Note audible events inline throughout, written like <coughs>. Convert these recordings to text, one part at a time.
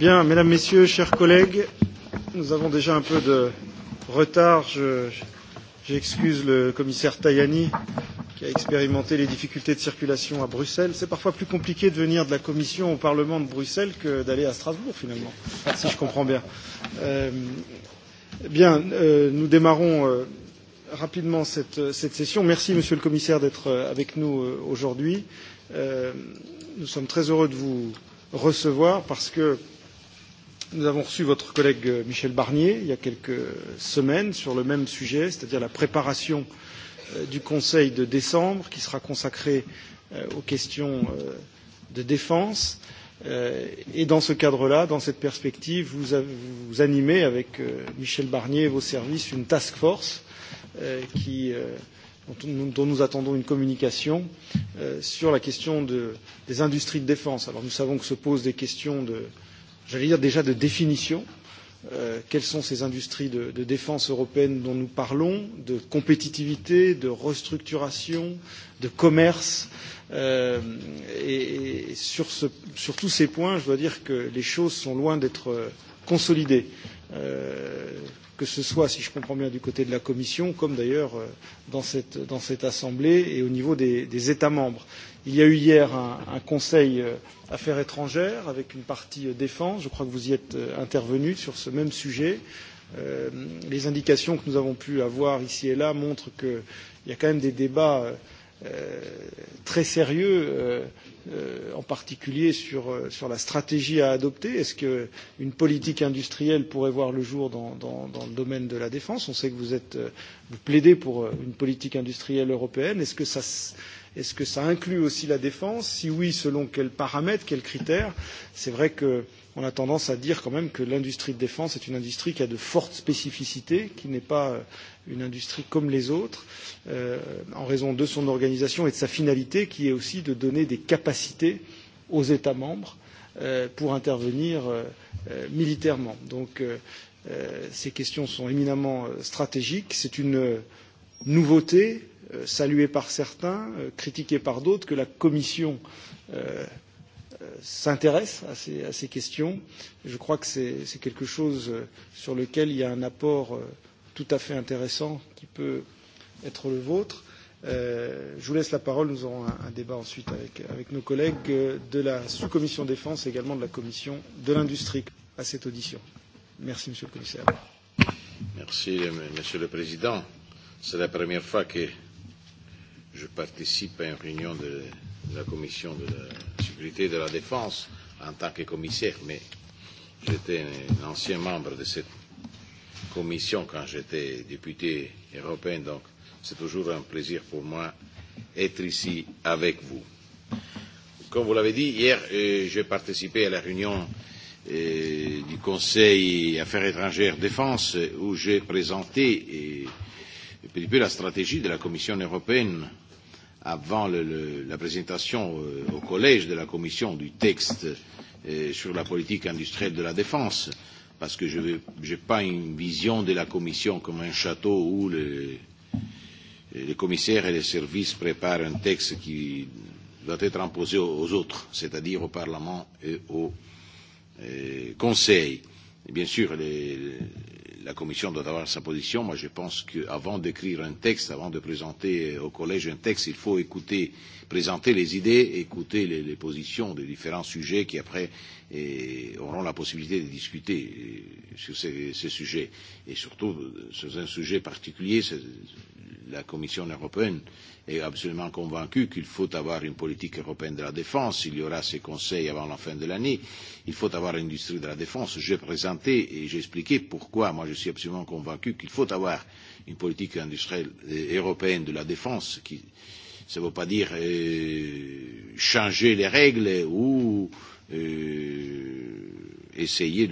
Bien, mesdames, messieurs, chers collègues, nous avons déjà un peu de retard. J'excuse je, le commissaire Tajani qui a expérimenté les difficultés de circulation à Bruxelles. C'est parfois plus compliqué de venir de la Commission au Parlement de Bruxelles que d'aller à Strasbourg, finalement, si je comprends bien. Euh, bien, euh, nous démarrons euh, rapidement cette, cette session. Merci, Monsieur le Commissaire, d'être euh, avec nous euh, aujourd'hui. Euh, nous sommes très heureux de vous recevoir parce que nous avons reçu votre collègue euh, Michel Barnier il y a quelques semaines sur le même sujet, c'est-à-dire la préparation euh, du Conseil de décembre qui sera consacré euh, aux questions de défense. Et dans ce cadre-là, dans cette perspective, vous, avez, vous animez avec Michel Barnier et vos services une task force qui, dont, dont nous attendons une communication sur la question de, des industries de défense. Alors nous savons que se posent des questions de, euh, j'allais dire déjà de définition. Euh, quelles sont ces industries de, de défense européenne dont nous parlons, de compétitivité, de restructuration, de commerce euh, et, et sur, ce, sur tous ces points, je dois dire que les choses sont loin d'être consolidées. Euh, que ce soit, si je comprends bien, du côté de la Commission, comme d'ailleurs euh, dans cette, dans cette Assemblée et au niveau des, des États membres. Il y a eu hier un, un Conseil euh, Affaires étrangères avec une partie euh, défense. Je crois que vous y êtes intervenu sur ce même sujet. Euh, les indications que nous avons pu avoir ici et là montrent qu'il y a quand même des débats euh, Euh, très sérieux, euh, euh, en particulier sur, euh, sur la stratégie à adopter. Est-ce qu'une politique industrielle pourrait voir le jour dans, dans, dans le domaine de la défense On sait que vous, êtes, euh, vous plaidez pour une politique industrielle européenne. Est-ce que ça. Est-ce que ça inclut aussi la défense Si oui, selon quels paramètres, quels critères C'est vrai que euh, on a tendance à dire quand même que l'industrie de défense est une industrie qui a de fortes spécificités, qui n'est pas euh, une industrie comme les autres, euh, en raison de son organisation et de sa finalité, qui est aussi de donner des capacités aux États membres euh, pour intervenir euh, euh militairement. Donc euh, euh, ces questions sont éminemment stratégiques. C'est une nouveauté saluée par certains, critiquée par d'autres, que la Commission euh, s'intéresse à ces, à ces questions. Je crois que c'est quelque chose euh, sur lequel il y a un apport euh, tout à fait intéressant qui peut être le vôtre. Euh, je vous laisse la parole. Nous aurons un, un débat ensuite avec, avec nos collègues euh, de la sous-commission défense et également de la commission de l'industrie à cette audition. Merci, Monsieur le Commissaire. Merci, Monsieur le Président. C'est la première fois que je participe à une réunion de la commission de la sécurité et de la défense en tant que commissaire, mais j'étais un ancien membre de cette commission quand j'étais député européen, donc c'est toujours un plaisir pour moi d'être ici avec vous. Comme vous l'avez dit, hier, euh, j'ai participé à la réunion euh, du Conseil Affaires étrangères Défense où j'ai présenté euh, un petit peu la stratégie de la Commission européenne euh, avant le, le, la présentation euh, au collège de la Commission du texte euh, sur la politique industrielle de la défense, parce que je n'ai pas une vision de la Commission comme un château où le, les commissaires et les services préparent un texte qui doit être imposé aux autres, c'est-à-dire au Parlement et au euh, Conseil. Et bien sûr, les, la Commission doit avoir sa position. Moi, je pense qu'avant d'écrire un texte, avant de présenter au collège un texte, il faut écouter, présenter les idées, écouter les, les positions des différents sujets qui après et, eh, auront la possibilité de discuter eh, sur ces, ces sujets. Et surtout, euh, sur un sujet particulier, la Commission européenne est absolument convaincue qu'il faut avoir une politique européenne de la défense. Il y aura ces conseils avant la fin de l'année. Il faut avoir une industrie de la défense. J'ai présenté et j'ai expliqué pourquoi moi je suis absolument convaincu qu'il faut avoir une politique industrielle euh, européenne de la défense qui ça ne veut pas dire euh, changer les règles ou euh, essayer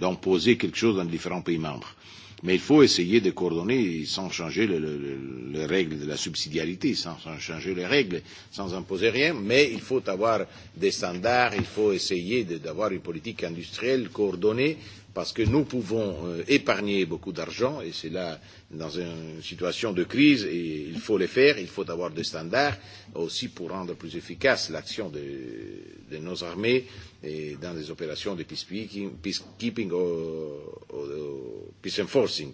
d'imposer de, de, quelque chose dans les différents pays membres. Euh, Mais il faut essayer de coordonner sans changer le, le, le, les règles de la subsidiarité, sans, sans changer les règles, sans imposer rien, mais il faut avoir des standards, il faut essayer d'avoir une politique industrielle coordonnée parce que nous pouvons euh, épargner beaucoup d'argent, et c'est là, dans une situation de crise, et il faut le faire, il faut avoir des standards, aussi pour rendre plus efficace l'action de, de nos armées et dans des opérations de peacekeeping, peacekeeping ou, ou, ou peace enforcing,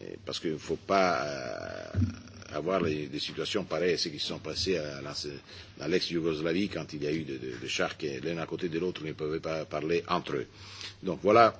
et parce qu'il ne faut pas euh, avoir les, des situations pareilles à ce qui se sont passées à, à l'ex-Yougoslavie, quand il y a eu des de, de chars qui, l'un à côté de l'autre, ne pouvaient pas parler entre eux. Donc voilà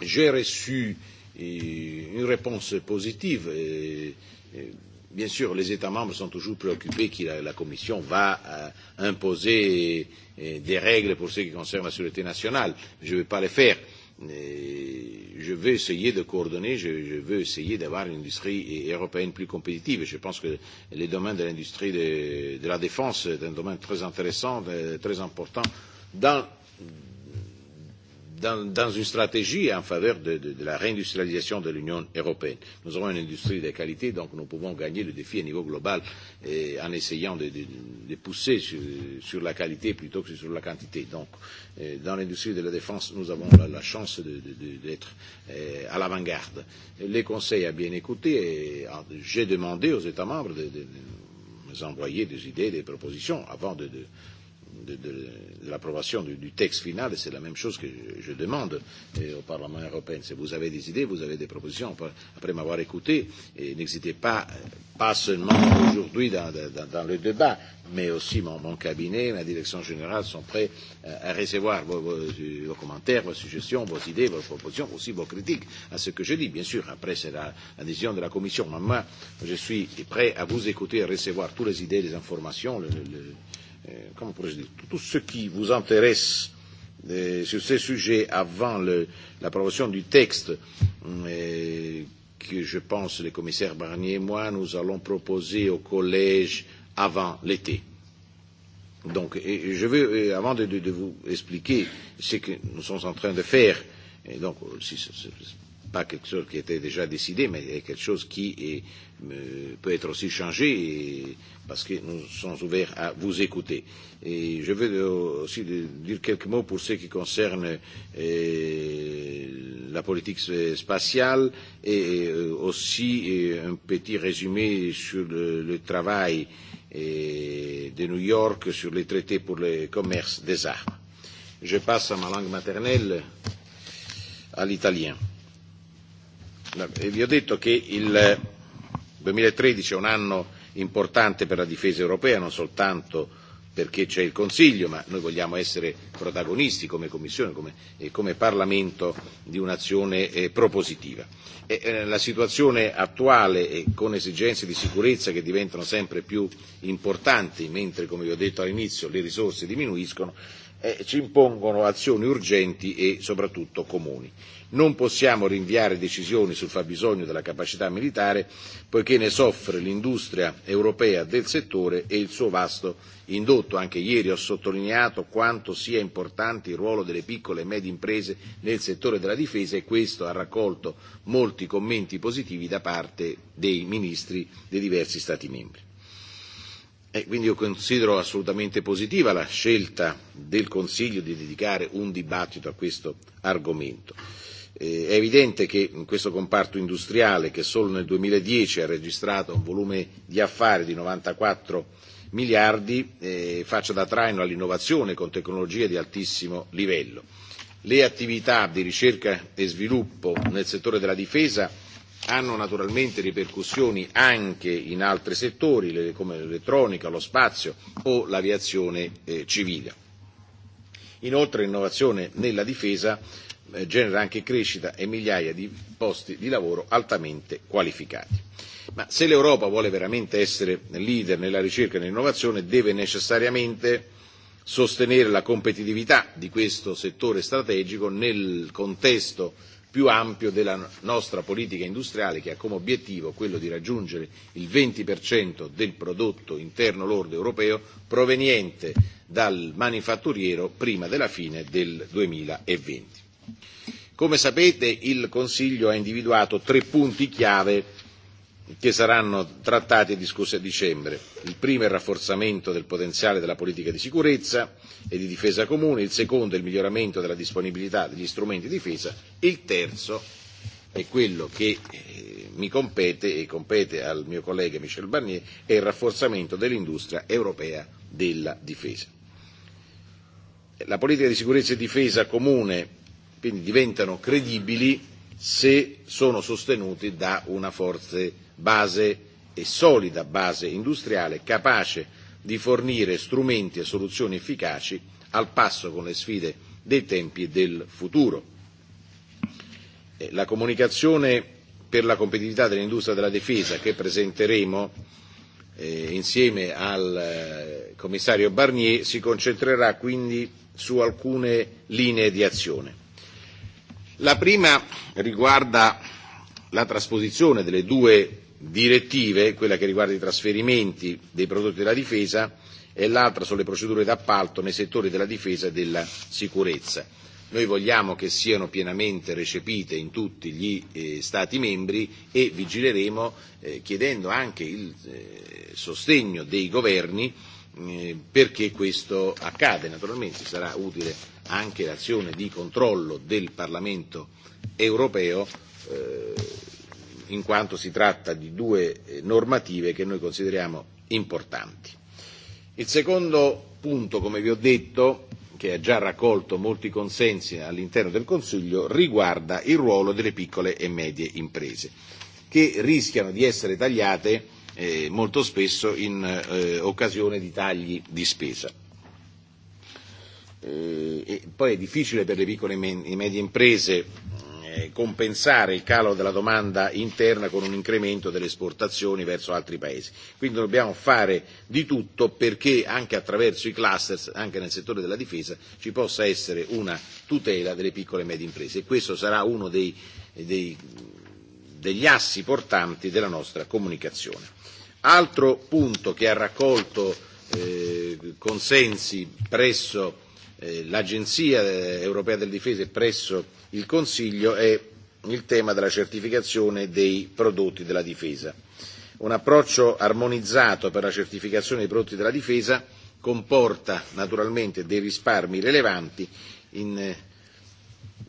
j'ai reçu eh, une réponse positive. Et, eh, et, eh, bien sûr, les États membres sont toujours préoccupés que la, la Commission va euh, imposer euh, des règles pour ce qui concerne la sécurité nationale. Je ne vais pas les faire. Et je veux essayer de coordonner, je, je veux essayer d'avoir une industrie européenne plus compétitive. Et je pense que le domaine de l'industrie de, de la défense est un domaine très intéressant, de, euh, très important dans dans, dans une stratégie en faveur de, de, de la réindustrialisation de l'Union européenne. Nous aurons une industrie de qualité, donc nous pouvons gagner le défi à niveau global et, en essayant de, de, de pousser sur, sur la qualité plutôt que sur la quantité. Donc, euh, dans l'industrie de la défense, nous avons la, la chance d'être euh, à l'avant-garde. Les conseils a bien écouté et j'ai demandé aux États membres de, de, de nous envoyer des idées, des propositions avant de, de de, de, de l'approbation du, du texte final, et c'est la même chose que je, je demande eh, au Parlement européen. Si vous avez des idées, vous avez des propositions, après m'avoir écouté, et n'hésitez pas, pas seulement aujourd'hui dans, dans, dans le débat, mais aussi mon, mon cabinet, ma direction générale sont prêts euh, à recevoir vos, vos, vos commentaires, vos suggestions, vos idées, vos propositions, aussi vos critiques à ce que je dis. Bien sûr, après, c'est la, la décision de la Commission. Mais moi, je suis prêt à vous écouter et recevoir toutes les idées, les informations, le, le, le euh, comment pourrais-je dire, tout ce qui vous intéresse euh, sur ces sujets avant l'approbation du texte, euh, que je pense le commissaire Barnier et moi, nous allons proposer au collège avant l'été. Donc, et je veux, et euh, avant de, de, de vous expliquer ce que nous sommes en train de faire, et donc, si, si, pas quelque chose qui était déjà décidé, mais quelque chose qui est, euh, peut être aussi changé, et, parce que nous sommes ouverts à vous écouter. Et je veux euh, aussi dire quelques mots pour ce qui concerne euh, la politique spatiale et euh, aussi euh, un petit résumé sur le, le travail euh, de New York sur les traités pour le commerce des armes. Je passe à ma langue maternelle, à l'italien. Euh, Eh, vi ho detto che il 2013 eh, è un anno importante per la difesa europea, non soltanto perché c'è il Consiglio, ma noi vogliamo essere protagonisti come Commissione come, e come Parlamento di un'azione eh, propositiva. E, eh, la situazione attuale e con esigenze di sicurezza che diventano sempre più importanti, mentre come vi ho detto all'inizio le risorse diminuiscono, eh, ci impongono azioni urgenti e soprattutto comuni. Non possiamo rinviare decisioni sul fabbisogno della capacità militare poiché ne soffre l'industria europea del settore e il suo vasto indotto. Anche ieri ho sottolineato quanto sia importante il ruolo delle piccole e medie imprese nel settore della difesa e questo ha raccolto molti commenti positivi da parte dei ministri dei diversi Stati membri. E quindi io considero assolutamente positiva la scelta del Consiglio di dedicare un dibattito a questo argomento. Eh, è evidente che in questo comparto industriale, che solo nel 2010 ha registrato un volume di affari di 94 miliardi, eh, faccia da traino all'innovazione con tecnologie di altissimo livello. Le attività di ricerca e sviluppo nel settore della difesa hanno naturalmente ripercussioni anche in altri settori come l'elettronica, lo spazio o l'aviazione eh, civile. Inoltre l'innovazione nella difesa Eh, genera anche crescita e migliaia di posti di lavoro altamente qualificati. Ma se l'Europa vuole veramente essere leader nella ricerca e nell'innovazione deve necessariamente sostenere la competitività di questo settore strategico nel contesto più ampio della nostra politica industriale che ha come obiettivo quello di raggiungere il 20% del prodotto interno lordo europeo proveniente dal manifatturiero prima della fine del 2020. Come sapete il Consiglio ha individuato tre punti chiave che saranno trattati e discussi a dicembre. Il primo è il rafforzamento del potenziale della politica di sicurezza e di difesa comune, il secondo è il miglioramento della disponibilità degli strumenti di difesa e il terzo è quello che eh, mi compete e compete al mio collega Michel Barnier è il rafforzamento dell'industria europea della difesa. La politica di sicurezza e difesa comune quindi diventano credibili se sono sostenuti da una forte base e solida base industriale capace di fornire strumenti e soluzioni efficaci al passo con le sfide dei tempi e del futuro. Eh, la comunicazione per la competitività dell'industria della difesa che presenteremo eh, insieme al eh, commissario Barnier si concentrerà quindi su alcune linee di azione La prima riguarda la trasposizione delle due direttive, quella che riguarda i trasferimenti dei prodotti della difesa e l'altra sulle procedure d'appalto nei settori della difesa e della sicurezza. Noi vogliamo che siano pienamente recepite in tutti gli eh, Stati membri e vigileremo eh, chiedendo anche il eh, sostegno dei governi eh, perché questo accade. Naturalmente sarà utile anche l'azione di controllo del Parlamento europeo, eh, in quanto si tratta di due eh, normative che noi consideriamo importanti. Il secondo punto, come vi ho detto, che ha già raccolto molti consensi all'interno del Consiglio, riguarda il ruolo delle piccole e medie imprese, che rischiano di essere tagliate eh, molto spesso in eh, occasione di tagli di spesa eh, e poi è difficile per le piccole e, e medie imprese eh, compensare il calo della domanda interna con un incremento delle esportazioni verso altri paesi. Quindi dobbiamo fare di tutto perché anche attraverso i clusters, anche nel settore della difesa, ci possa essere una tutela delle piccole e medie imprese e questo sarà uno dei, dei, degli assi portanti della nostra comunicazione. Altro punto che ha raccolto eh, consensi presso eh, l'Agenzia eh, europea della difesa e presso il Consiglio è il tema della certificazione dei prodotti della difesa. Un approccio armonizzato per la certificazione dei prodotti della difesa comporta naturalmente dei risparmi rilevanti in eh,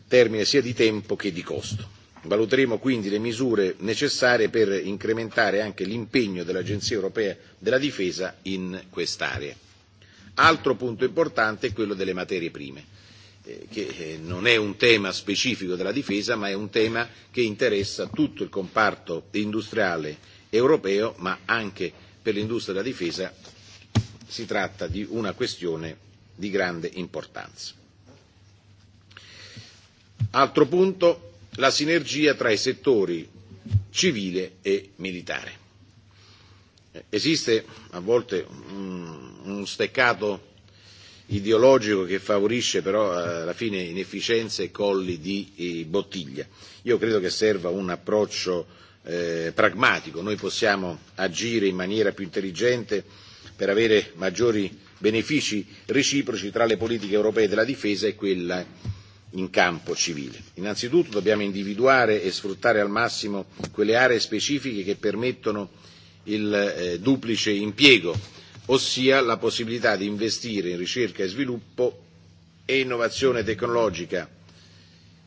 termini sia di tempo che di costo. Valuteremo quindi le misure necessarie per incrementare anche l'impegno dell'Agenzia europea della difesa in quest'area. Altro punto importante è quello delle materie prime, eh, che eh, non è un tema specifico della difesa, ma è un tema che interessa tutto il comparto industriale europeo, ma anche per l'industria della difesa si tratta di una questione di grande importanza. Altro punto, la sinergia tra i settori civile e militare. Esiste a volte un uno steccato ideologico che favorisce però eh, alla fine inefficienze e colli di eh, bottiglia. Io credo che serva un approccio eh, pragmatico, noi possiamo agire in maniera più intelligente per avere maggiori benefici reciproci tra le politiche europee della difesa e quella in campo civile. Innanzitutto dobbiamo individuare e sfruttare al massimo quelle aree specifiche che permettono il eh, duplice impiego ossia la possibilità di investire in ricerca e sviluppo e innovazione tecnologica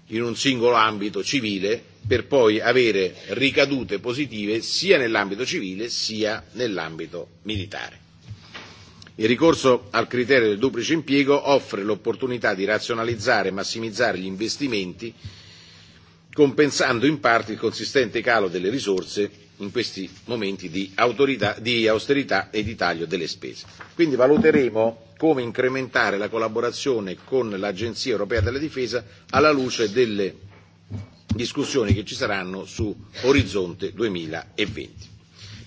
in un singolo ambito civile per poi avere ricadute positive sia nell'ambito civile sia nell'ambito militare. Il ricorso al criterio del duplice impiego offre l'opportunità di razionalizzare e massimizzare gli investimenti compensando in parte il consistente calo delle risorse in questi momenti di, autorità, di austerità e di taglio delle spese. Quindi valuteremo come incrementare la collaborazione con l'Agenzia europea della difesa alla luce delle discussioni che ci saranno su Orizzonte 2020.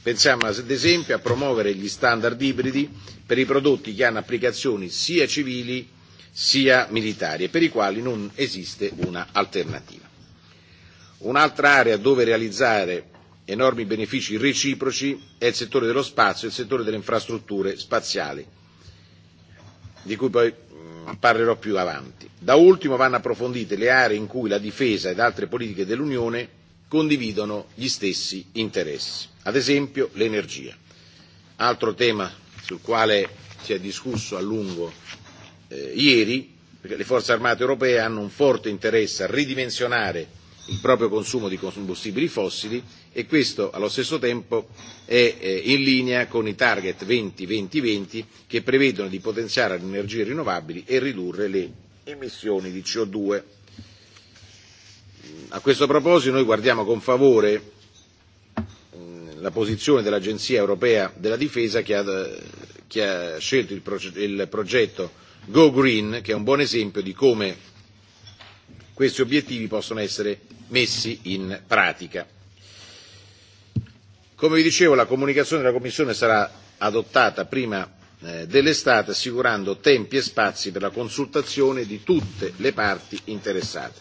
Pensiamo ad esempio a promuovere gli standard ibridi per i prodotti che hanno applicazioni sia civili sia militari e per i quali non esiste una alternativa. Un'altra area dove realizzare enormi benefici reciproci è e il settore dello spazio e il settore delle infrastrutture spaziali, di cui poi mm, parlerò più avanti. Da ultimo vanno approfondite le aree in cui la difesa ed altre politiche dell'Unione condividono gli stessi interessi, ad esempio l'energia. Altro tema sul quale si è discusso a lungo eh, ieri, perché le forze armate europee hanno un forte interesse a ridimensionare il proprio consumo di combustibili fossili e questo allo stesso tempo è eh, in linea con i target 20-20-20 che prevedono di potenziare le energie rinnovabili e ridurre le emissioni di CO2. A questo proposito noi guardiamo con favore mm, la posizione dell'Agenzia europea della difesa che ha, che ha scelto il, proge- il progetto Go Green, che è un buon esempio di come questi obiettivi possono essere messi in pratica. Come vi dicevo, la comunicazione della Commissione sarà adottata prima eh, dell'estate, assicurando tempi e spazi per la consultazione di tutte le parti interessate.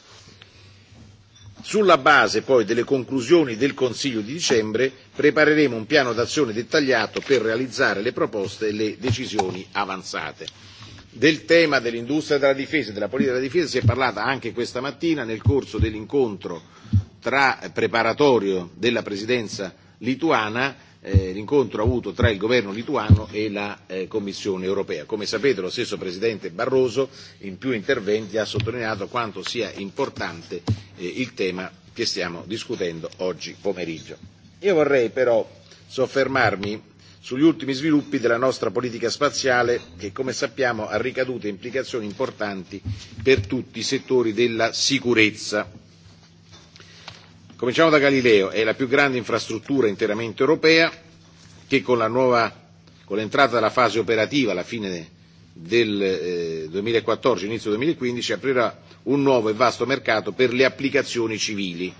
Sulla base poi delle conclusioni del Consiglio di dicembre prepareremo un piano d'azione dettagliato per realizzare le proposte e le decisioni avanzate. Del tema dell'industria della difesa e della politica della difesa si è parlata anche questa mattina nel corso dell'incontro tra, preparatorio della Presidenza lituana eh, l'incontro avuto tra il governo lituano e la eh, Commissione europea. Come sapete lo stesso Presidente Barroso in più interventi ha sottolineato quanto sia importante eh, il tema che stiamo discutendo oggi pomeriggio. Io vorrei però soffermarmi sugli ultimi sviluppi della nostra politica spaziale che, come sappiamo, ha ricadute e implicazioni importanti per tutti i settori della sicurezza Cominciamo da Galileo, è la più grande infrastruttura interamente europea che con, la nuova, con l'entrata della fase operativa alla fine del eh, 2014, inizio 2015, aprirà un nuovo e vasto mercato per le applicazioni civili.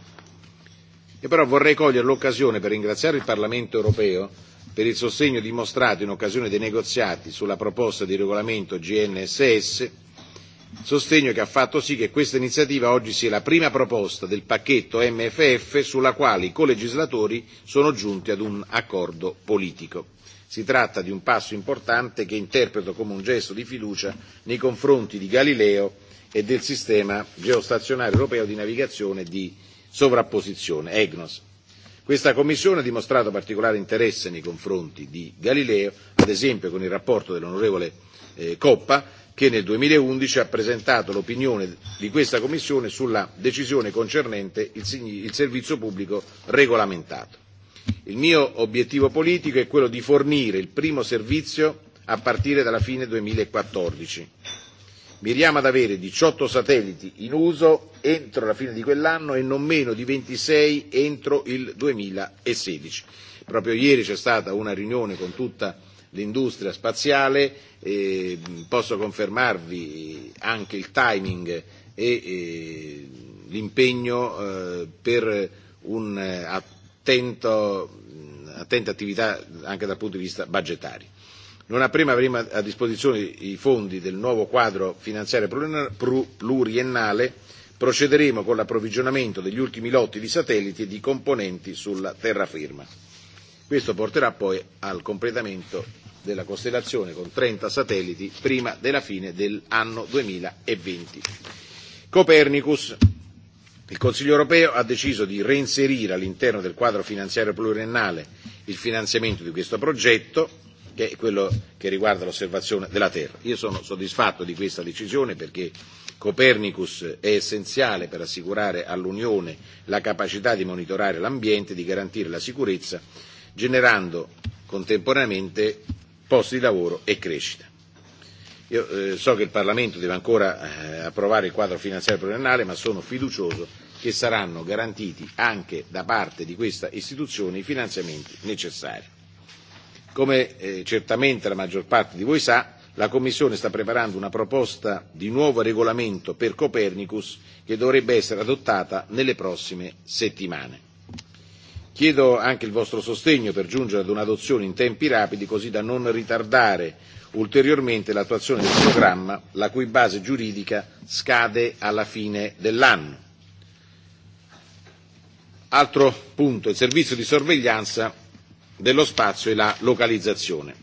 E però vorrei cogliere l'occasione per ringraziare il Parlamento europeo per il sostegno dimostrato in occasione dei negoziati sulla proposta di regolamento GNSS sostegno che ha fatto sì che questa iniziativa oggi sia la prima proposta del pacchetto MFF sulla quale i colegislatori sono giunti ad un accordo politico. Si tratta di un passo importante che interpreto come un gesto di fiducia nei confronti di Galileo e del sistema geostazionario europeo di navigazione e di sovrapposizione EGNOS. Questa Commissione ha dimostrato particolare interesse nei confronti di Galileo, ad esempio con il rapporto dell'onorevole eh, Coppa, che nel 2011 ha presentato l'opinione di questa Commissione sulla decisione concernente il servizio pubblico regolamentato. Il mio obiettivo politico è quello di fornire il primo servizio a partire dalla fine 2014. Miriamo ad avere 18 satelliti in uso entro la fine di quell'anno e non meno di 26 entro il 2016. Proprio ieri c'è stata una riunione con tutta l'industria spaziale, eh, posso confermarvi anche il timing e eh, l'impegno eh, per un'attenta eh, mm, attività anche dal punto di vista budgetario. Non appena avremo a disposizione i fondi del nuovo quadro finanziario pluriennale, procederemo con l'approvvigionamento degli ultimi lotti di satelliti e di componenti sulla terraferma. Questo porterà poi al completamento della costellazione con 30 satelliti prima della fine dell'anno 2020. Copernicus. Il Consiglio europeo ha deciso di reinserire all'interno del quadro finanziario pluriennale il finanziamento di questo progetto, che è quello che riguarda l'osservazione della Terra. Io sono soddisfatto di questa decisione perché Copernicus è essenziale per assicurare all'Unione la capacità di monitorare l'ambiente e di garantire la sicurezza, generando contemporaneamente posti di lavoro e crescita. Io eh, so che il Parlamento deve ancora eh, approvare il quadro finanziario pluriennale, ma sono fiducioso che saranno garantiti anche da parte di questa istituzione i finanziamenti necessari. Come eh, certamente la maggior parte di voi sa, la Commissione sta preparando una proposta di nuovo regolamento per Copernicus che dovrebbe essere adottata nelle prossime settimane. Chiedo anche il vostro sostegno per giungere ad un'adozione in tempi rapidi così da non ritardare ulteriormente l'attuazione del programma la cui base giuridica scade alla fine dell'anno. Altro punto, il servizio di sorveglianza dello spazio e la localizzazione.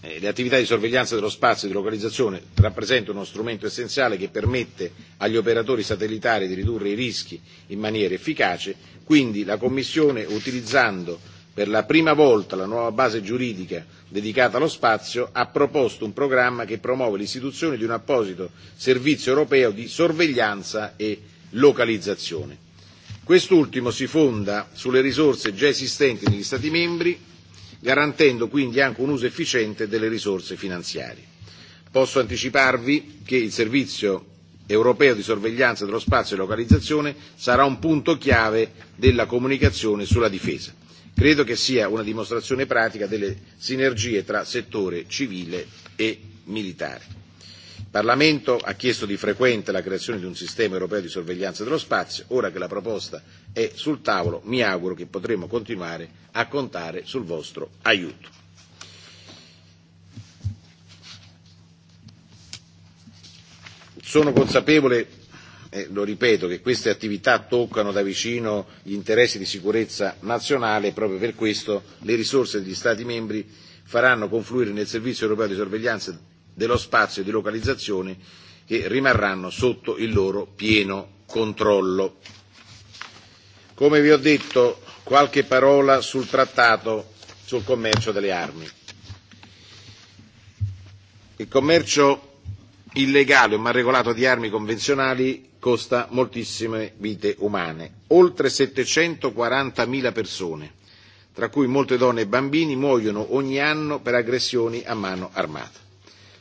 Eh, le attività di sorveglianza dello spazio e di localizzazione rappresentano uno strumento essenziale che permette agli operatori satellitari di ridurre i rischi in maniera efficace, Quindi la Commissione, utilizzando per la prima volta la nuova base giuridica dedicata allo spazio, ha proposto un programma che promuove l'istituzione di un apposito servizio europeo di sorveglianza e localizzazione. Quest'ultimo si fonda sulle risorse già esistenti negli Stati membri, garantendo quindi anche un uso efficiente delle risorse finanziarie. Posso anticiparvi che il servizio europeo di sorveglianza dello spazio e localizzazione sarà un punto chiave della comunicazione sulla difesa. Credo che sia una dimostrazione pratica delle sinergie tra settore civile e militare. Il Parlamento ha chiesto di frequente la creazione di un sistema europeo di sorveglianza dello spazio. Ora che la proposta è sul tavolo mi auguro che potremo continuare a contare sul vostro aiuto. Sono consapevole, e lo ripeto, che queste attività toccano da vicino gli interessi di sicurezza nazionale e proprio per questo le risorse degli Stati membri faranno confluire nel Servizio europeo di sorveglianza dello spazio di localizzazione che rimarranno sotto il loro pieno controllo. Come vi ho detto, qualche parola sul trattato sul commercio delle armi. Il commercio illegale o mal regolato di armi convenzionali costa moltissime vite umane. Oltre 740.000 persone, tra cui molte donne e bambini, muoiono ogni anno per aggressioni a mano armata.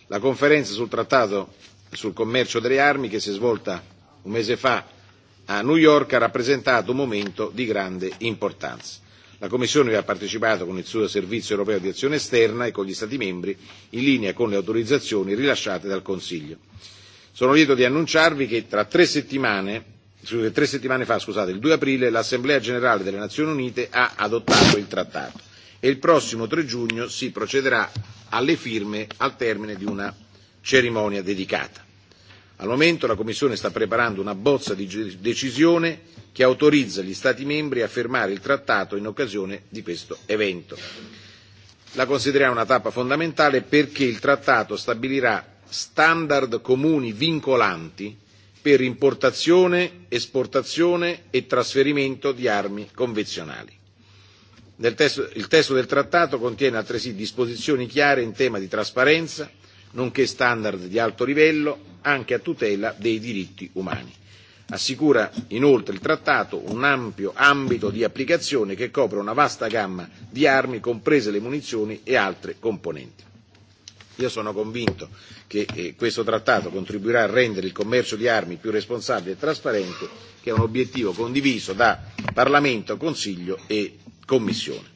La conferenza sul trattato sul commercio delle armi, che si è svolta un mese fa a New York, ha rappresentato un momento di grande importanza. La Commissione aveva partecipato con il suo Servizio europeo di azione esterna e con gli Stati membri in linea con le autorizzazioni rilasciate dal Consiglio. Sono lieto di annunciarvi che tra tre settimane tre settimane fa, scusate, il 2 aprile, l'Assemblea generale delle Nazioni Unite ha adottato il trattato e il prossimo 3 giugno si procederà alle firme al termine di una cerimonia dedicata. Al momento la Commissione sta preparando una bozza di decisione che autorizza gli Stati membri a fermare il trattato in occasione di questo evento. La consideriamo una tappa fondamentale perché il trattato stabilirà standard comuni vincolanti per importazione, esportazione e trasferimento di armi convenzionali. Nel testo, il testo del trattato contiene altresì disposizioni chiare in tema di trasparenza, nonché standard di alto livello anche a tutela dei diritti umani. Assicura inoltre il trattato un ampio ambito di applicazione che copre una vasta gamma di armi, comprese le munizioni e altre componenti. Io sono convinto che eh, questo trattato contribuirà a rendere il commercio di armi più responsabile e trasparente, che è un obiettivo condiviso da Parlamento, Consiglio e Commissione.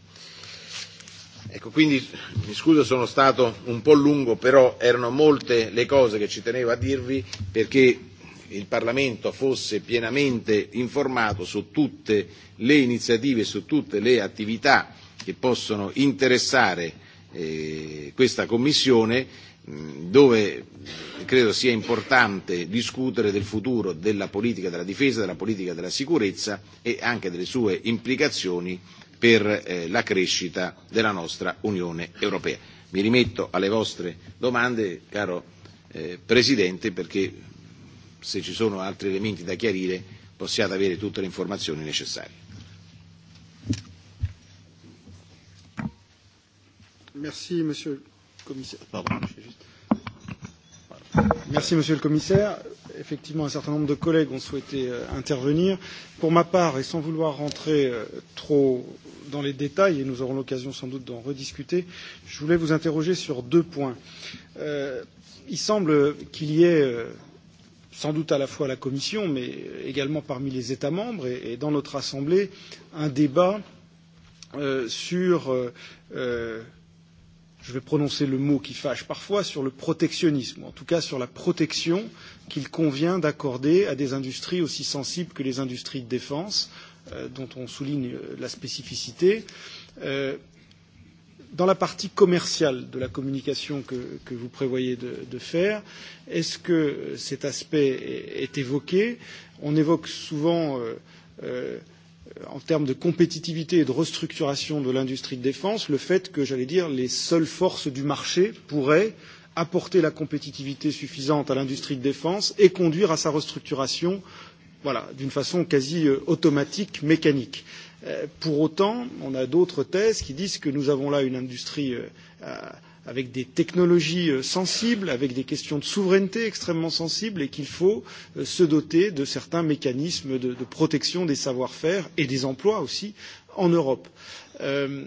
Ecco, quindi mi scuso sono stato un po' lungo, però erano molte le cose che ci tenevo a dirvi perché il Parlamento fosse pienamente informato su tutte le iniziative, su tutte le attività che possono interessare eh, questa Commissione, mh, dove credo sia importante discutere del futuro della politica della difesa, della politica della sicurezza e anche delle sue implicazioni per eh, la crescita della nostra Unione Europea. Mi rimetto alle vostre domande, caro eh, Presidente, perché se ci sono altri elementi da chiarire possiate avere tutte le informazioni necessarie. Merci, Monsieur le Commissaire. Pardon, juste... Merci, Monsieur le Commissaire effectivement, un certain nombre de collègues ont souhaité euh, intervenir. Pour ma part, et sans vouloir rentrer euh, trop dans les détails, et nous aurons l'occasion sans doute d'en rediscuter, je voulais vous interroger sur deux points. Euh, il semble qu'il y ait euh, sans doute à la fois à la Commission, mais également parmi les États membres et, et dans notre Assemblée, un débat euh, sur euh, euh je vais prononcer le mot qui fâche parfois, sur le protectionnisme, en tout cas sur la protection qu'il convient d'accorder à des industries aussi sensibles que les industries de défense, euh, dont on souligne euh, la spécificité. Euh, dans la partie commerciale de la communication que, que vous prévoyez de, de faire, est-ce que euh, cet aspect est, est évoqué On évoque souvent euh, euh, en termes de compétitivité et de restructuration de l'industrie de défense, le fait que, j'allais dire, les seules forces du marché pourraient apporter la compétitivité suffisante à l'industrie de défense et conduire à sa restructuration voilà, d'une façon quasi euh, automatique, mécanique. Euh, pour autant, on a d'autres thèses qui disent que nous avons là une industrie euh, à, avec des technologies euh, sensibles, avec des questions de souveraineté extrêmement sensibles, et qu'il faut euh, se doter de certains mécanismes de, de protection des savoir-faire et des emplois aussi en Europe. Euh,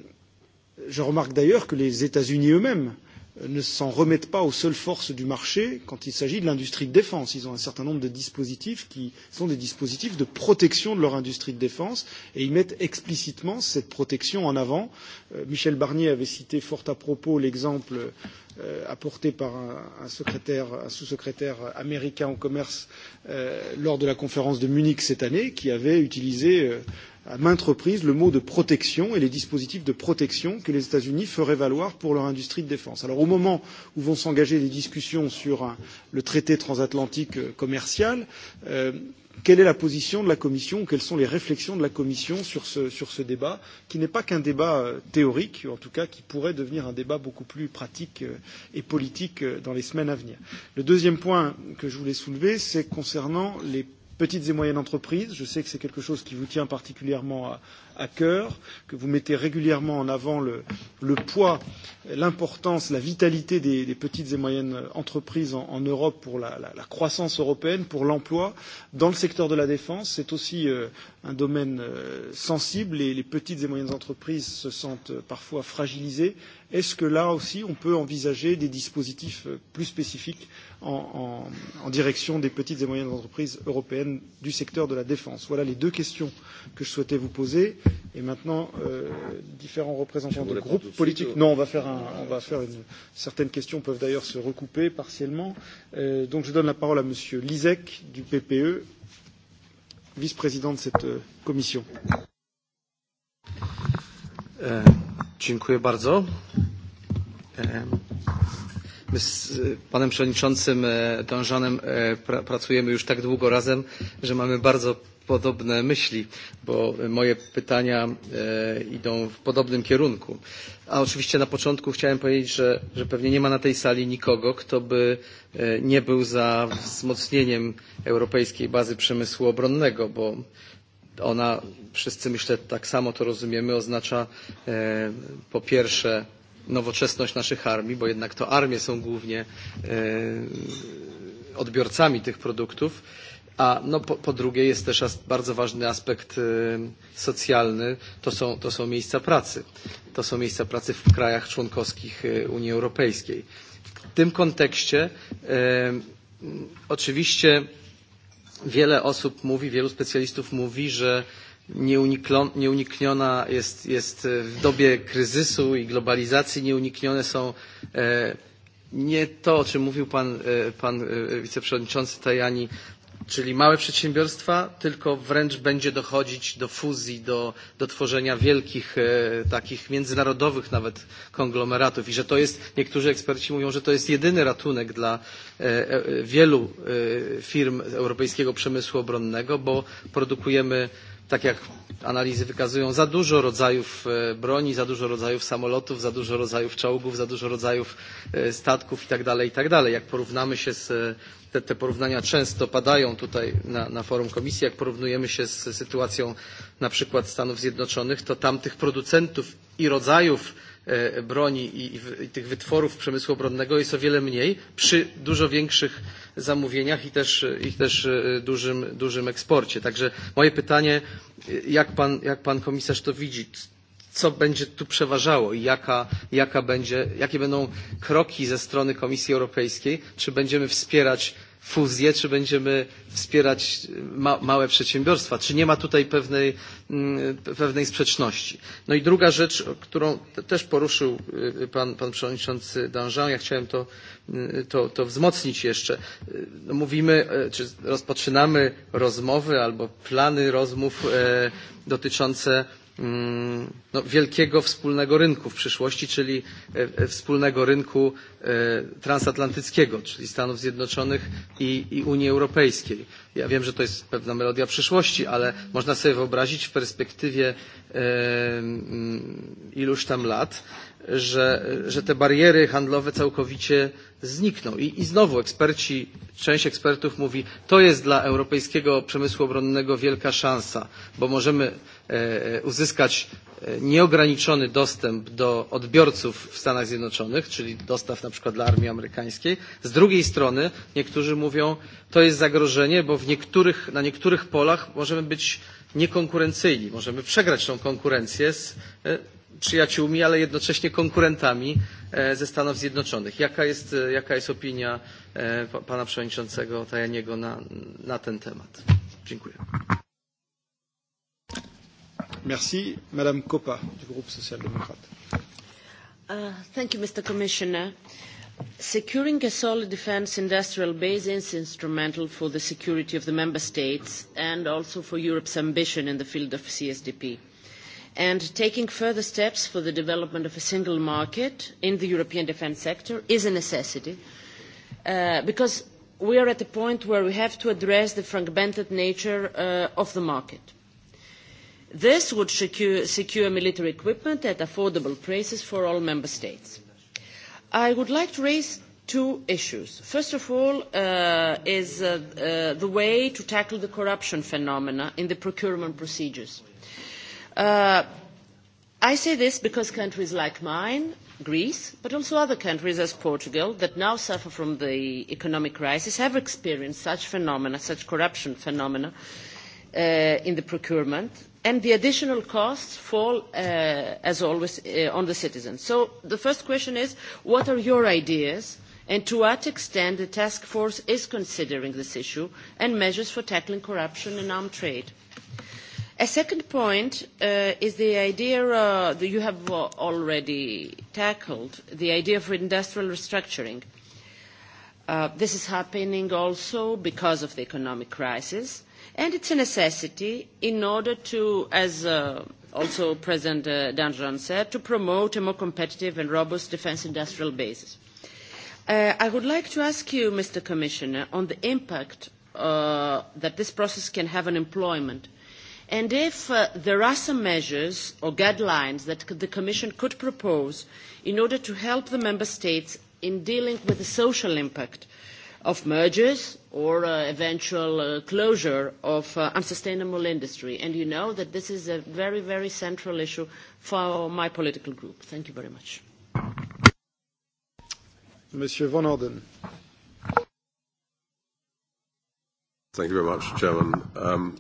je remarque d'ailleurs que les États-Unis eux-mêmes ne s'en remettent pas aux seules forces du marché quand il s'agit de l'industrie de défense. Ils ont un certain nombre de dispositifs qui sont des dispositifs de protection de leur industrie de défense et ils mettent explicitement cette protection en avant. Euh, Michel Barnier avait cité fort à propos l'exemple euh, apporté par un, un, secrétaire, un sous-secrétaire américain au commerce euh, lors de la conférence de Munich cette année qui avait utilisé euh, à maintes reprises le mot de protection et les dispositifs de protection que les États-Unis feraient valoir pour leur industrie de défense. Alors au moment où vont s'engager les discussions sur un, euh, le traité transatlantique euh, commercial, euh, quelle est la position de la Commission ou quelles sont les réflexions de la Commission sur ce, sur ce débat, qui n'est pas qu'un débat euh, théorique, en tout cas qui pourrait devenir un débat beaucoup plus pratique euh, et politique euh, dans les semaines à venir. Le deuxième point que je voulais soulever, c'est concernant les petites et moyennes entreprises. Je sais que c'est quelque chose qui vous tient particulièrement à, à cœur, que vous mettez régulièrement en avant le, le poids, l'importance, la vitalité des, des petites et moyennes entreprises en, en Europe pour la, la, la croissance européenne, pour l'emploi. Dans le secteur de la défense, c'est aussi euh, un domaine euh, sensible et les petites et moyennes entreprises se sentent euh, parfois fragilisées. Est-ce que là aussi, on peut envisager des dispositifs euh, plus spécifiques en, en, en direction des petites et moyennes entreprises européennes du secteur de la défense Voilà les deux questions que je souhaitais vous poser. Et maintenant, euh, différents représentants de groupes politiques. Suite, ou... Non, on va faire, un, on va faire une, certaines questions peuvent d'ailleurs se recouper partiellement. Euh, donc, je donne la parole à Monsieur Lisek du PPE, vice-président de cette euh, commission. Euh, Dziękuję bardzo. My z panem przewodniczącym e, Dążanem e, pra pracujemy już tak długo razem, że mamy bardzo podobne myśli, bo moje pytania e, idą w podobnym kierunku. A oczywiście na początku chciałem powiedzieć, że, że pewnie nie ma na tej sali nikogo, kto by e, nie był za wzmocnieniem europejskiej bazy przemysłu obronnego, bo ona, wszyscy myślę tak samo to rozumiemy, oznacza e, po pierwsze nowoczesność naszych armii, bo jednak to armie są głównie e, odbiorcami tych produktów, a no, po, po drugie jest też as, bardzo ważny aspekt e, socjalny, to są, to są miejsca pracy. To są miejsca pracy w krajach członkowskich e, Unii Europejskiej. W tym kontekście e, oczywiście wiele osób mówi, wielu specjalistów mówi, że nieunikniona jest, jest e, w dobie kryzysu i globalizacji nieuniknione są e, nie to, o czym mówił pan, e, pan e, wiceprzewodniczący Tajani, Czyli małe przedsiębiorstwa, tylko wręcz będzie dochodzić do fuzji, do, do tworzenia wielkich, e, takich międzynarodowych nawet konglomeratów. I że to jest, niektórzy eksperci mówią, że to jest jedyny ratunek dla e, e, wielu e, firm europejskiego przemysłu obronnego, bo produkujemy e, tak jak analizy wykazują, za dużo rodzajów e, broni, za dużo rodzajów samolotów, za dużo rodzajów czołgów, za dużo rodzajów e, statków itd. itd. Jak porównamy się z e, te, te porównania często padają tutaj na, na forum komisji, jak porównujemy się z sytuacją na przykład Stanów Zjednoczonych, to tam tych producentów i rodzajów E, broni i, i tych wytworów przemysłu obronnego jest o wiele mniej przy dużo większych zamówieniach i też, i też e, dużym, dużym eksporcie. Także moje pytanie, jak pan, jak pan komisarz to widzi? co będzie tu przeważało i jaka, jaka będzie, jakie będą kroki ze strony Komisji Europejskiej? Czy będziemy wspierać fuzje, czy będziemy wspierać ma, małe przedsiębiorstwa, czy nie ma tutaj pewnej, mm, pewnej sprzeczności. No i druga rzecz, którą też poruszył pan, pan przewodniczący Danjean, ja chciałem to, to, to wzmocnić jeszcze. Mówimy, czy rozpoczynamy rozmowy albo plany rozmów dotyczące Mm, no, wielkiego wspólnego rynku w przyszłości, czyli e, e, wspólnego rynku e, transatlantyckiego, czyli Stanów Zjednoczonych i, i Unii Europejskiej. Ja wiem, że to jest pewna melodia przyszłości, ale można sobie wyobrazić w perspektywie mm, iluś tam lat, że, że te bariery handlowe całkowicie zniknął. I, I znowu eksperci, część ekspertów mówi, to jest dla europejskiego przemysłu obronnego wielka szansa, bo możemy e, e uzyskać e, nieograniczony dostęp do odbiorców w Stanach Zjednoczonych, czyli dostaw na przykład dla armii amerykańskiej. Z drugiej strony niektórzy mówią, to jest zagrożenie, bo w niektórych, na niektórych polach możemy być niekonkurencyjni. Możemy przegrać tą konkurencję z e, przyjaciółmi, ale jednocześnie konkurentami e, ze Stanów Zjednoczonych. Jaka jest, e, jaka jest opinia e, pana przewodniczącego Tajaniego na, na ten temat? Dziękuję. Merci. Madame Coppa du groupe social-démocrate. Uh, thank you, Mr. Commissioner. Securing a solid defense industrial base is instrumental for the security of the member states and also for Europe's ambition in the field of CSDP. Uh, and taking further steps for the development of a single market in the European defence sector is a necessity uh, because we are at a point where we have to address the fragmented nature uh, of the market. This would secure, secure military equipment at affordable prices for all member states. I would like to raise two issues. First of all uh, is uh, uh, the way to tackle the corruption phenomena in the procurement procedures. Uh, Uh, I say this because countries like mine, Greece, but also other countries as Portugal, that now suffer from the economic crisis, have experienced such phenomena, such corruption phenomena uh, in the procurement, and the additional costs fall, uh, as always, uh, on the citizens. So the first question is, what are your ideas and to what extent the task force is considering this issue and measures for tackling corruption and armed trade? A second point uh, is the idea uh, that you have uh, already tackled, the idea of industrial restructuring. Uh, this is happening also because of the economic crisis, and it's a necessity in order to, as uh, also President uh, Danjon said, to promote a more competitive and robust defense industrial basis. Uh, I would like to ask you, Mr. Commissioner, on the impact uh, that this process can have on employment And if uh, there are some measures or guidelines that the Commission could propose in order to help the Member States in dealing with the social impact of mergers or uh, eventual uh, closure of uh, unsustainable industry. And you know that this is a very, very central issue for my political group. Thank you very much. Monsieur Van Orden. Thank you very much, Chairman. Um,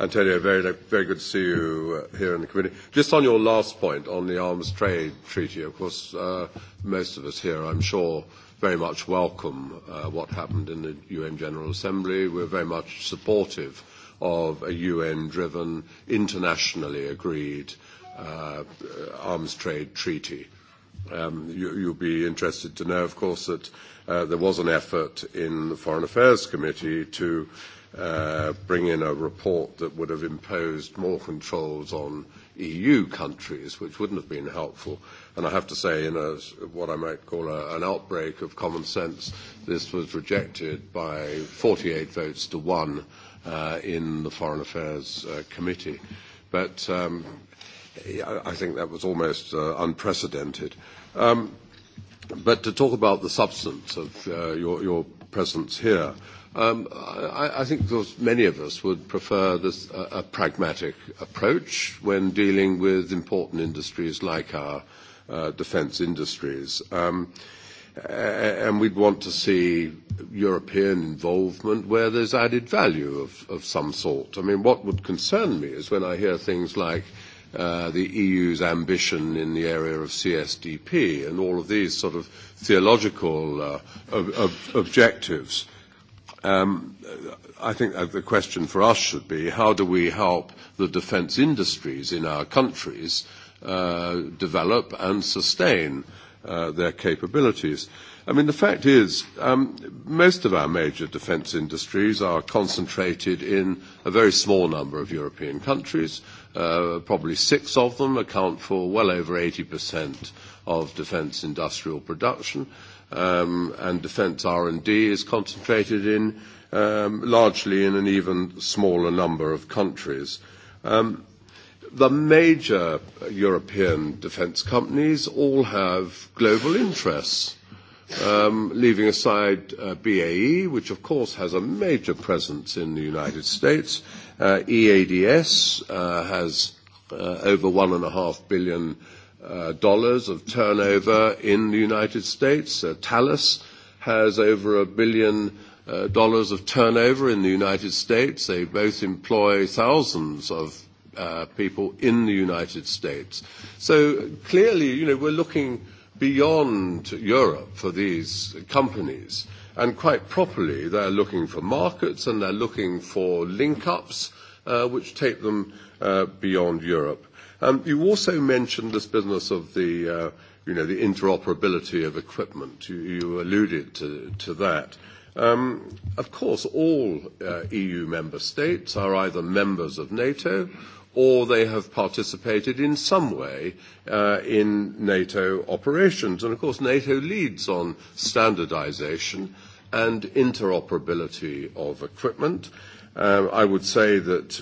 Antonio, very, very good to see you uh, here in the committee. Just on your last point on the arms trade treaty, of course, uh, most of us here, I'm sure, very much welcome uh, what happened in the UN General Assembly. We're very much supportive of a UN-driven, internationally agreed uh, arms trade treaty. Um, you, you'll be interested to know, of course, that uh, there was an effort in the Foreign Affairs Committee to uh, uh, bring in a report that would have imposed more controls on EU countries, which wouldn't have been helpful. And I have to say, in a, what I might call a, an outbreak of common sense, this was rejected by 48 votes to one uh, in the Foreign Affairs uh, Committee. But um, I think that was almost uh, unprecedented. Um, but to talk about the substance of uh, your, your presence here, Um, I, I think those, many of us would prefer this, uh, a pragmatic approach when dealing with important industries like our uh, defense industries. Um, and we'd want to see European involvement where there's added value of, of some sort. I mean, what would concern me is when I hear things like uh, the EU's ambition in the area of CSDP and all of these sort of theological uh, ob- ob- objectives. Um, I think the question for us should be, how do we help the defense industries in our countries uh, develop and sustain uh, their capabilities? I mean, the fact is, um, most of our major defense industries are concentrated in a very small number of European countries. Uh, probably six of them account for well over 80% of defense industrial production. Uh, um, and defence R&D is concentrated in um, largely in an even smaller number of countries. Um, the major European defence companies all have global interests, um, leaving aside uh, BAE, which of course has a major presence in the United States. Uh, EADS uh, has uh, over one and a half billion uh, uh, dollars of turnover in the United States. Uh, Thales has over a billion uh, dollars of turnover in the United States. They both employ thousands of uh, people in the United States. So clearly, you know, we're looking beyond Europe for these companies. And quite properly, they're looking for markets and they're looking for link-ups uh, which take them uh, beyond Europe. Um, you also mentioned this business of the, uh, you know, the interoperability of equipment. You, you alluded to, to that. Um, of course, all uh, EU member states are either members of NATO or they have participated in some way uh, in NATO operations. And of course, NATO leads on standardization and interoperability of equipment. Uh, Um, I would say that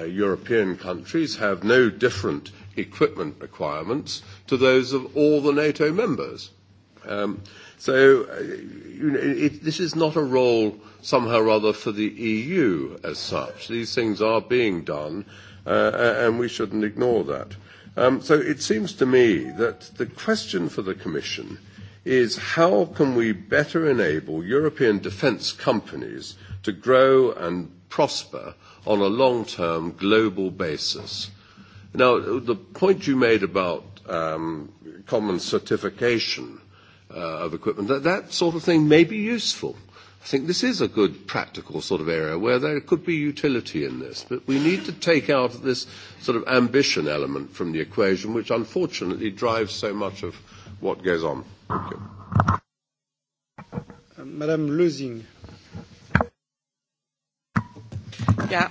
uh, European countries have no different equipment requirements to those of all the NATO members. Um, so uh, you know, it, this is not a role somehow or other for the EU as such. These things are being done, uh, and we shouldn't ignore that. Um, so it seems to me that the question for the Commission is how can we better enable European defence companies to grow and prosper on a long-term global basis. Now, the point you made about um, common certification uh, of equipment, that, that sort of thing may be useful. I think this is a good practical sort of area where there could be utility in this, but we need to take out this sort of ambition element from the equation, which unfortunately drives so much of what goes on. Thank you. Uh, Madame Lösing. Ja,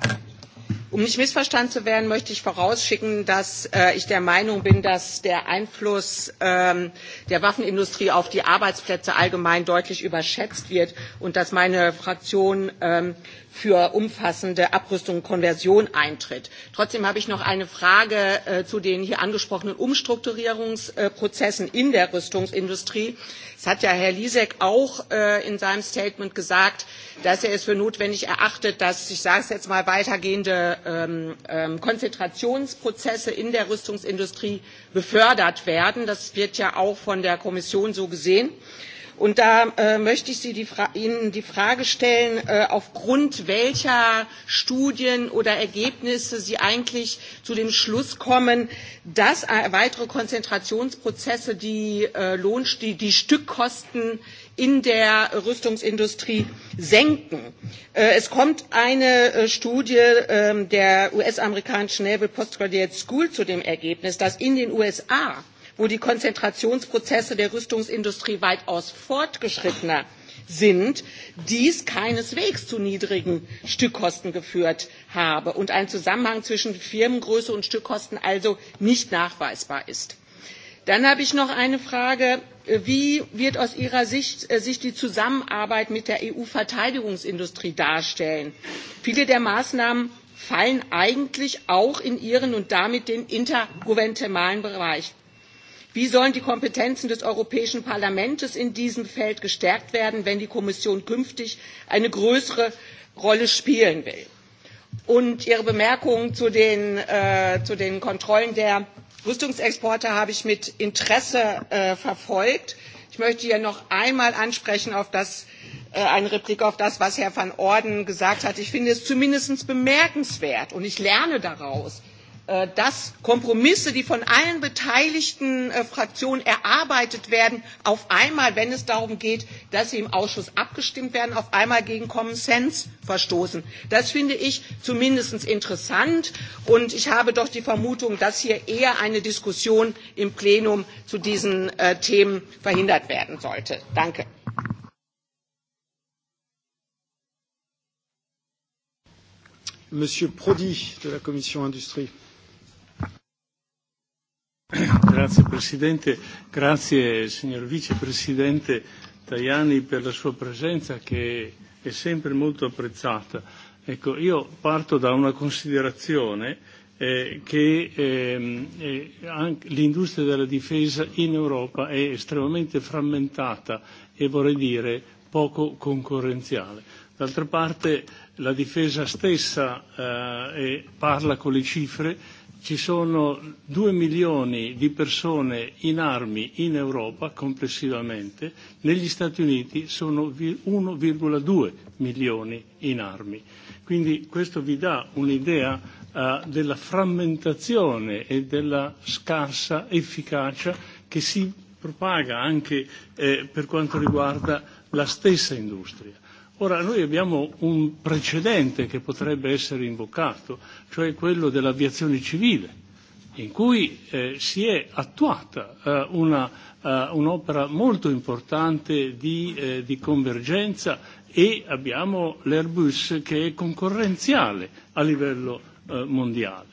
um nicht missverstanden zu werden, möchte ich vorausschicken, dass äh, ich der Meinung bin, dass der Einfluss ähm, der Waffenindustrie auf die Arbeitsplätze allgemein deutlich überschätzt wird und dass meine Fraktion ähm, äh, für umfassende Abrüstung und Konversion eintritt. Trotzdem habe ich noch eine Frage äh, zu den hier angesprochenen Umstrukturierungsprozessen äh, in der Rüstungsindustrie. Es hat ja Herr Lisek auch äh, in seinem Statement gesagt, dass er es für notwendig erachtet, dass, ich sage es jetzt mal, weitergehende ähm, ähm, Konzentrationsprozesse in der Rüstungsindustrie befördert werden. Das wird ja auch von der Kommission so gesehen. Äh, Und da äh, möchte ich Sie die Fra Ihnen die Frage stellen, äh, aufgrund welcher Studien oder Ergebnisse Sie eigentlich zu dem Schluss kommen, dass äh, weitere Konzentrationsprozesse die, äh, Lohn die, die Stückkosten in der Rüstungsindustrie senken. Äh, es kommt eine äh, Studie ähm, der US-amerikanischen Naval Postgraduate School zu dem Ergebnis, dass in den USA wo die Konzentrationsprozesse der Rüstungsindustrie weitaus fortgeschrittener sind, dies keineswegs zu niedrigen Stückkosten geführt habe und ein Zusammenhang zwischen Firmengröße und Stückkosten also nicht nachweisbar ist. Dann habe ich noch eine Frage. Wie wird aus Ihrer Sicht äh, sich die Zusammenarbeit mit der EU-Verteidigungsindustrie darstellen? Viele der Maßnahmen fallen eigentlich auch in Ihren und damit den intergouvernementalen Bereich wie sollen die kompetenzen des europäischen parlaments in diesem feld gestärkt werden wenn die kommission künftig eine größere rolle spielen will? und ihre bemerkungen zu den, äh, zu den kontrollen der rüstungsexporte habe ich mit interesse äh, verfolgt. ich möchte hier noch einmal ansprechen auf das äh, eine Replik auf das, was Herr van Orden gesagt hat. Ich finde es zumindest bemerkenswert und ich lerne daraus, Äh, dass Kompromisse, die von allen beteiligten äh, Fraktionen erarbeitet werden, auf einmal, wenn es darum geht, dass sie im Ausschuss abgestimmt werden, auf einmal gegen Common Sense verstoßen. Das finde ich zumindest interessant und ich habe doch die Vermutung, dass hier eher eine Diskussion im Plenum zu diesen äh, Themen verhindert werden sollte. Danke. Monsieur Prodi de la Commission Industrie. Grazie Presidente, grazie signor Vicepresidente Tajani per la sua presenza che è sempre molto apprezzata. Ecco, io parto da una considerazione eh, che ehm, eh, anche l'industria della difesa in Europa è estremamente frammentata e vorrei dire poco concorrenziale. D'altra parte la difesa stessa eh, è, parla con le cifre ci sono due milioni di persone in armi in Europa complessivamente, negli Stati Uniti sono 1,2 milioni in armi. Quindi questo vi dà un'idea eh, della frammentazione e della scarsa efficacia che si propaga anche eh, per quanto riguarda la stessa industria. Ora noi abbiamo un precedente che potrebbe essere invocato, cioè quello dell'aviazione civile, in cui eh, si è attuata eh, una, eh, un'opera molto importante di, eh, di convergenza e abbiamo l'Airbus che è concorrenziale a livello eh, mondiale.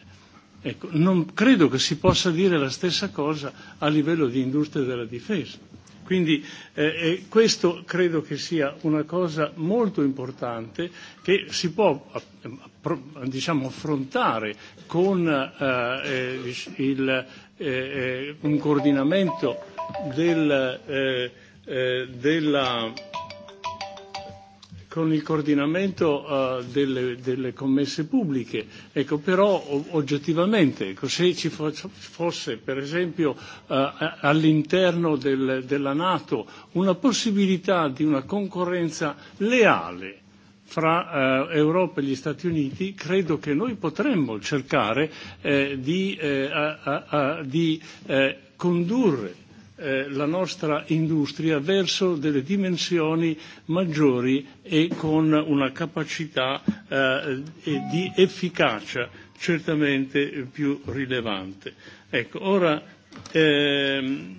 Ecco, non credo che si possa dire la stessa cosa a livello di industria della difesa Quindi eh, e questo credo che sia una cosa molto importante che si può diciamo, affrontare con eh, eh il, eh, eh, un coordinamento del, eh, eh, della con il coordinamento eh, delle, delle commesse pubbliche. Ecco, però oggettivamente, ecco, se ci fosse per esempio eh, all'interno del, della Nato una possibilità di una concorrenza leale fra eh, Europa e gli Stati Uniti, credo che noi potremmo cercare eh, di, eh, a, a, a, di eh, condurre eh, la nostra industria verso delle dimensioni maggiori e con una capacità eh, e di efficacia certamente più rilevante. Ecco, ora ehm,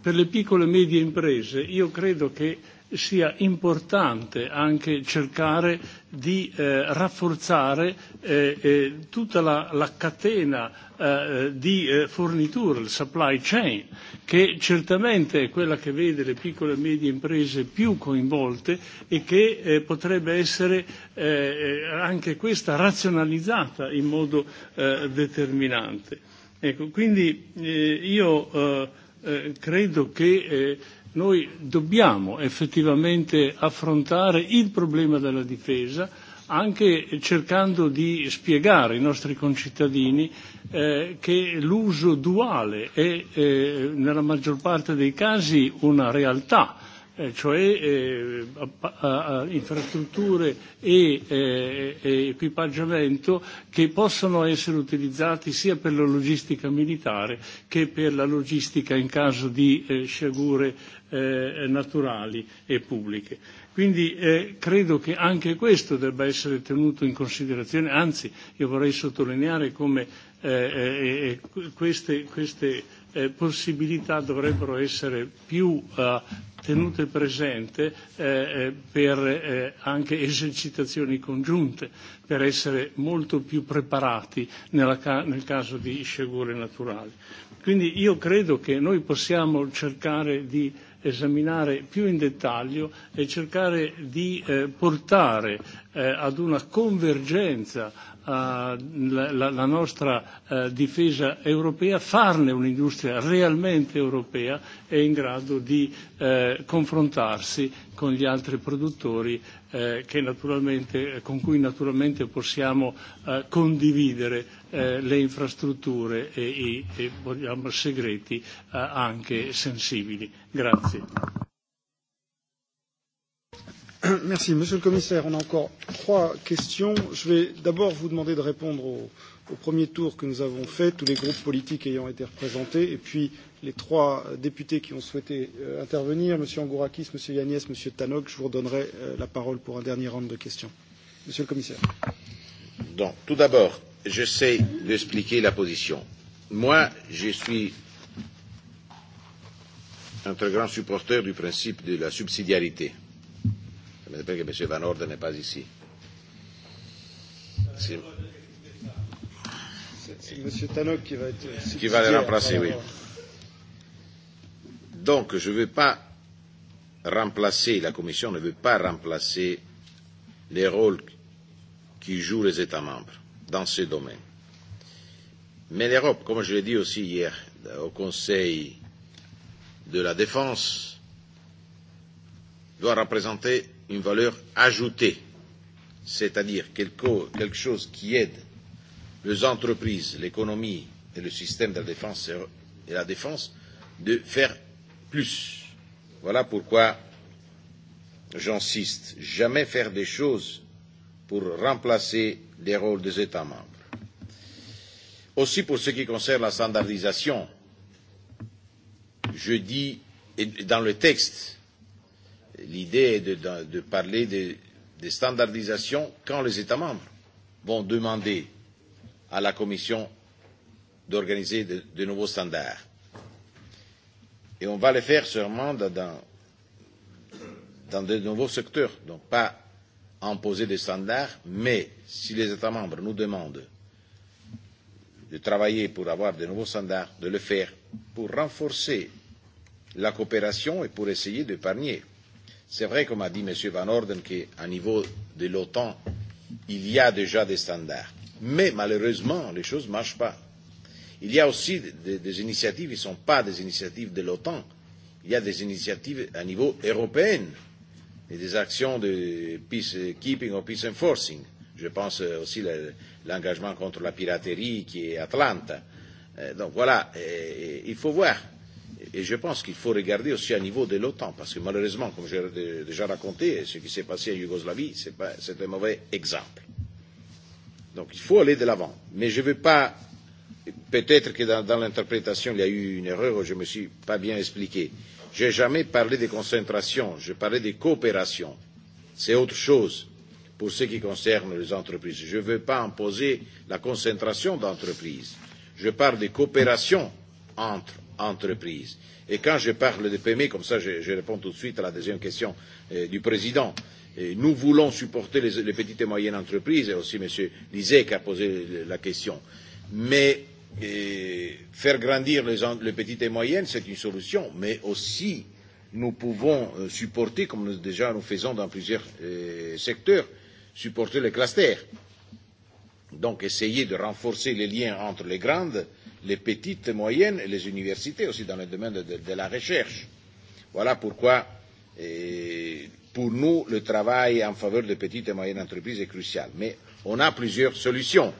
per le piccole e medie imprese io credo che eh, sia importante anche cercare di eh, rafforzare eh, eh, tutta la, la catena eh, di eh, fornitura, il supply chain, che certamente è quella che vede le piccole e medie imprese più coinvolte e che eh, potrebbe essere eh, eh anche questa razionalizzata in modo eh, determinante. Ecco, quindi eh, io eh, eh, credo che eh, Noi dobbiamo effettivamente affrontare il problema della difesa anche cercando di spiegare ai nostri concittadini eh, che l'uso duale è eh, nella maggior parte dei casi una realtà eh, cioè eh, a, a infrastrutture e, eh, e equipaggiamento che possono essere utilizzati sia per la logistica militare che per la logistica in caso di eh, sciagure eh, naturali e pubbliche. Quindi eh, credo che anche questo debba essere tenuto in considerazione, anzi io vorrei sottolineare come eh, eh, eh queste, queste eh, possibilità dovrebbero essere più eh, tenute presente eh, eh, per eh, anche esercitazioni congiunte, per essere molto più preparati nella, nel caso di sciagure naturali. Quindi io credo che noi possiamo cercare di esaminare più in dettaglio e cercare di eh, portare eh, ad una convergenza eh, la, la nostra eh, difesa europea, farne un'industria realmente europea e in grado di eh, confrontarsi con gli altri produttori eh, che naturalmente, con cui naturalmente possiamo eh, condividere eh, le infrastrutture e, e, e vogliamo segreti eh, anche sensibili. Grazie. <clears throat> Merci. Monsieur le Commissaire, on a encore trois questions. Je vais d'abord vous demander de répondre au, au premier tour que nous avons fait, tous les groupes politiques ayant été représentés, et puis les trois députés qui ont souhaité euh, intervenir, Monsieur Angourakis, Monsieur Yanis, Monsieur Tanok. Je vous redonnerai euh, la parole pour un dernier round de questions. Monsieur le Commissaire. Donc, tout d'abord, j'essaie d'expliquer la position. Moi, je suis un très grand supporter du principe de la subsidiarité. Euh, perché invece Van Orden e Pasi sì. sì. Monsieur Tannock qui va être. Qui va les remplacer, oui. Donc, je ne veux pas remplacer, la Commission ne veut pas remplacer les rôles qui jouent les États membres dans ce domaine. Mais l'Europe, comme je l'ai dit aussi hier euh, au Conseil de la Défense, doit représenter une valeur ajoutée, c'est-à-dire quelque, quelque chose qui aide les entreprises, l'économie et le système de la défense et la défense de faire plus. Voilà pourquoi j'insiste, jamais faire des choses pour remplacer les rôles des États membres. Aussi, pour ce qui concerne la standardisation, je dis dans le texte l'idée est de, de, de parler des de standardisations quand les États membres vont demander à la Commission d'organiser de, de nouveaux standards. Et on va le faire sûrement dans, dans de nouveaux secteurs, donc pas imposer des standards, mais si les États membres nous demandent de travailler pour avoir de nouveaux standards, de le faire pour renforcer la coopération et pour essayer d'épargner C'est vrai, comme a dit M. Van Orden, qu'à niveau de l'OTAN, il y a déjà des standards. Mais malheureusement, les choses ne marchent pas. Il y a aussi des, des initiatives qui ne sont pas des initiatives de l'OTAN. Il y a des initiatives à niveau européen et des actions de peacekeeping ou peace enforcing. Je pense euh, aussi l'engagement contre la piraterie qui est Atlanta. Euh, donc voilà, euh, il faut voir. Euh, Et je pense qu'il faut regarder aussi à niveau de l'OTAN, parce que malheureusement, comme j'ai déjà raconté, ce qui s'est passé en Yougoslavie, c'est un mauvais exemple. Donc il faut aller de l'avant. Mais je ne veux pas, peut-être que dans, dans l'interprétation, il y a eu une erreur, je ne me suis pas bien expliqué. Je n'ai jamais parlé de concentration, je parlais de coopération. C'est autre chose pour ce qui concerne les entreprises. Je ne veux pas imposer la concentration d'entreprises. Je parle de coopération entre entreprises. Et quand je parle des PME, comme ça je, je réponds tout de suite à la deuxième question euh, du président, et nous voulons supporter les, les petites et moyennes entreprises, et aussi M. Lisée qui a posé la question. Mais et euh, faire grandir les, les petites et moyennes, c'est une solution, mais aussi nous pouvons euh, supporter, comme nous, déjà nous faisons dans plusieurs euh, secteurs, supporter les clusters. Donc essayer de renforcer les liens entre les grandes les petites et moyennes et les universités aussi dans le domaine de, de, de la recherche. Voilà pourquoi, et eh, pour nous, le travail en faveur des petites et moyennes entreprises est crucial. Mais on a plusieurs solutions.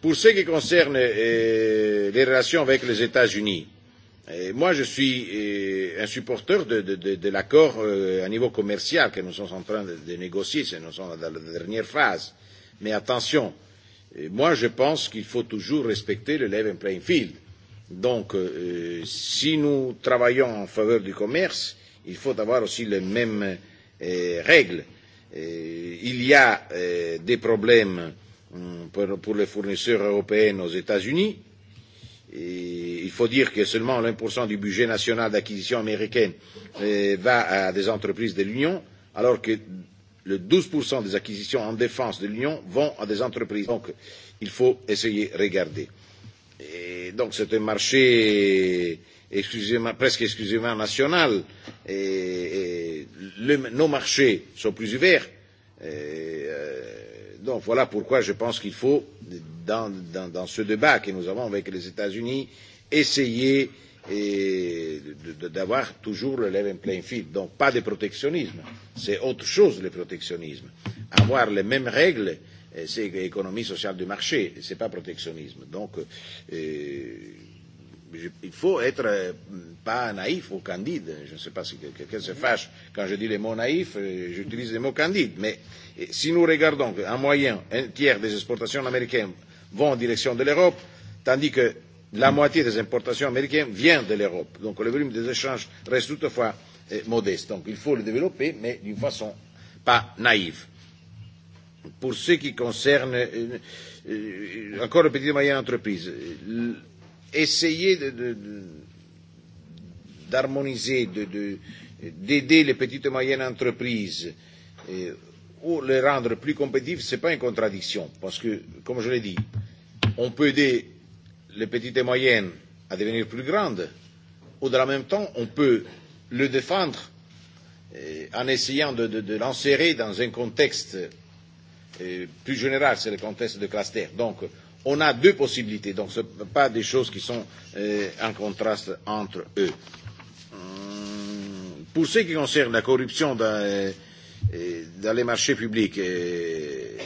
Pour ce qui concerne euh, les relations avec les États-Unis, euh, moi je suis euh, un supporteur de, de, de, de l'accord euh, à niveau commercial que nous sommes en train de, de négocier, nous sommes dans la dernière phase. Mais attention, Et moi, je pense qu'il faut toujours respecter le level playing field. Donc, euh, si nous travaillons en faveur du commerce, il faut avoir aussi les mêmes euh, règles. Euh, il y a euh, des problèmes euh, pour, pour les fournisseurs européens aux États-Unis. Et il faut dire que seulement 1% du budget national d'acquisition américaine euh, va à des entreprises de l'Union, alors que le 12% des acquisitions en défense de l'Union vont à des entreprises. Donc, il faut essayer de regarder. Et donc, c'est un marché exclusivement, presque exclusivement national. Et, et le, nos marchés sont plus ouverts. Et, euh, donc, voilà pourquoi je pense qu'il faut, dans, dans, dans ce débat que nous avons avec les États-Unis, essayer euh, et d'avoir toujours le level playing field. Donc pas de protectionnisme, c'est autre chose le protectionnisme. Avoir les mêmes règles, euh, c'est économie sociale du marché, c'est pas protectionnisme. Donc euh, euh, je, il faut être euh, pas naïf ou candide. Je ne sais pas si quelqu'un se fâche quand je dis les mots naïfs, euh, j'utilise les mots candides. Mais euh, si nous regardons qu'en moyenne, un tiers des exportations américaines vont en direction de l'Europe, tandis que la moitié des importations américaines vient de l'Europe. Donc le volume des échanges reste toutefois euh, modeste. Donc il faut le développer, mais d'une façon pas naïve. Pour ce qui concerne euh, euh, encore les petites et moyennes entreprises, euh, essayer de, de, de, d'harmoniser, de, de, d'aider les petites et moyennes entreprises euh, ou les rendre plus compétitives, ce n'est pas une contradiction, parce que, comme je l'ai dit, on peut aider les petites et moyennes à devenir plus grandes, ou dans le même temps, on peut le défendre eh, en essayant de, de, de l'insérer dans un contexte eh, plus général, c'est le contexte de cluster. Donc, on a deux possibilités, donc ce ne pas des choses qui sont eh, en contraste entre eux. Hum, pour ce qui concerne la corruption dans, eh, eh, dans les marchés publics, eh,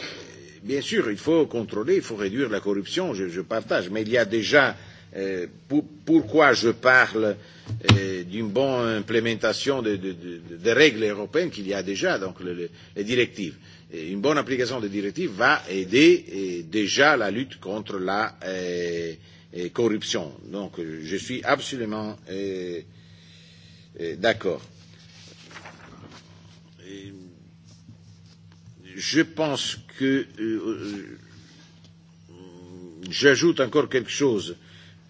bien sûr, il faut contrôler, il faut réduire la corruption, je, je partage, mais il y a déjà euh, pour, pourquoi je parle euh, d'une bonne implémentation des de, de, de règles européennes qu'il y a déjà, donc le, le, les directives. Et une bonne application des directives va aider et euh, déjà la lutte contre la euh, euh, corruption. Donc je suis absolument euh, euh d'accord. Euh, je pense que euh, j'ajoute encore quelque chose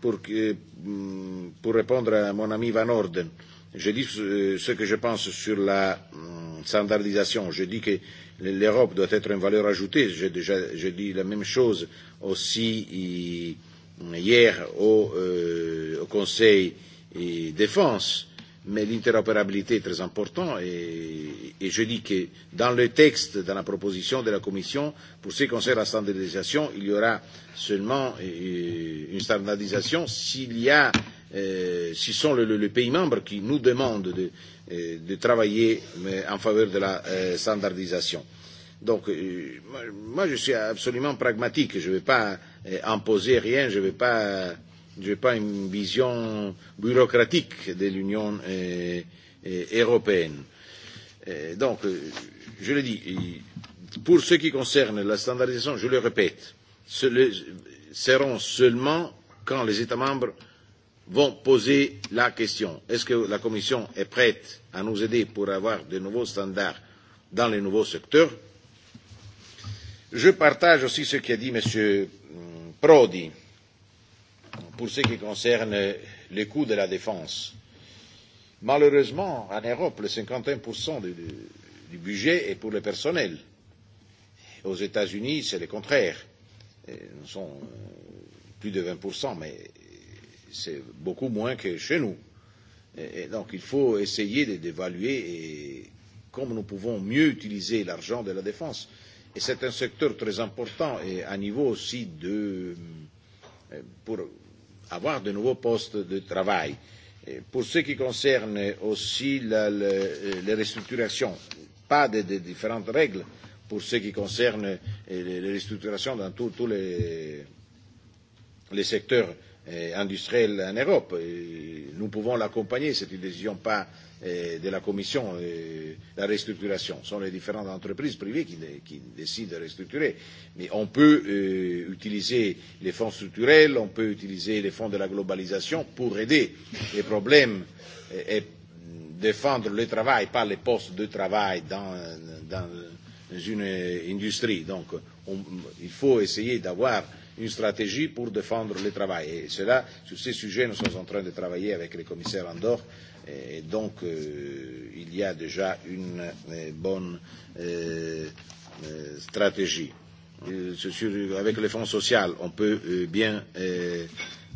pour, que, euh, pour répondre à mon ami Van Orden. Je dis euh, ce que je pense sur la euh, standardisation. Je dis que l'Europe doit être une valeur ajoutée. J'ai déjà je dis la même chose aussi hier au, euh, au Conseil et défense mais l'interopérabilité est très importante et, et je dis que dans le texte, dans la proposition de la Commission, pour ce qui concerne la standardisation, il y aura seulement euh, une standardisation s'il y a euh, si sont le, le, le pays membre qui nous demande de, euh, de travailler euh, en faveur de la euh, standardisation. Donc, euh, moi, je suis absolument pragmatique. Je ne vais pas euh, imposer rien. Je ne vais pas je n'ai pas une vision bureaucratique de l'Union euh, euh, européenne. Euh, donc, euh, je le dis, euh, pour ce qui concerne la standardisation, je le répète, ce le, seront seulement quand les États membres vont poser la question est ce que la Commission est prête à nous aider pour avoir de nouveaux standards dans les nouveaux secteurs? Je partage aussi ce qu'a dit M. Prodi. Euh, pour ce qui concerne le coût de la défense. Malheureusement, en Europe, le 51% du, du budget est pour le personnel. Aux États-Unis, c'est le contraire. Euh, nous sommes euh, plus de 20%, mais c'est beaucoup moins que chez nous. Et donc, il faut essayer d'évaluer et comme nous pouvons mieux utiliser l'argent de la défense. Et c'est un secteur très important et à niveau aussi de euh, pour avoir de nouveaux postes de travail. Pour ce qui concerne aussi la, le, euh, les restructurations, pas de, de différentes règles pour ce qui concerne euh, les, les restructurations dans tous les, les secteurs euh, industriels en Europe. Et euh, nous pouvons l'accompagner, c'est une décision pas euh, et de la Commission et la restructuration. Ce sont les différentes entreprises privées qui, qui décident de restructurer. Mais on peut euh, utiliser les fonds structurels, on peut utiliser les fonds de la globalisation pour aider les problèmes et, et défendre le travail, pas les postes de travail dans, dans une industrie. Donc on, il faut essayer d'avoir une stratégie pour défendre le travail. Et cela, sur ces sujets, nous sommes en train de travailler avec le commissaire Andorre Et donc, euh, il y a déjà une euh, bonne euh, euh, stratégie. Euh, sur, avec le Fonds social, on peut euh, bien euh,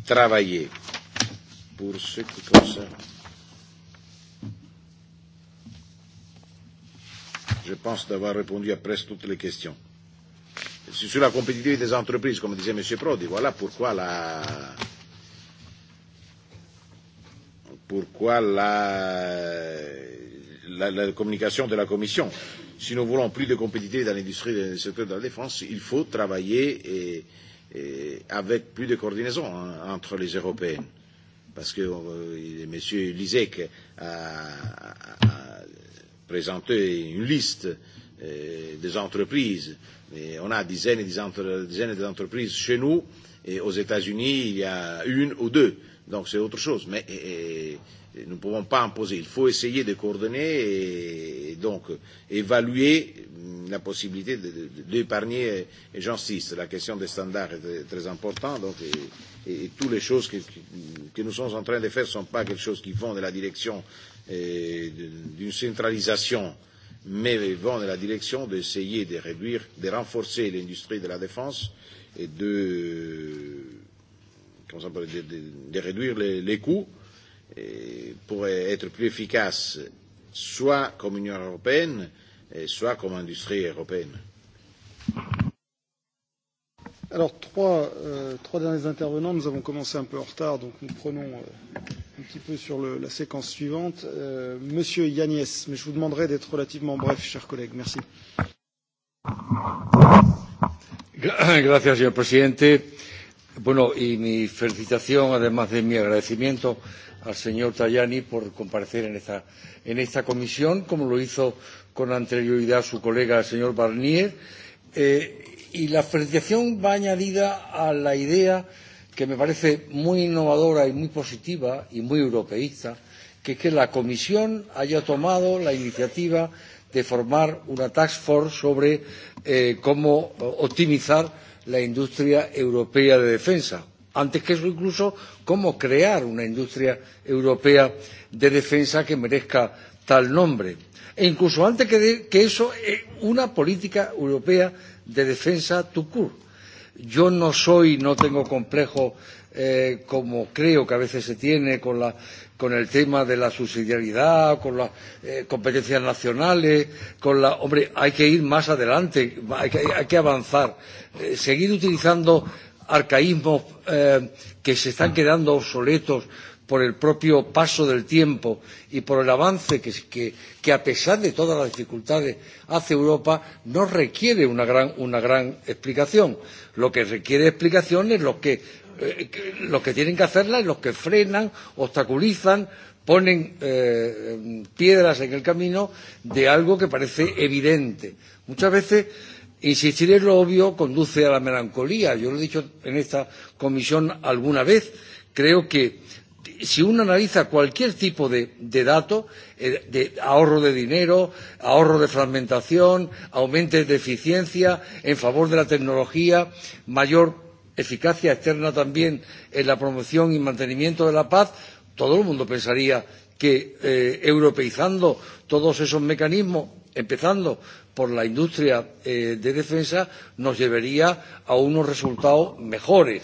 travailler pour ce qui concerne. Je pense d'avoir répondu à presque toutes les questions. Sur la compétitivité des entreprises, comme disait M. Prodi, voilà pourquoi la, euh, pourquoi la, la, la communication de la Commission. Si nous voulons plus de compétitivité dans l'industrie du secteur de la défense, il faut travailler et, et avec plus de coordination hein, entre les Européennes. Parce que euh, M. Lisek a, a, a présenté une liste euh, des entreprises. Et on a dizaines et des entre, dizaines d'entreprises chez nous et aux États-Unis, il y a une ou deux. Euh, Donc c'est autre chose, mais et, et, nous ne pouvons pas imposer. Il faut essayer de coordonner et, et donc évaluer la possibilité d'épargner euh, j'en six. La question des standards est très importante, donc et, et, et toutes les choses que, que nous sommes en train de faire ne sont pas quelque chose qui vont de la direction euh, d'une centralisation euh, mais vont dans la direction d'essayer de réduire, de renforcer l'industrie de la défense et de comment ça peut, de, de, de réduire les, les coûts et pour être plus efficace, soit comme Union européenne, et soit comme industrie européenne. Alors, trois, euh, trois derniers intervenants. Nous avons commencé un peu en retard, donc nous prenons euh, un petit peu sur le, la séquence suivante. Euh, Monsieur Yagnès, mais je vous demanderai d'être relativement bref, chers collègues. Merci. <coughs> Gracias, señor presidente. Bueno, y mi felicitación, además de mi agradecimiento al señor Tajani por comparecer en esta, en esta comisión, como lo hizo con anterioridad su colega, el señor Barnier. Eh, y la felicitación va añadida a la idea que me parece muy innovadora y muy positiva y muy europeísta, que es que la Comisión haya tomado la iniciativa de formar una task force sobre eh, cómo optimizar la industria europea de defensa. Antes que eso, incluso, cómo crear una industria europea de defensa que merezca tal nombre. E incluso antes que, de, que eso, eh, una política europea de defensa tucur. Yo no soy, no tengo complejo eh, como creo que a veces se tiene con, la, con el tema de la subsidiariedad, con las eh, competencias nacionales, con la... Hombre, hay que ir más adelante, hay que, hay que avanzar. Eh, seguir utilizando arcaísmos eh, que se están quedando obsoletos por el propio paso del tiempo y por el avance que, que, que a pesar de todas las dificultades hace Europa, no requiere una gran, una gran explicación. Lo que requiere explicación es lo que eh, los que tienen que hacerla y los que frenan, obstaculizan, ponen eh, piedras en el camino de algo que parece evidente. Muchas veces insistir en lo obvio conduce a la melancolía. Yo lo he dicho en esta comisión alguna vez. Creo que si uno analiza cualquier tipo de, de dato, eh, de ahorro de dinero, ahorro de fragmentación, aumento de eficiencia en favor de la tecnología, mayor eficacia externa también en la promoción y mantenimiento de la paz, todo el mundo pensaría que eh, europeizando todos esos mecanismos, empezando por la industria eh, de defensa, nos llevaría a unos resultados mejores.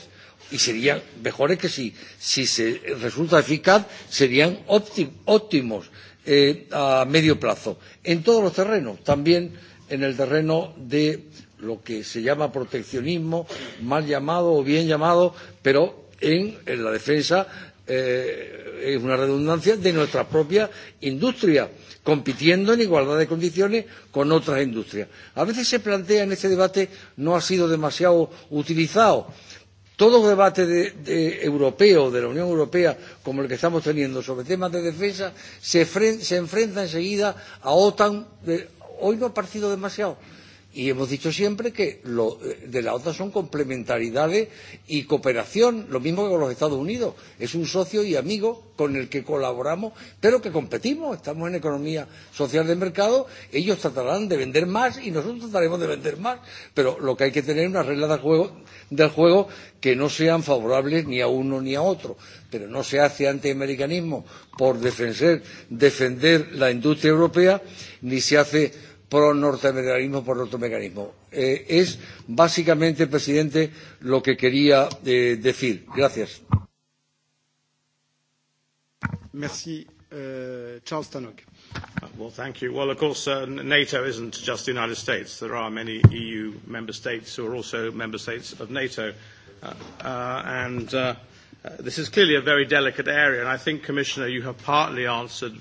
Y serían mejores que si, si se resulta eficaz, serían óptim, óptimos eh, a medio plazo, en todos los terrenos, también en el terreno de lo que se llama proteccionismo, mal llamado o bien llamado, pero en, en la defensa eh, es una redundancia de nuestra propia industria, compitiendo en igualdad de condiciones con otras industrias. A veces se plantea en este debate, no ha sido demasiado utilizado. Todo debate de, de europeo, de la Unión Europea, como el que estamos teniendo sobre temas de defensa, se, fren, se enfrenta enseguida a OTAN. De, hoy no ha partido demasiado Y hemos dicho siempre que lo eh, de la OTAN son complementariedades y cooperación, lo mismo que con los Estados Unidos. Es un socio y amigo con el que colaboramos, pero que competimos. Estamos en economía social de mercado, ellos tratarán de vender más y nosotros trataremos de vender más. Pero lo que hay que tener es unas reglas del juego, del juego que no sean favorables ni a uno ni a otro. Pero no se hace antiamericanismo por defender, defender la industria europea, ni se hace pro norteamericanismo por norteamericanismo. Eh, es básicamente, presidente, lo que quería eh, decir. Gracias. Merci, uh, Charles Tannock. Well, thank you. Well, of course, uh, NATO isn't just the United States. There are many EU member states who are also member states of NATO. Uh, uh, and uh, uh, this is clearly a very delicate area, and I think, Commissioner, you have partly answered uh,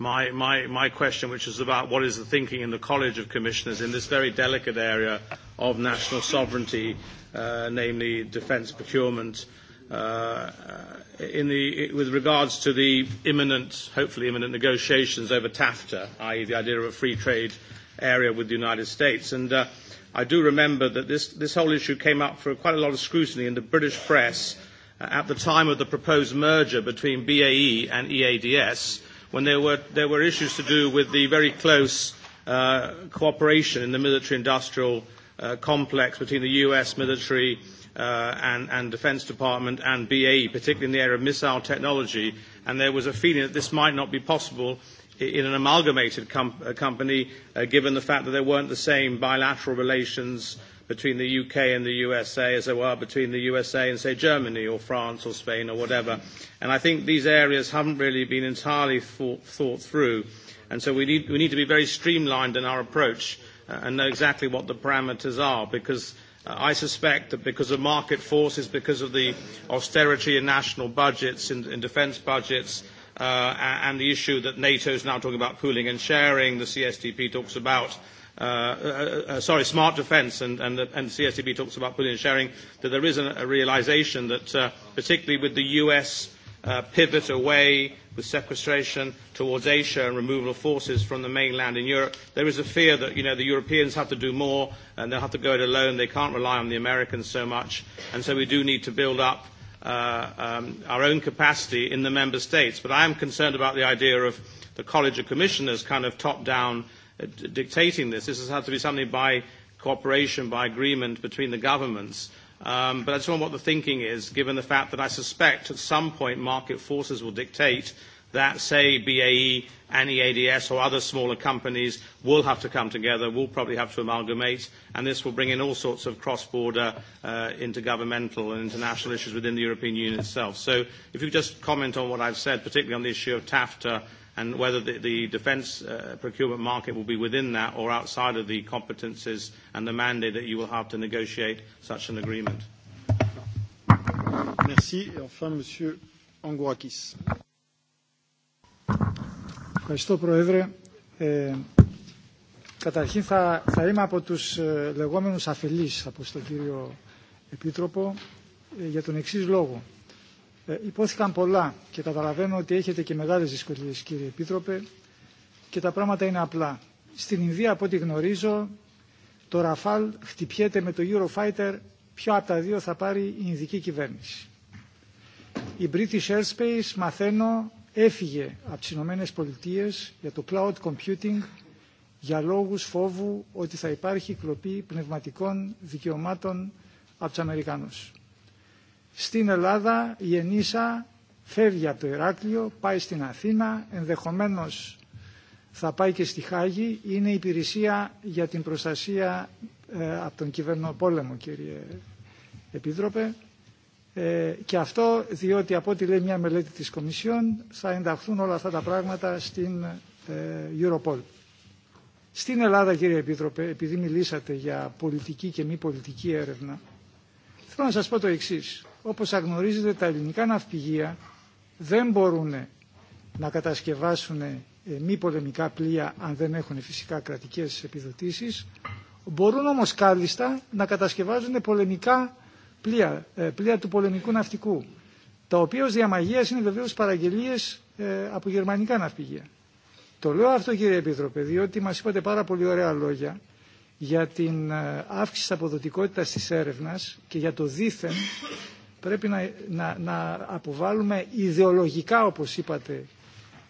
my, my, my question, which is about what is the thinking in the College of Commissioners in this very delicate area of national sovereignty, uh, namely defence procurement, uh, in the, with regards to the imminent, hopefully imminent negotiations over TAFTA, i.e. the idea of a free trade area with the United States. And uh, I do remember that this, this whole issue came up for quite a lot of scrutiny in the British press uh, at the time of the proposed merger between BAE and EADS when there were, there were issues to do with the very close uh, cooperation in the military-industrial uh, complex between the U.S. military uh, and, and Defense Department and BAE, particularly in the area of missile technology. And there was a feeling that this might not be possible in an amalgamated com- uh, company, uh, given the fact that there weren't the same bilateral relations between the UK and the USA as there were between the USA and, say, Germany or France or Spain or whatever. And I think these areas haven't really been entirely thought, thought through. And so we need, we need to be very streamlined in our approach uh, and know exactly what the parameters are because uh, I suspect that because of market forces, because of the austerity in national budgets, in, in defence budgets, uh, and the issue that NATO is now talking about pooling and sharing, the CSDP talks about, uh, Uh, uh, uh, sorry, smart defence, and, and, and CSTB e talks about pooling and sharing, that there is a, a realisation that, uh, particularly with the US uh, pivot away with sequestration towards Asia and removal of forces from the mainland in Europe, there is a fear that you know, the Europeans have to do more and they'll have to go it alone. They can't rely on the Americans so much. And so we do need to build up uh, um, our own capacity in the member states. But I am concerned about the idea of the College of Commissioners kind of top-down – uh, d- dictating this. This has had to be something by cooperation, by agreement between the governments. Um, but I just wonder what the thinking is, given the fact that I suspect at some point market forces will dictate that, say, BAE and EADS or other smaller companies will have to come together, will probably have to amalgamate, and this will bring in all sorts of cross-border, uh, intergovernmental and international issues within the European Union itself. So if you could just comment on what I've said, particularly on the issue of TAFTA and whether the, the defence uh, procurement market will be within that or outside of the competences and the mandate that you will have to negotiate such an agreement. Merci. Et enfin, Monsieur Angourakis. Ευχαριστώ, Πρόεδρε. Ε, καταρχήν θα, θα είμαι από τους ε, λεγόμενους αφελείς από τον κύριο Επίτροπο ε, για τον εξής λόγο. Ε, Ε, υπόθηκαν πολλά και καταλαβαίνω ότι έχετε και μεγάλες δυσκολίες κύριε Επίτροπε και τα πράγματα είναι απλά. Στην Ινδία από ό,τι γνωρίζω το Ραφάλ χτυπιέται με το Eurofighter ποιο από τα δύο θα πάρει η Ινδική κυβέρνηση. Η British Airspace μαθαίνω έφυγε από τις Ηνωμένες Πολιτείες για το cloud computing για λόγους φόβου ότι θα υπάρχει κλοπή πνευματικών δικαιωμάτων από τους Αμερικανούς. Στην Ελλάδα η Ενίσα φεύγει από το Ηράκλειο, πάει στην Αθήνα, ενδεχομένως θα πάει και στη Χάγη. Είναι η υπηρεσία για την προστασία ε, από τον κυβερνοπόλεμο, κύριε Επίτροπε. Ε, και αυτό διότι από ό,τι λέει μια μελέτη της Κομισιόν θα ενταχθούν όλα αυτά τα πράγματα στην ε, Europol. Στην Ελλάδα, κύριε Επίτροπε, επειδή μιλήσατε για πολιτική και μη πολιτική έρευνα, θέλω να σας πω το εξής. Όπως αγνωρίζετε τα ελληνικά ναυπηγεία δεν μπορούν να κατασκευάσουν μη πολεμικά πλοία αν δεν έχουν φυσικά κρατικές επιδοτήσεις. Μπορούν όμως κάλλιστα να κατασκευάζουν πολεμικά πλοία, πλοία του πολεμικού ναυτικού, τα οποία ως διαμαγείας είναι βεβαίως παραγγελίες από γερμανικά ναυπηγεία. Το λέω αυτό κύριε Επίτροπε, διότι μας είπατε πάρα πολύ ωραία λόγια για την αύξηση της αποδοτικότητας της έρευνας και για το δήθεν πρέπει να, να, να αποβάλουμε ιδεολογικά, όπως είπατε,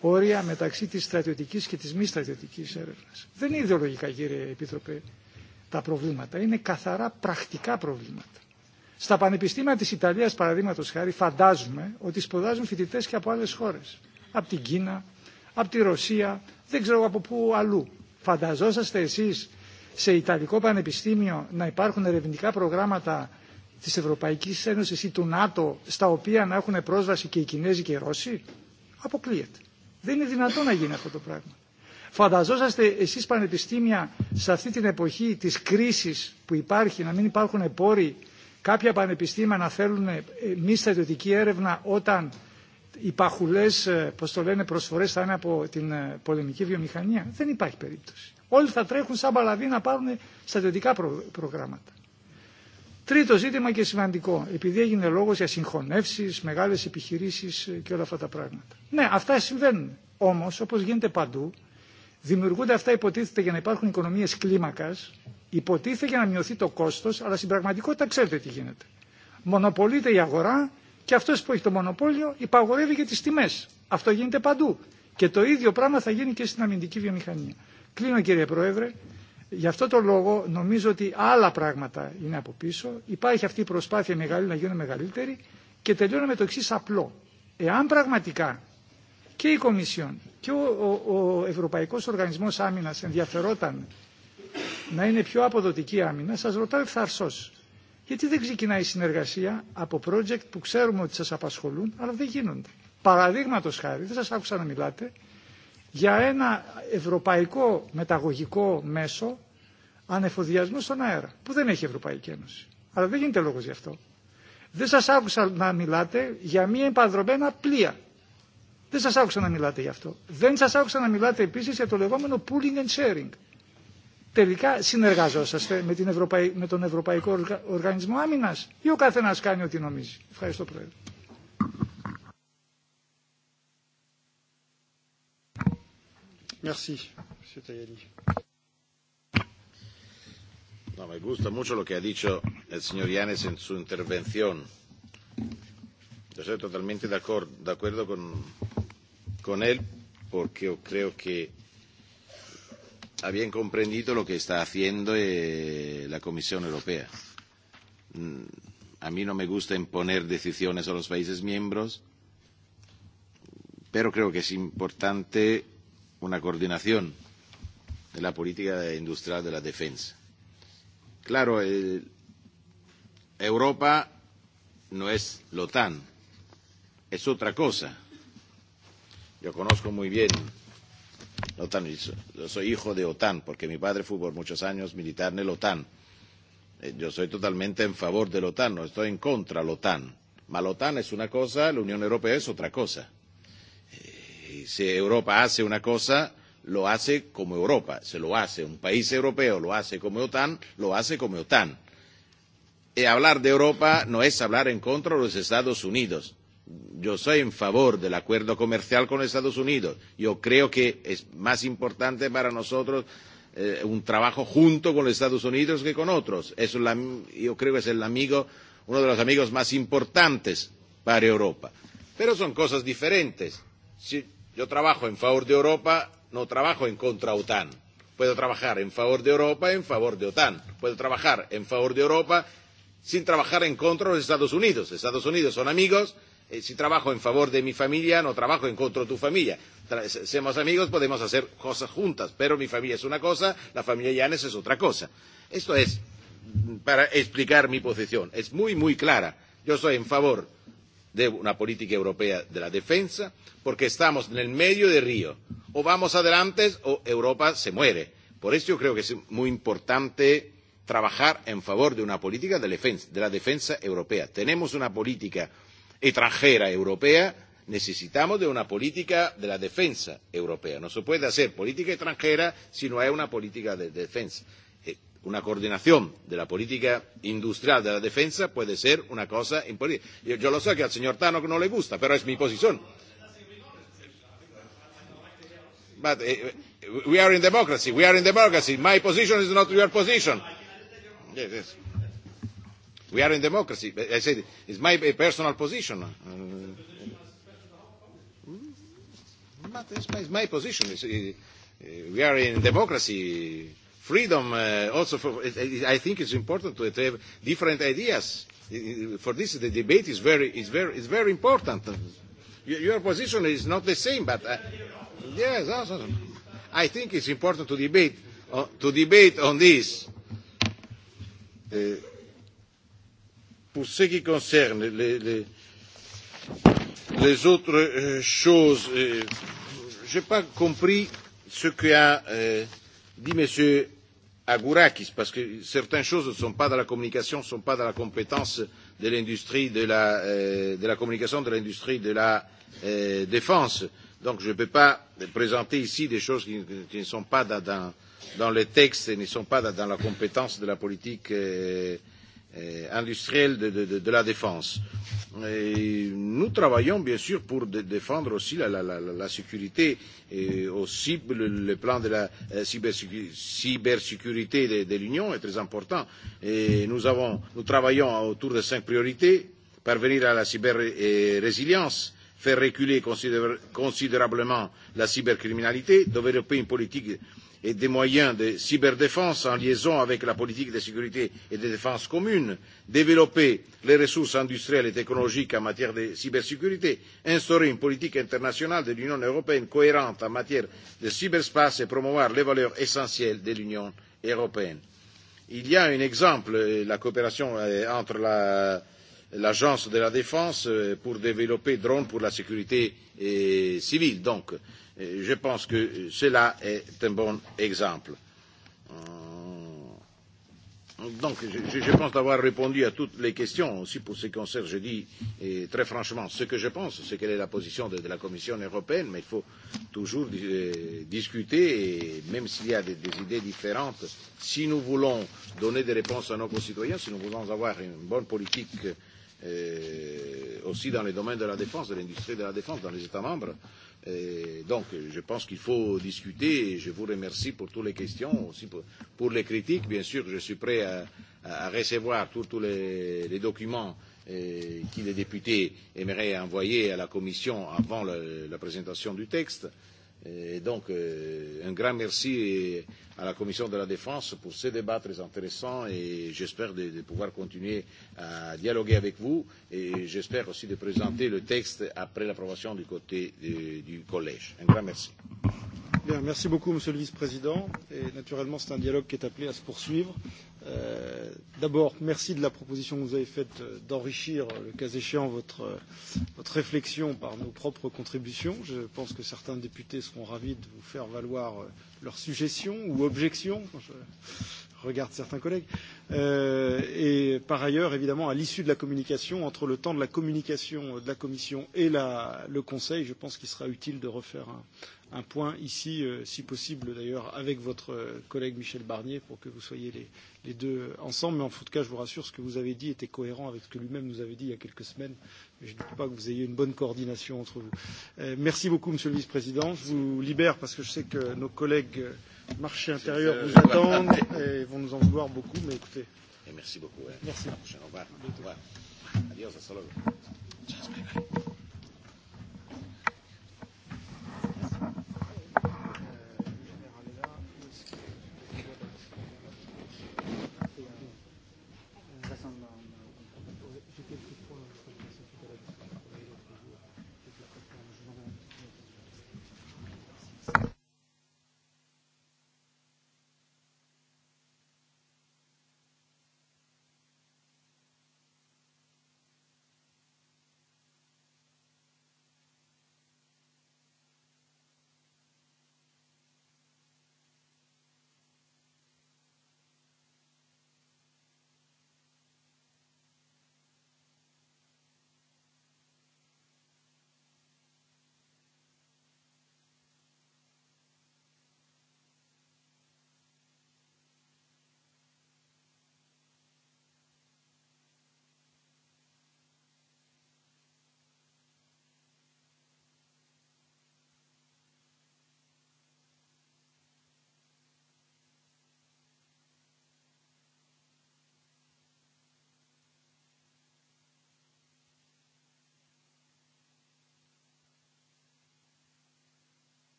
όρια μεταξύ της στρατιωτικής και της μη στρατιωτικής έρευνας. Δεν είναι ιδεολογικά, κύριε Επίτροπε, τα προβλήματα. Είναι καθαρά πρακτικά προβλήματα. Στα πανεπιστήμια της Ιταλίας, παραδείγματος χάρη, φαντάζουμε ότι σπουδάζουν φοιτητές και από άλλες χώρες. Από την Κίνα, από τη Ρωσία, δεν ξέρω από πού αλλού. Φανταζόσαστε εσείς σε Ιταλικό Πανεπιστήμιο να υπάρχουν ερευνητικά προγράμματα της Ευρωπαϊκής Ένωσης ή του ΝΑΤΟ στα οποία να έχουν πρόσβαση και οι Κινέζοι και οι Ρώσοι. Αποκλείεται. Δεν είναι δυνατόν να γίνει αυτό το πράγμα. Φανταζόσαστε εσείς πανεπιστήμια σε αυτή την εποχή της κρίσης που υπάρχει, να μην υπάρχουν πόροι, κάποια πανεπιστήμια να θέλουν μη στρατιωτική έρευνα όταν οι παχουλές, πώς το λένε, προσφορές θα είναι από την πολεμική βιομηχανία. Δεν υπάρχει περίπτωση. Όλοι θα τρέχουν σαν παλαβοί να πάρουν στρατιωτικά προ, προγράμματα. Τρίτο ζήτημα και σημαντικό, επειδή έγινε λόγος για συγχωνεύσεις, μεγάλες επιχειρήσεις και όλα αυτά τα πράγματα. Ναι, αυτά συμβαίνουν. Όμως, όπως γίνεται παντού, δημιουργούνται αυτά υποτίθεται για να υπάρχουν οικονομίες κλίμακας, υποτίθεται για να μειωθεί το κόστος, αλλά στην πραγματικότητα ξέρετε τι γίνεται. Μονοπολείται η αγορά και αυτός που έχει το μονοπόλιο υπαγορεύει και τις τιμές. Αυτό γίνεται παντού. Και το ίδιο πράγμα θα γίνει και στην αμυντική βιομηχανία. Κλείνω κύριε Πρόεδρε. Γι' αυτό τον λόγο νομίζω ότι άλλα πράγματα είναι από πίσω. Υπάρχει αυτή η προσπάθεια μεγάλη να γίνουν μεγαλύτερη και τελειώνω με το εξή απλό. Εάν πραγματικά και η Κομισιόν και ο, ο, ο Ευρωπαϊκός Οργανισμός Άμυνας ενδιαφερόταν να είναι πιο αποδοτική άμυνα, σας ρωτάω ευθαρσώς. Γιατί δεν ξεκινάει η συνεργασία από project που ξέρουμε ότι σας απασχολούν, αλλά δεν γίνονται. Παραδείγματος χάρη, δεν σας άκουσα να μιλάτε, για ένα ευρωπαϊκό μεταγωγικό μέσο ανεφοδιασμού στον αέρα, που δεν έχει η Ευρωπαϊκή Ένωση. Αλλά δεν γίνεται λόγος γι' αυτό. Δεν σας άκουσα να μιλάτε για μία επανδρομένα πλοία. Δεν σας άκουσα να μιλάτε γι' αυτό. Δεν σας άκουσα να μιλάτε επίσης για το λεγόμενο pooling and sharing. Τελικά συνεργαζόσαστε με, την Ευρωπαϊ... με τον Ευρωπαϊκό Οργανισμό Άμυνας ή ο καθένας κάνει ό,τι νομίζει. Ευχαριστώ Πρόεδρε. Merci, Monsieur Tajani. No, me gusta mucho lo que ha dicho el señor Yanes en su intervención. Yo estoy totalmente de acuerdo, de acuerdo con, con él porque yo creo que ha bien comprendido lo que está haciendo eh, la Comisión Europea. Mm, a mí no me gusta imponer decisiones a los países miembros, pero creo que es importante una coordinación de la política industrial de la defensa. Claro, el, Europa no es la OTAN, es otra cosa. Yo conozco muy bien la OTAN, yo soy hijo de OTAN porque mi padre fue por muchos años militar en el OTAN. Eh, yo soy totalmente en favor de la OTAN, no estoy en contra de la OTAN. Pero la OTAN es una cosa, la Unión Europea es otra cosa eh, si Europa hace una cosa, lo hace como Europa. Se lo hace un país europeo, lo hace como OTAN, lo hace como OTAN. Y eh, hablar de Europa no es hablar en contra de los Estados Unidos. Yo soy en favor del acuerdo comercial con Estados Unidos. Yo creo que es más importante para nosotros eh, un trabajo junto con los Estados Unidos que con otros. Es la, yo creo que es el amigo, uno de los amigos más importantes para Europa. Pero son cosas diferentes. Si, Yo trabajo en favor de Europa, no trabajo en contra OTAN. Puedo trabajar en favor de Europa, en favor de OTAN. Puedo trabajar en favor de Europa sin trabajar en contra de los Estados Unidos. Estados Unidos son amigos. Eh, si trabajo en favor de mi familia, no trabajo en contra de tu familia. Tra seamos amigos, podemos hacer cosas juntas, pero mi familia es una cosa, la familia Llanes es otra cosa. Esto es mm, para explicar mi posición. Es muy, muy clara. Yo soy en favor de una política europea de la defensa, porque estamos en el medio de Río. O vamos adelante o Europa se muere. Por eso yo creo que es muy importante trabajar en favor de una política de, defensa, de la defensa europea. Tenemos una política extranjera europea, necesitamos de una política de la defensa europea. No se puede hacer política extranjera si no hay una política de defensa una coordinación de la política industrial de la defensa puede ser una cosa importante. Yo, yo lo sé que al señor Tanok no le gusta, pero es mi posición. But eh, eh, we are in democracy. We are in democracy. My position is not your position. Yes, yes. We are in democracy. I said it's my eh, personal position. Uh, mm, but it's my, it's my position. It's, uh, we are in democracy freedom uh, also for, I think it's important to, to have different ideas. For this, the debate is very, is very, is very important. Your position is not the same, but uh, yes, also, I think it's important to debate, uh, to debate on this. Uh, pour ce qui concerne les, les, les autres euh, choses, euh, je n'ai pas compris ce qu'a euh, dit Monsieur Agourakis, parce que certaines choses ne sont pas dans la communication, ne sont pas dans la compétence de l'industrie de la, euh, de la communication, de l'industrie de la euh, défense. Donc je ne peux pas présenter ici des choses qui, qui ne sont pas dans, dans, dans le texte et ne sont pas dans, dans la compétence de la politique euh, euh, industrielle de, de, de, de la défense. Et nous travaillons bien sûr pour de, défendre aussi la, la, la, la sécurité et euh, aussi le, le plan de la euh, cybersécurité, cybersécurité de, de l'Union est très important. Et nous, avons, nous travaillons autour de cinq priorités parvenir à la cyberrésilience, euh, faire reculer considéra considérablement la cybercriminalité, développer une politique euh, et des moyens de cyberdéfense en liaison avec la politique de sécurité et de défense commune, développer les ressources industrielles et technologiques en matière de cybersécurité, instaurer une politique internationale de l'Union européenne cohérente en matière de cyberspace et promouvoir les valeurs essentielles de l'Union européenne. Il y a un exemple, euh, la coopération euh, entre la, l'agence de la défense euh, pour développer drones pour la sécurité civile. Donc, Je pense que cela est un bon exemple. Euh, donc, je, je pense d'avoir répondu à toutes les questions. Aussi, pour ce qui concerne, je dis et très franchement ce que je pense, c'est quelle est la position de, de la Commission européenne, mais il faut toujours euh, discuter, et même s'il y a des, des idées différentes, si nous voulons donner des réponses à nos concitoyens, si nous voulons avoir une bonne politique euh, euh, aussi dans les domaines de la défense, de l'industrie de la défense dans les États membres. Et euh, donc, je pense qu'il faut discuter et je vous remercie pour toutes les questions, aussi pour, pour les critiques. Bien sûr, je suis prêt à, à recevoir tous les, les documents eh, qui les députés aimeraient envoyer à la Commission avant le, la présentation du texte. Euh, Et donc, euh, un grand merci à la Commission de la Défense pour ces débats très intéressants et j'espère de, de pouvoir continuer à dialoguer avec vous et j'espère aussi de présenter le texte après l'approbation du côté de, du Collège. Un grand merci. Bien, merci beaucoup, Monsieur le Vice-président. Et naturellement, c'est un dialogue qui est appelé à se poursuivre. Euh, D'abord, merci de la proposition que vous avez faite euh, d'enrichir, euh, le cas échéant, votre, euh, votre réflexion par nos propres contributions. Je pense que certains députés seront ravis de vous faire valoir leurs suggestions ou objections. Je regarde certains collègues. Euh, et par ailleurs, évidemment, à l'issue de la communication, entre le temps de la communication de la Commission et la, le Conseil, je pense qu'il sera utile de refaire un, un point ici, euh, si possible d'ailleurs, avec votre euh, collègue Michel Barnier pour que vous soyez les, les deux ensemble. Mais en tout cas, je vous rassure, ce que vous avez dit était cohérent avec ce que lui-même nous avait dit il y a quelques semaines. Mais je ne doute pas que vous ayez une bonne coordination entre vous. Euh, merci beaucoup, Monsieur le Vice-président. Je vous libère parce que je sais que nos collègues euh, marché intérieur euh, vous attendent et vont nous en vouloir beaucoup. Mais écoutez. Et merci beaucoup. Hein. Merci. Au revoir. Au revoir. Adios. Hasta luego. Ciao, bye bye.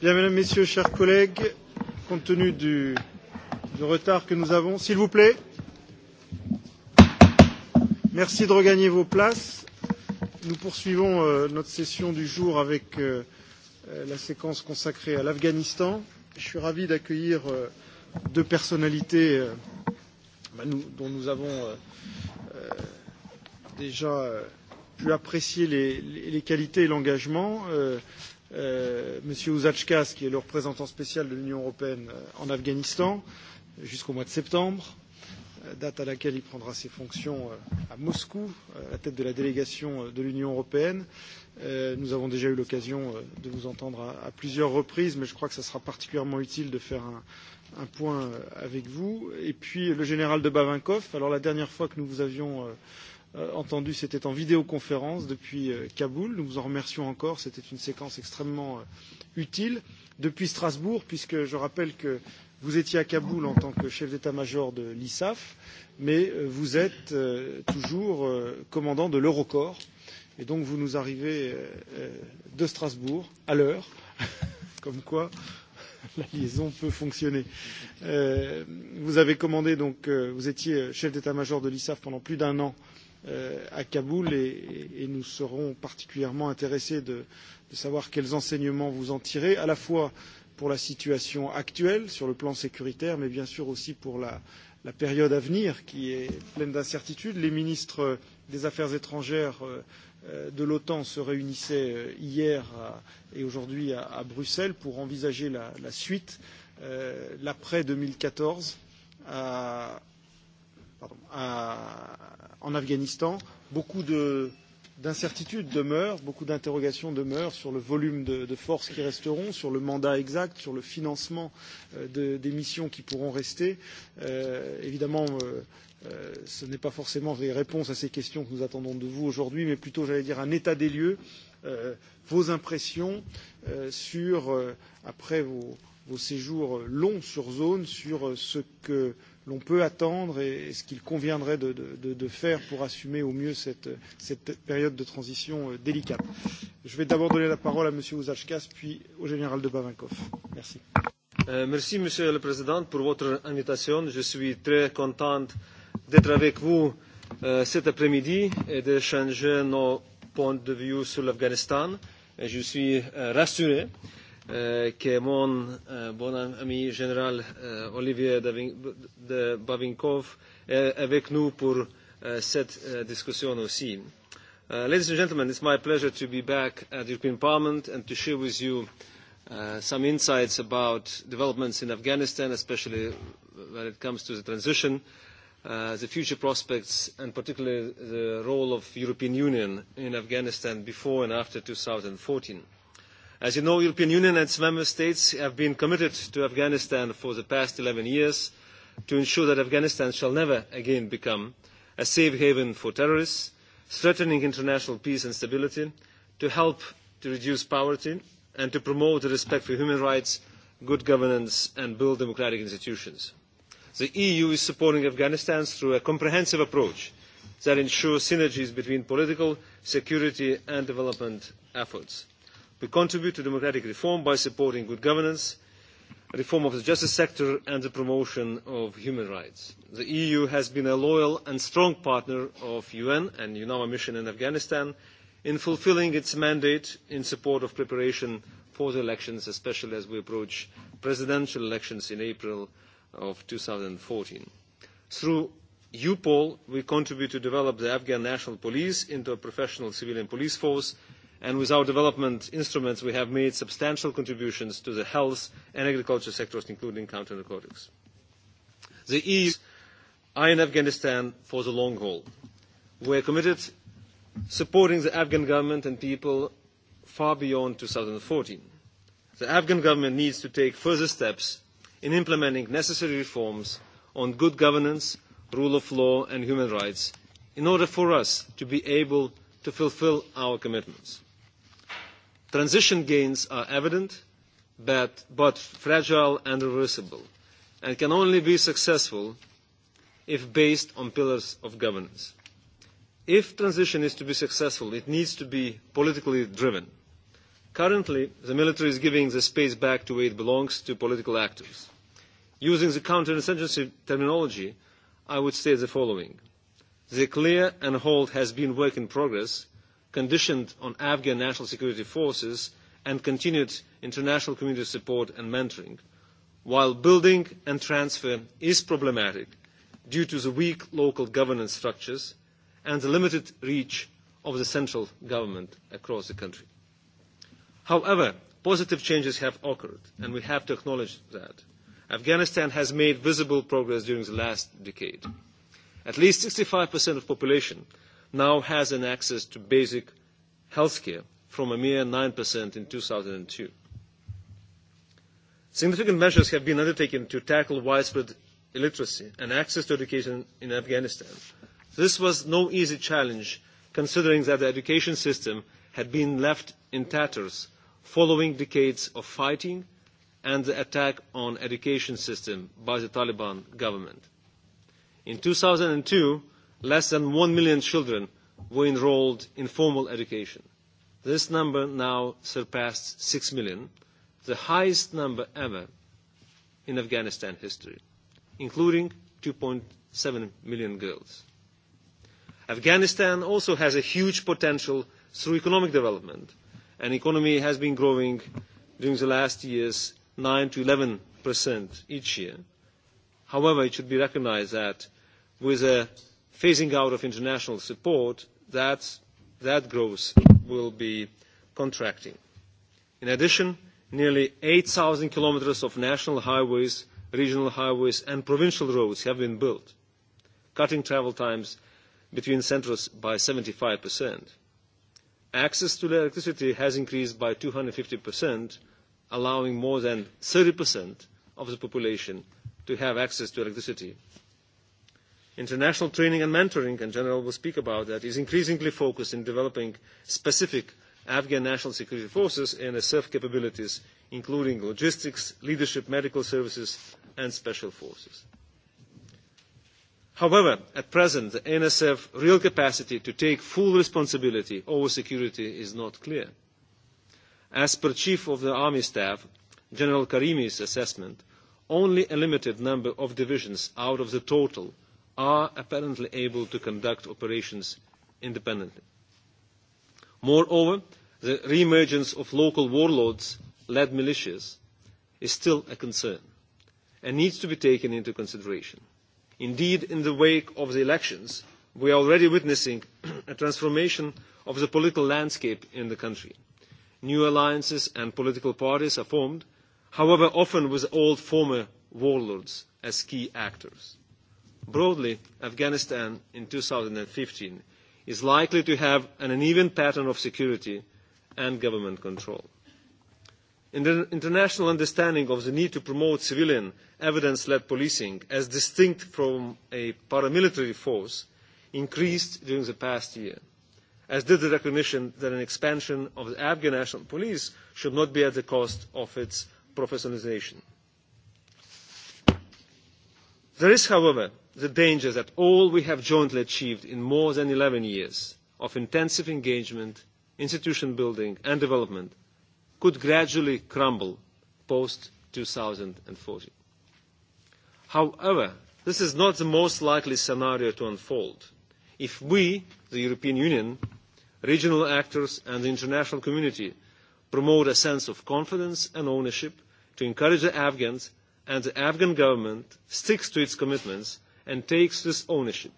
Bien, mesdames, messieurs, chers collègues, compte tenu du, du retard que nous avons, s'il vous plaît, merci de regagner vos places. Nous poursuivons euh, notre session du jour avec euh, euh, la séquence consacrée à l'Afghanistan. Je suis ravi d'accueillir euh, deux personnalités euh, bah, nous, dont nous avons euh, euh, déjà euh, pu apprécier les, les, les qualités et l'engagement. Euh, euh, M. Ouzachkas, qui est le représentant spécial de l'Union européenne euh, en Afghanistan, jusqu'au mois de septembre, euh, date à laquelle il prendra ses fonctions euh, à Moscou, à la tête de la délégation de l'Union européenne. Nous avons déjà eu l'occasion de vous entendre à plusieurs reprises, mais je crois que ça sera particulièrement utile de faire un, un point avec vous. Et puis le général de Bavinkov, alors la dernière fois que nous vous avions euh, entendu, c'était en vidéoconférence depuis euh, Kaboul. Nous vous en remercions encore. C'était une séquence extrêmement euh, utile. Depuis Strasbourg, puisque je rappelle que vous étiez à Kaboul en tant que chef d'état-major de l'ISAF, mais euh, vous êtes euh, toujours euh, commandant de l'Eurocorps. Et donc, vous nous arrivez euh, euh de Strasbourg à l'heure, <laughs> comme quoi la liaison peut fonctionner. Euh, vous avez commandé, donc, euh, vous étiez euh, chef d'état-major de l'ISAF pendant plus d'un an euh, euh, à Kaboul et, et nous serons particulièrement intéressés de, de savoir quels enseignements vous en tirez, à la fois pour la situation actuelle sur le plan sécuritaire, mais bien sûr aussi pour la, la période à venir qui est pleine d'incertitudes. Les ministres des Affaires étrangères euh, euh, de l'OTAN se réunissaient euh, hier à, et aujourd'hui à, à Bruxelles pour envisager la, la suite, euh, l'après 2014, à, pardon, à, en Afghanistan. Beaucoup de, d'incertitudes demeurent, beaucoup d'interrogations demeurent sur le volume de, de forces qui resteront, sur le mandat exact, sur le financement euh, de, des missions qui pourront rester. Euh, évidemment, euh, euh, ce n'est pas forcément les réponses à ces questions que nous attendons de vous aujourd'hui, mais plutôt, j'allais dire, un état des lieux, euh, vos impressions euh, sur, euh, après vos, vos séjours euh, longs sur zone, sur euh, ce que l'on peut attendre et, et ce qu'il conviendrait de, de, de faire pour assumer au mieux cette, cette période de transition euh, délicate. Je vais d'abord donner la parole à M. Ouzachkas, puis au général de Bavinkov. Merci. Euh, merci, Monsieur le Président, pour votre invitation. Je suis très contente d'être avec vous euh, cet après-midi et d'échanger nos points de vue sur l'Afghanistan. Je suis euh, rassuré euh, eh, che mon eh, bon ami général euh, Olivier Davin, de Bavinkov est avec nous pour euh, cette euh, discussion aussi. Uh, ladies and gentlemen, it's my pleasure to be back at the European Parliament and to share with you uh, some insights about developments in Afghanistan, especially when it comes to the transition, uh, the future prospects, and particularly the role of European Union in Afghanistan before and after 2014. As you know, European Union and its member states have been committed to Afghanistan for the past 11 years to ensure that Afghanistan shall never again become a safe haven for terrorists, threatening international peace and stability, to help to reduce poverty, and to promote the respect for human rights, good governance, and build democratic institutions. The EU is supporting Afghanistan through a comprehensive approach that ensures synergies between political, security, and development efforts. We contribute to democratic reform by supporting good governance, reform of the justice sector and the promotion of human rights. The EU has been a loyal and strong partner of UN and UNAMA mission in Afghanistan in fulfilling its mandate in support of preparation for the elections, especially as we approach presidential elections in April of 2014. Through EUPOL, we contribute to develop the Afghan National Police into a professional civilian police force and with our development instruments we have made substantial contributions to the health and agriculture sectors, including counter narcotics. The EU are in Afghanistan for the long haul. We are committed supporting the Afghan government and people far beyond 2014. The Afghan government needs to take further steps in implementing necessary reforms on good governance, rule of law and human rights in order for us to be able to fulfill our commitments. Transition gains are evident, but, but fragile and reversible, and can only be successful if based on pillars of governance. If transition is to be successful, it needs to be politically driven. Currently, the military is giving the space back to where it belongs to political actors. Using the counterinsurgency terminology, I would say the following. The clear and hold has been work in progress – conditioned on Afghan national security forces and continued international community support and mentoring, while building and transfer is problematic due to the weak local governance structures and the limited reach of the central government across the country. However, positive changes have occurred, and we have to acknowledge that. Afghanistan has made visible progress during the last decade. At least 65% of population now has an access to basic health care from a mere 9% in 2002. Significant measures have been undertaken to tackle widespread illiteracy and access to education in Afghanistan. This was no easy challenge considering that the education system had been left in tatters following decades of fighting and the attack on education system by the Taliban government. In 2002, less than 1 million children were enrolled in formal education. This number now surpassed 6 million, the highest number ever in Afghanistan history, including 2.7 million girls. Afghanistan also has a huge potential through economic development, and economy has been growing during the last years 9 to 11 percent each year. However, it should be recognized that with a phasing out of international support, that, that growth will be contracting. In addition, nearly 8,000 kilometers of national highways, regional highways, and provincial roads have been built, cutting travel times between centers by 75%. Access to electricity has increased by 250%, allowing more than 30% of the population to have access to electricity International training and mentoring, and General will speak about that, is increasingly focused in developing specific Afghan national security forces and SF capabilities, including logistics, leadership, medical services, and special forces. However, at present, the NSF real capacity to take full responsibility over security is not clear. As per Chief of the Army Staff, General Karimi's assessment, only a limited number of divisions out of the total are apparently able to conduct operations independently. Moreover, the reemergence of local warlords-led militias is still a concern and needs to be taken into consideration. Indeed, in the wake of the elections, we are already witnessing <clears throat> a transformation of the political landscape in the country. New alliances and political parties are formed, however often with old former warlords as key actors broadly Afghanistan in 2015 is likely to have an uneven pattern of security and government control. In the international understanding of the need to promote civilian evidence-led policing as distinct from a paramilitary force increased during the past year, as did the recognition that an expansion of the Afghan National Police should not be at the cost of its professionalization. There is, however, the danger that all we have jointly achieved in more than 11 years of intensive engagement, institution building and development could gradually crumble post-2040. However, this is not the most likely scenario to unfold if we, the European Union, regional actors and the international community promote a sense of confidence and ownership to encourage the Afghans and the Afghan government sticks to its commitments and takes this ownership,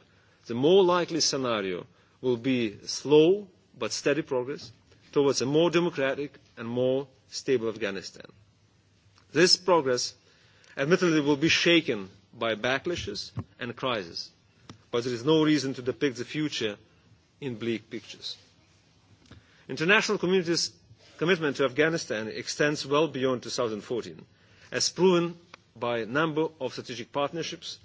the more likely scenario will be slow but steady progress towards a more democratic and more stable Afghanistan. This progress admittedly will be shaken by backlashes and crises, but there is no reason to depict the future in bleak pictures. International community's commitment to Afghanistan extends well beyond 2014, as proven by a number of strategic partnerships,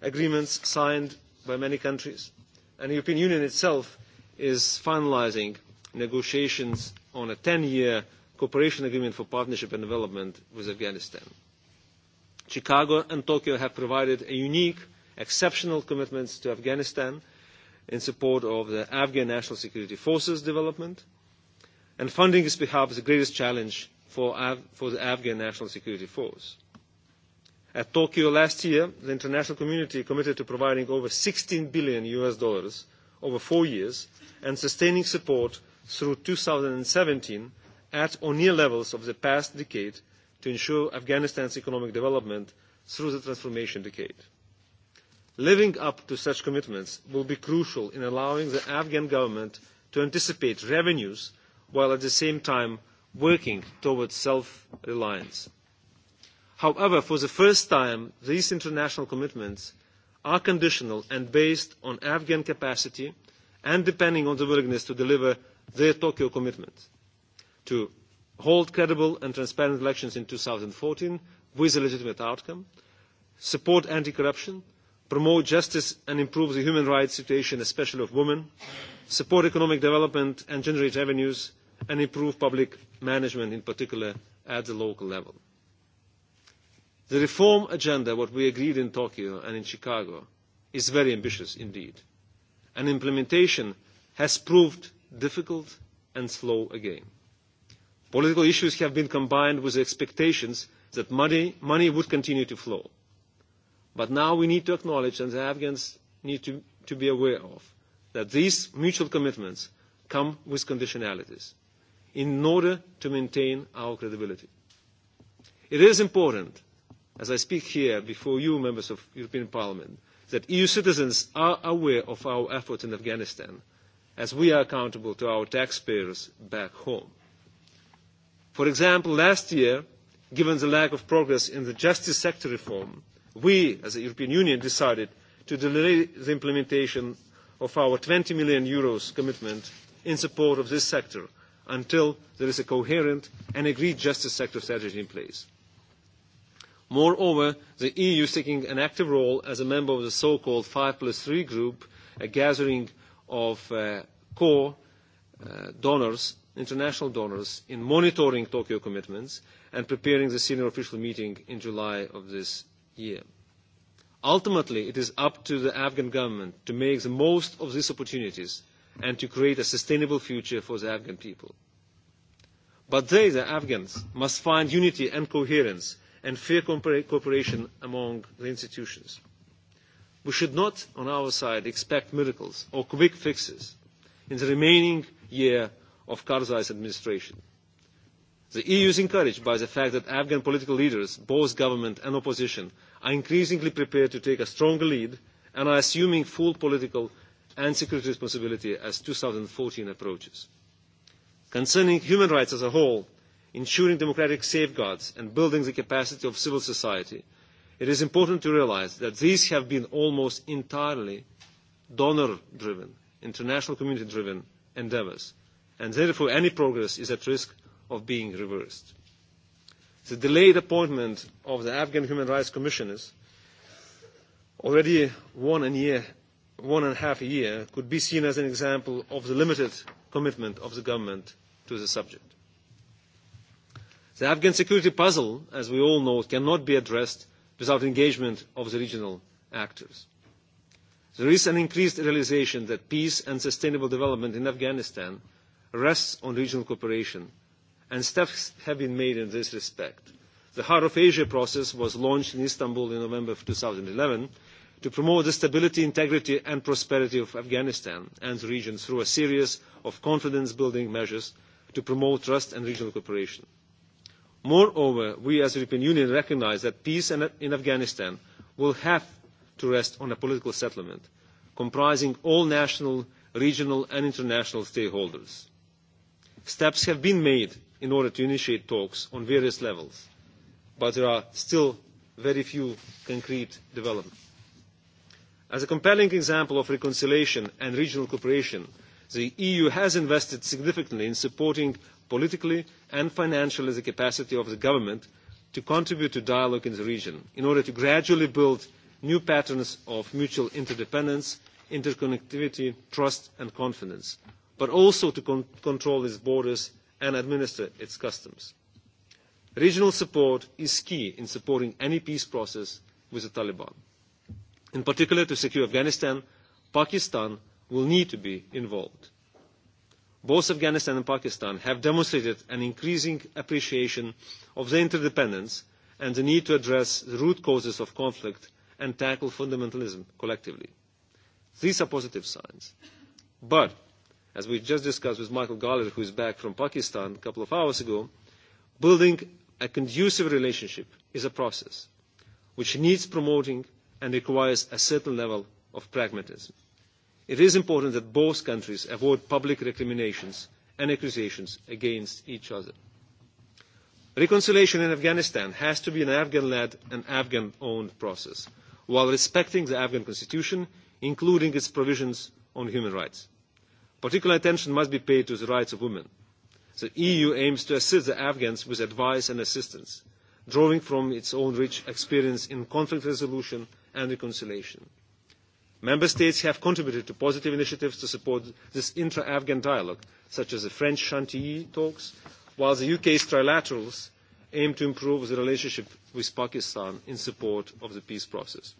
agreements signed by many countries, and the European Union itself is finalising negotiations on a 10-year cooperation agreement for partnership and development with Afghanistan. Chicago and Tokyo have provided a unique, exceptional commitments to Afghanistan in support of the Afghan National Security Forces development, and funding is perhaps the greatest challenge for, Af- for the Afghan National Security Force. At Tokyo last year, the international community committed to providing over 16 billion US dollars over four years and sustaining support through 2017 at or near levels of the past decade to ensure Afghanistan's economic development through the transformation decade. Living up to such commitments will be crucial in allowing the Afghan government to anticipate revenues while at the same time working towards self-reliance. However, for the first time, these international commitments are conditional and based on Afghan capacity and depending on the willingness to deliver their Tokyo commitment to hold credible and transparent elections in 2014 with a legitimate outcome, support anti-corruption, promote justice and improve the human rights situation, especially of women, support economic development and generate revenues, and improve public management, in particular at the local level. The reform agenda, what we agreed in Tokyo and in Chicago, is very ambitious indeed. And implementation has proved difficult and slow again. Political issues have been combined with expectations that money, money would continue to flow. But now we need to acknowledge, and the Afghans need to, to be aware of, that these mutual commitments come with conditionalities in order to maintain our credibility. It is important as I speak here before you, members of European Parliament, that EU citizens are aware of our efforts in Afghanistan, as we are accountable to our taxpayers back home. For example, last year, given the lack of progress in the justice sector reform, we, as the European Union, decided to delay the implementation of our 20 million euros commitment in support of this sector until there is a coherent and agreed justice sector strategy in place. Moreover, the EU is taking an active role as a member of the so-called 5 plus 3 group, a gathering of uh, core uh, donors, international donors, in monitoring Tokyo commitments and preparing the senior official meeting in July of this year. Ultimately, it is up to the Afghan government to make the most of these opportunities and to create a sustainable future for the Afghan people. But they, the Afghans, must find unity and coherence and fair cooperation among the institutions. We should not, on our side, expect miracles or quick fixes in the remaining year of Karzai's administration. The EU is encouraged by the fact that Afghan political leaders, both government and opposition, are increasingly prepared to take a stronger lead and are assuming full political and security responsibility as 2014 approaches. Concerning human rights as a whole, ensuring democratic safeguards and building the capacity of civil society, it is important to realize that these have been almost entirely donor-driven, international community-driven endeavors, and therefore any progress is at risk of being reversed. The delayed appointment of the Afghan human rights commissioners, already one, and year, one and a half a year, could be seen as an example of the limited commitment of the government to the subject. The Afghan security puzzle, as we all know, cannot be addressed without engagement of the regional actors. There is an increased realization that peace and sustainable development in Afghanistan rests on regional cooperation, and steps have been made in this respect. The Heart of Asia process was launched in Istanbul in November of 2011 to promote the stability, integrity and prosperity of Afghanistan and the region through a series of confidence-building measures to promote trust and regional cooperation. Moreover, we as the European Union recognize that peace in Afghanistan will have to rest on a political settlement comprising all national, regional and international stakeholders. Steps have been made in order to initiate talks on various levels, but there are still very few concrete developments. As a compelling example of reconciliation and regional cooperation, the EU has invested significantly in supporting politically and financially the capacity of the government to contribute to dialogue in the region in order to gradually build new patterns of mutual interdependence, interconnectivity, trust and confidence, but also to con- control its borders and administer its customs. Regional support is key in supporting any peace process with the Taliban. In particular, to secure Afghanistan, Pakistan will need to be involved Both Afghanistan and Pakistan have demonstrated an increasing appreciation of their interdependence and the need to address the root causes of conflict and tackle fundamentalism collectively. These are positive signs. But, as we just discussed with Michael Gallagher, who is back from Pakistan a couple of hours ago, building a conducive relationship is a process which needs promoting and requires a certain level of pragmatism. It is important that both countries avoid public recriminations and accusations against each other. Reconciliation in Afghanistan has to be an Afghan-led and Afghan-owned process, while respecting the Afghan constitution, including its provisions on human rights. Particular attention must be paid to the rights of women. The EU aims to assist the Afghans with advice and assistance, drawing from its own rich experience in conflict resolution and reconciliation. Member States have contributed to positive initiatives to support this intra-Afghan dialogue, such as the French Chantilly talks, while the UK's trilaterals aim to improve the relationship with Pakistan in support of the peace process.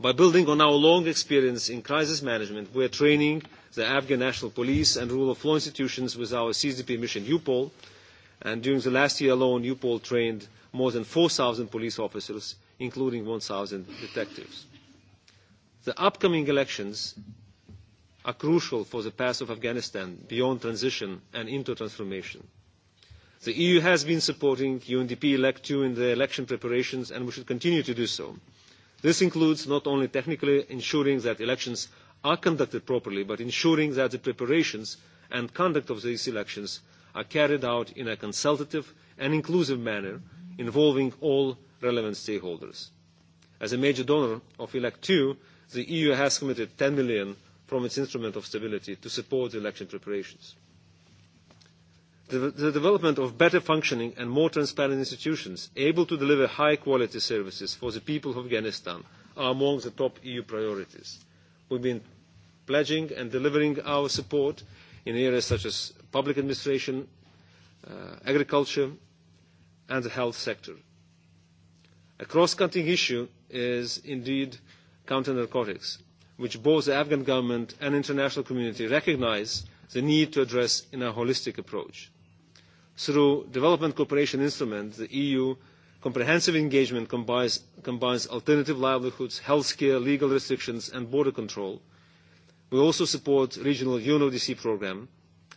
By building on our long experience in crisis management, we are training the Afghan National Police and rule of law institutions with our CCP mission UPOL, and during the last year alone, UPOL trained more than 4,000 police officers, including 1,000 detectives. The upcoming elections are crucial for the path of Afghanistan beyond transition and into transformation. The EU has been supporting UNDP-elect two in the election preparations, and we should continue to do so. This includes not only technically ensuring that elections are conducted properly, but ensuring that the preparations and conduct of these elections are carried out in a consultative and inclusive manner involving all relevant stakeholders. As a major donor of elect two, the EU has committed 10 million from its instrument of stability to support the election preparations. The, the development of better functioning and more transparent institutions able to deliver high quality services for the people of Afghanistan are among the top EU priorities. We've been pledging and delivering our support in areas such as public administration, uh, agriculture, and the health sector. A cross-cutting issue is indeed uh, counter-narcotics, which both the Afghan government and international community recognize the need to address in a holistic approach. Through development cooperation instruments, the EU comprehensive engagement combines, combines alternative livelihoods, healthcare, legal restrictions, and border control. We also support regional UNODC program,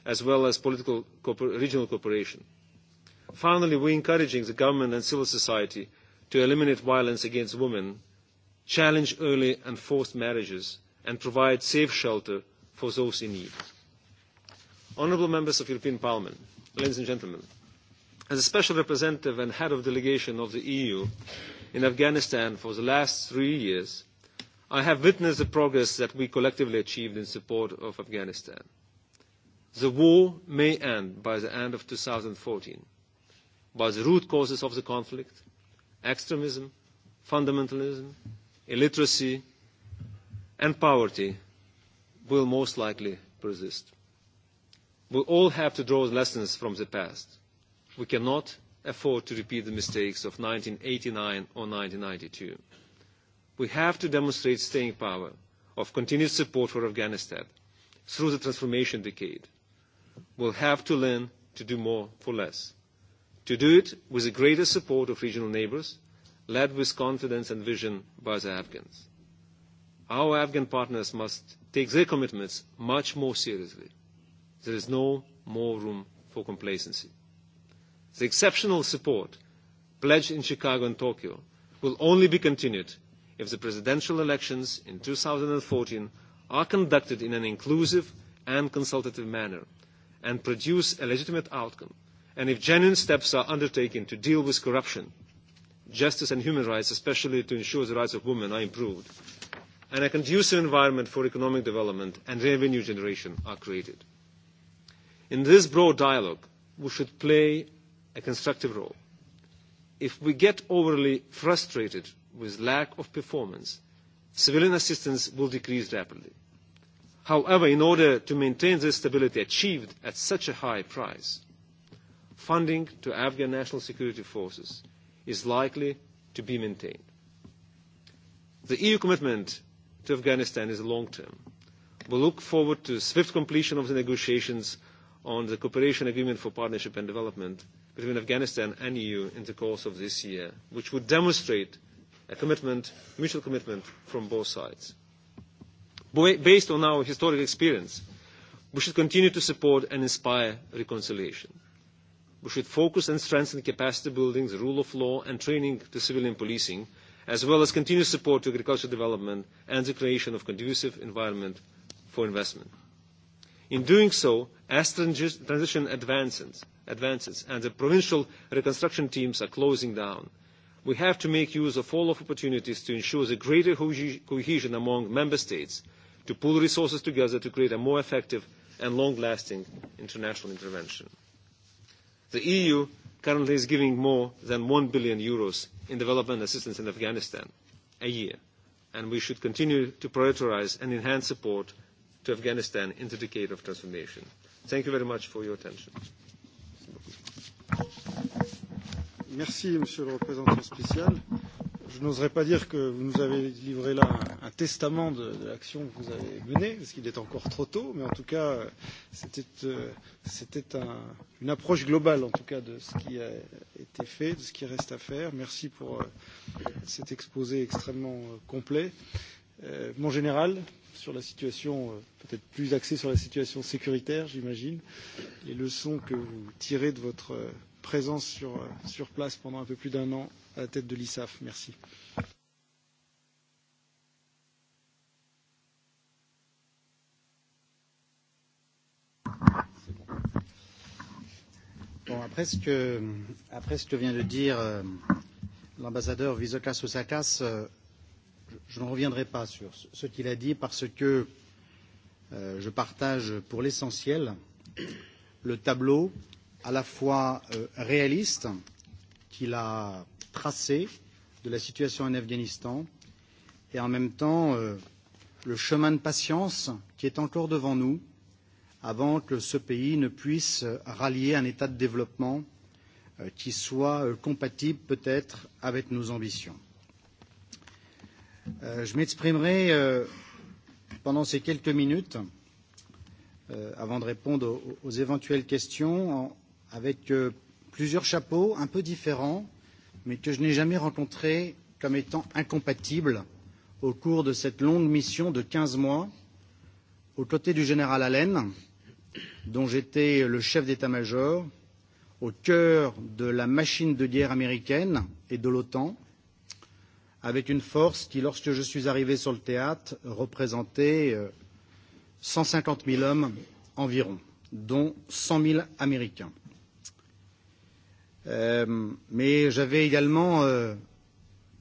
as well as political cooper- regional cooperation. Finally, we're encouraging the government and civil society to eliminate violence against women challenge early and forced marriages, and provide safe shelter for those in need. Honourable members of European Parliament, ladies and gentlemen, as a special representative and head of delegation of the EU in Afghanistan for the last three years, I have witnessed the progress that we collectively achieved in support of Afghanistan. The war may end by the end of 2014, but the root causes of the conflict, extremism, fundamentalism, illiteracy, and poverty will most likely persist. We we'll all have to draw lessons from the past. We cannot afford to repeat the mistakes of 1989 or 1992. We have to demonstrate staying power of continued support for Afghanistan through the transformation decade. We'll have to learn to do more for less. To do it with the greater support of regional neighbors led with confidence and vision by the Afghans. Our Afghan partners must take their commitments much more seriously. There is no more room for complacency. The exceptional support pledged in Chicago and Tokyo will only be continued if the presidential elections in 2014 are conducted in an inclusive and consultative manner and produce a legitimate outcome, and if genuine steps are undertaken to deal with corruption justice and human rights, especially to ensure the rights of women, are improved, and a conducive environment for economic development and revenue generation are created. In this broad dialogue, we should play a constructive role. If we get overly frustrated with lack of performance, civilian assistance will decrease rapidly. However, in order to maintain this stability achieved at such a high price, funding to Afghan national security forces is likely to be maintained. The EU commitment to Afghanistan is long-term. We look forward to swift completion of the negotiations on the cooperation agreement for partnership and development between Afghanistan and EU in the course of this year, which would demonstrate a commitment, mutual commitment from both sides. Based on our historic experience, we should continue to support and inspire reconciliation. We should focus and strengthen capacity building, the rule of law, and training to civilian policing, as well as continued support to agricultural development and the creation of conducive environment for investment. In doing so, as transition advances, advances and the provincial reconstruction teams are closing down, we have to make use of all of opportunities to ensure the greater cohesion among member states to pool resources together to create a more effective and long-lasting international intervention. The EU currently is giving more than 1 billion euros in development assistance in Afghanistan a year, and we should continue to prioritize and enhance support to Afghanistan in the decade of transformation. Thank you very much for your attention. Merci, Monsieur le Représentant spécial je n'oserais pas dire que vous nous avez livré là un, un testament de, de l'action que vous avez menée, parce qu'il est encore trop tôt, mais en tout cas, euh, c'était euh, un, une approche globale, en tout cas, de ce qui a été fait, de ce qui reste à faire. Merci pour euh, cet exposé extrêmement euh, complet. Euh, mon général, sur la situation, euh, peut-être plus axée sur la situation sécuritaire, j'imagine, les leçons que vous tirez de votre euh, présence sur, sur place pendant un peu plus d'un an à la tête de l'ISAF. Merci. Bon, après ce que, après ce que vient de dire euh, l'ambassadeur Visokas Ousakas, euh, je ne reviendrai pas sur ce, ce qu'il a dit parce que euh, je partage pour l'essentiel le tableau à la fois euh, réaliste qu'il a tracé de la situation en Afghanistan et en même temps euh, le chemin de patience qui est encore devant nous avant que ce pays ne puisse euh, rallier un état de développement euh, qui soit euh, compatible peut-être avec nos ambitions. Euh, je m'exprimerai euh, pendant ces quelques minutes, euh, avant de répondre aux, aux éventuelles questions, en, avec euh, plusieurs chapeaux un peu différents, mais que je n'ai jamais rencontrés comme étant incompatibles au cours de cette longue mission de 15 mois aux côtés du général Allen, dont j'étais le chef d'état-major, au cœur de la machine de guerre américaine et de l'OTAN, avec une force qui, lorsque je suis arrivé sur le théâtre, représentait 150 euh, 000 hommes environ, dont 100 000 Américains. Euh, mais j'avais également euh,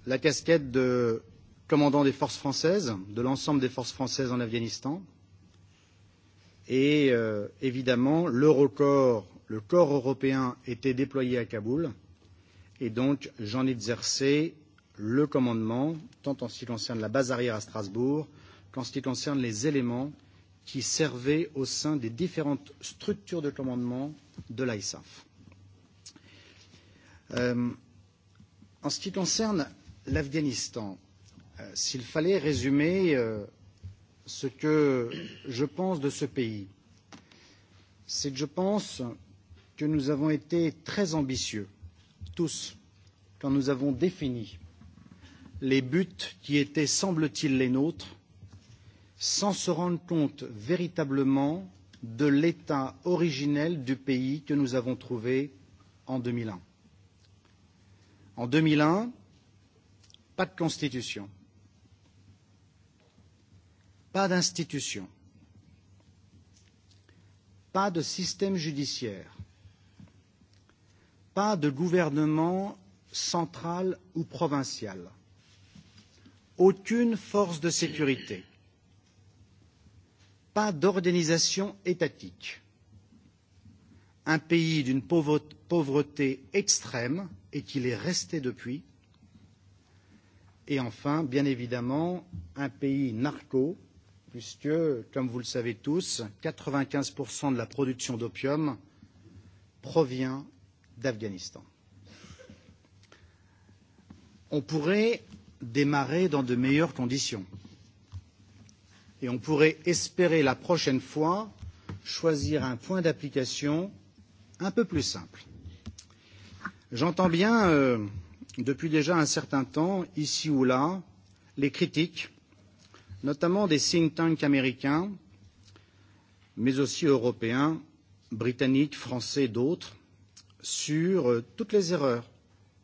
la casquette de commandant des forces françaises, de l'ensemble des forces françaises en Afghanistan, et euh, évidemment l'Eurocorps, le corps européen était déployé à Kaboul, et donc j'en exerçais le commandement, tant en ce qui concerne la base arrière à Strasbourg qu'en ce qui concerne les éléments qui servaient au sein des différentes structures de commandement de l'ISAF. Euh, en ce qui concerne l'Afghanistan, euh, s'il fallait résumer euh, ce que je pense de ce pays, c'est que je pense que nous avons été très ambitieux, tous, quand nous avons défini les buts qui étaient, semble-t-il, les nôtres, sans se rendre compte véritablement de l'état originel du pays que nous avons trouvé en 2001. En 2001, pas de constitution, pas d'institution, pas de système judiciaire, pas de gouvernement central ou provincial, aucune force de sécurité, pas d'organisation étatique, un pays d'une pauvreté extrême et qu'il est resté depuis. Et enfin, bien évidemment, un pays narco, puisque, comme vous le savez tous, 95% de la production d'opium provient d'Afghanistan. On pourrait démarrer dans de meilleures conditions et on pourrait espérer la prochaine fois choisir un point d'application un peu plus simple. J'entends bien, euh, depuis déjà un certain temps, ici ou là, les critiques, notamment des think tanks américains, mais aussi européens, britanniques, français et d'autres, sur euh, toutes les erreurs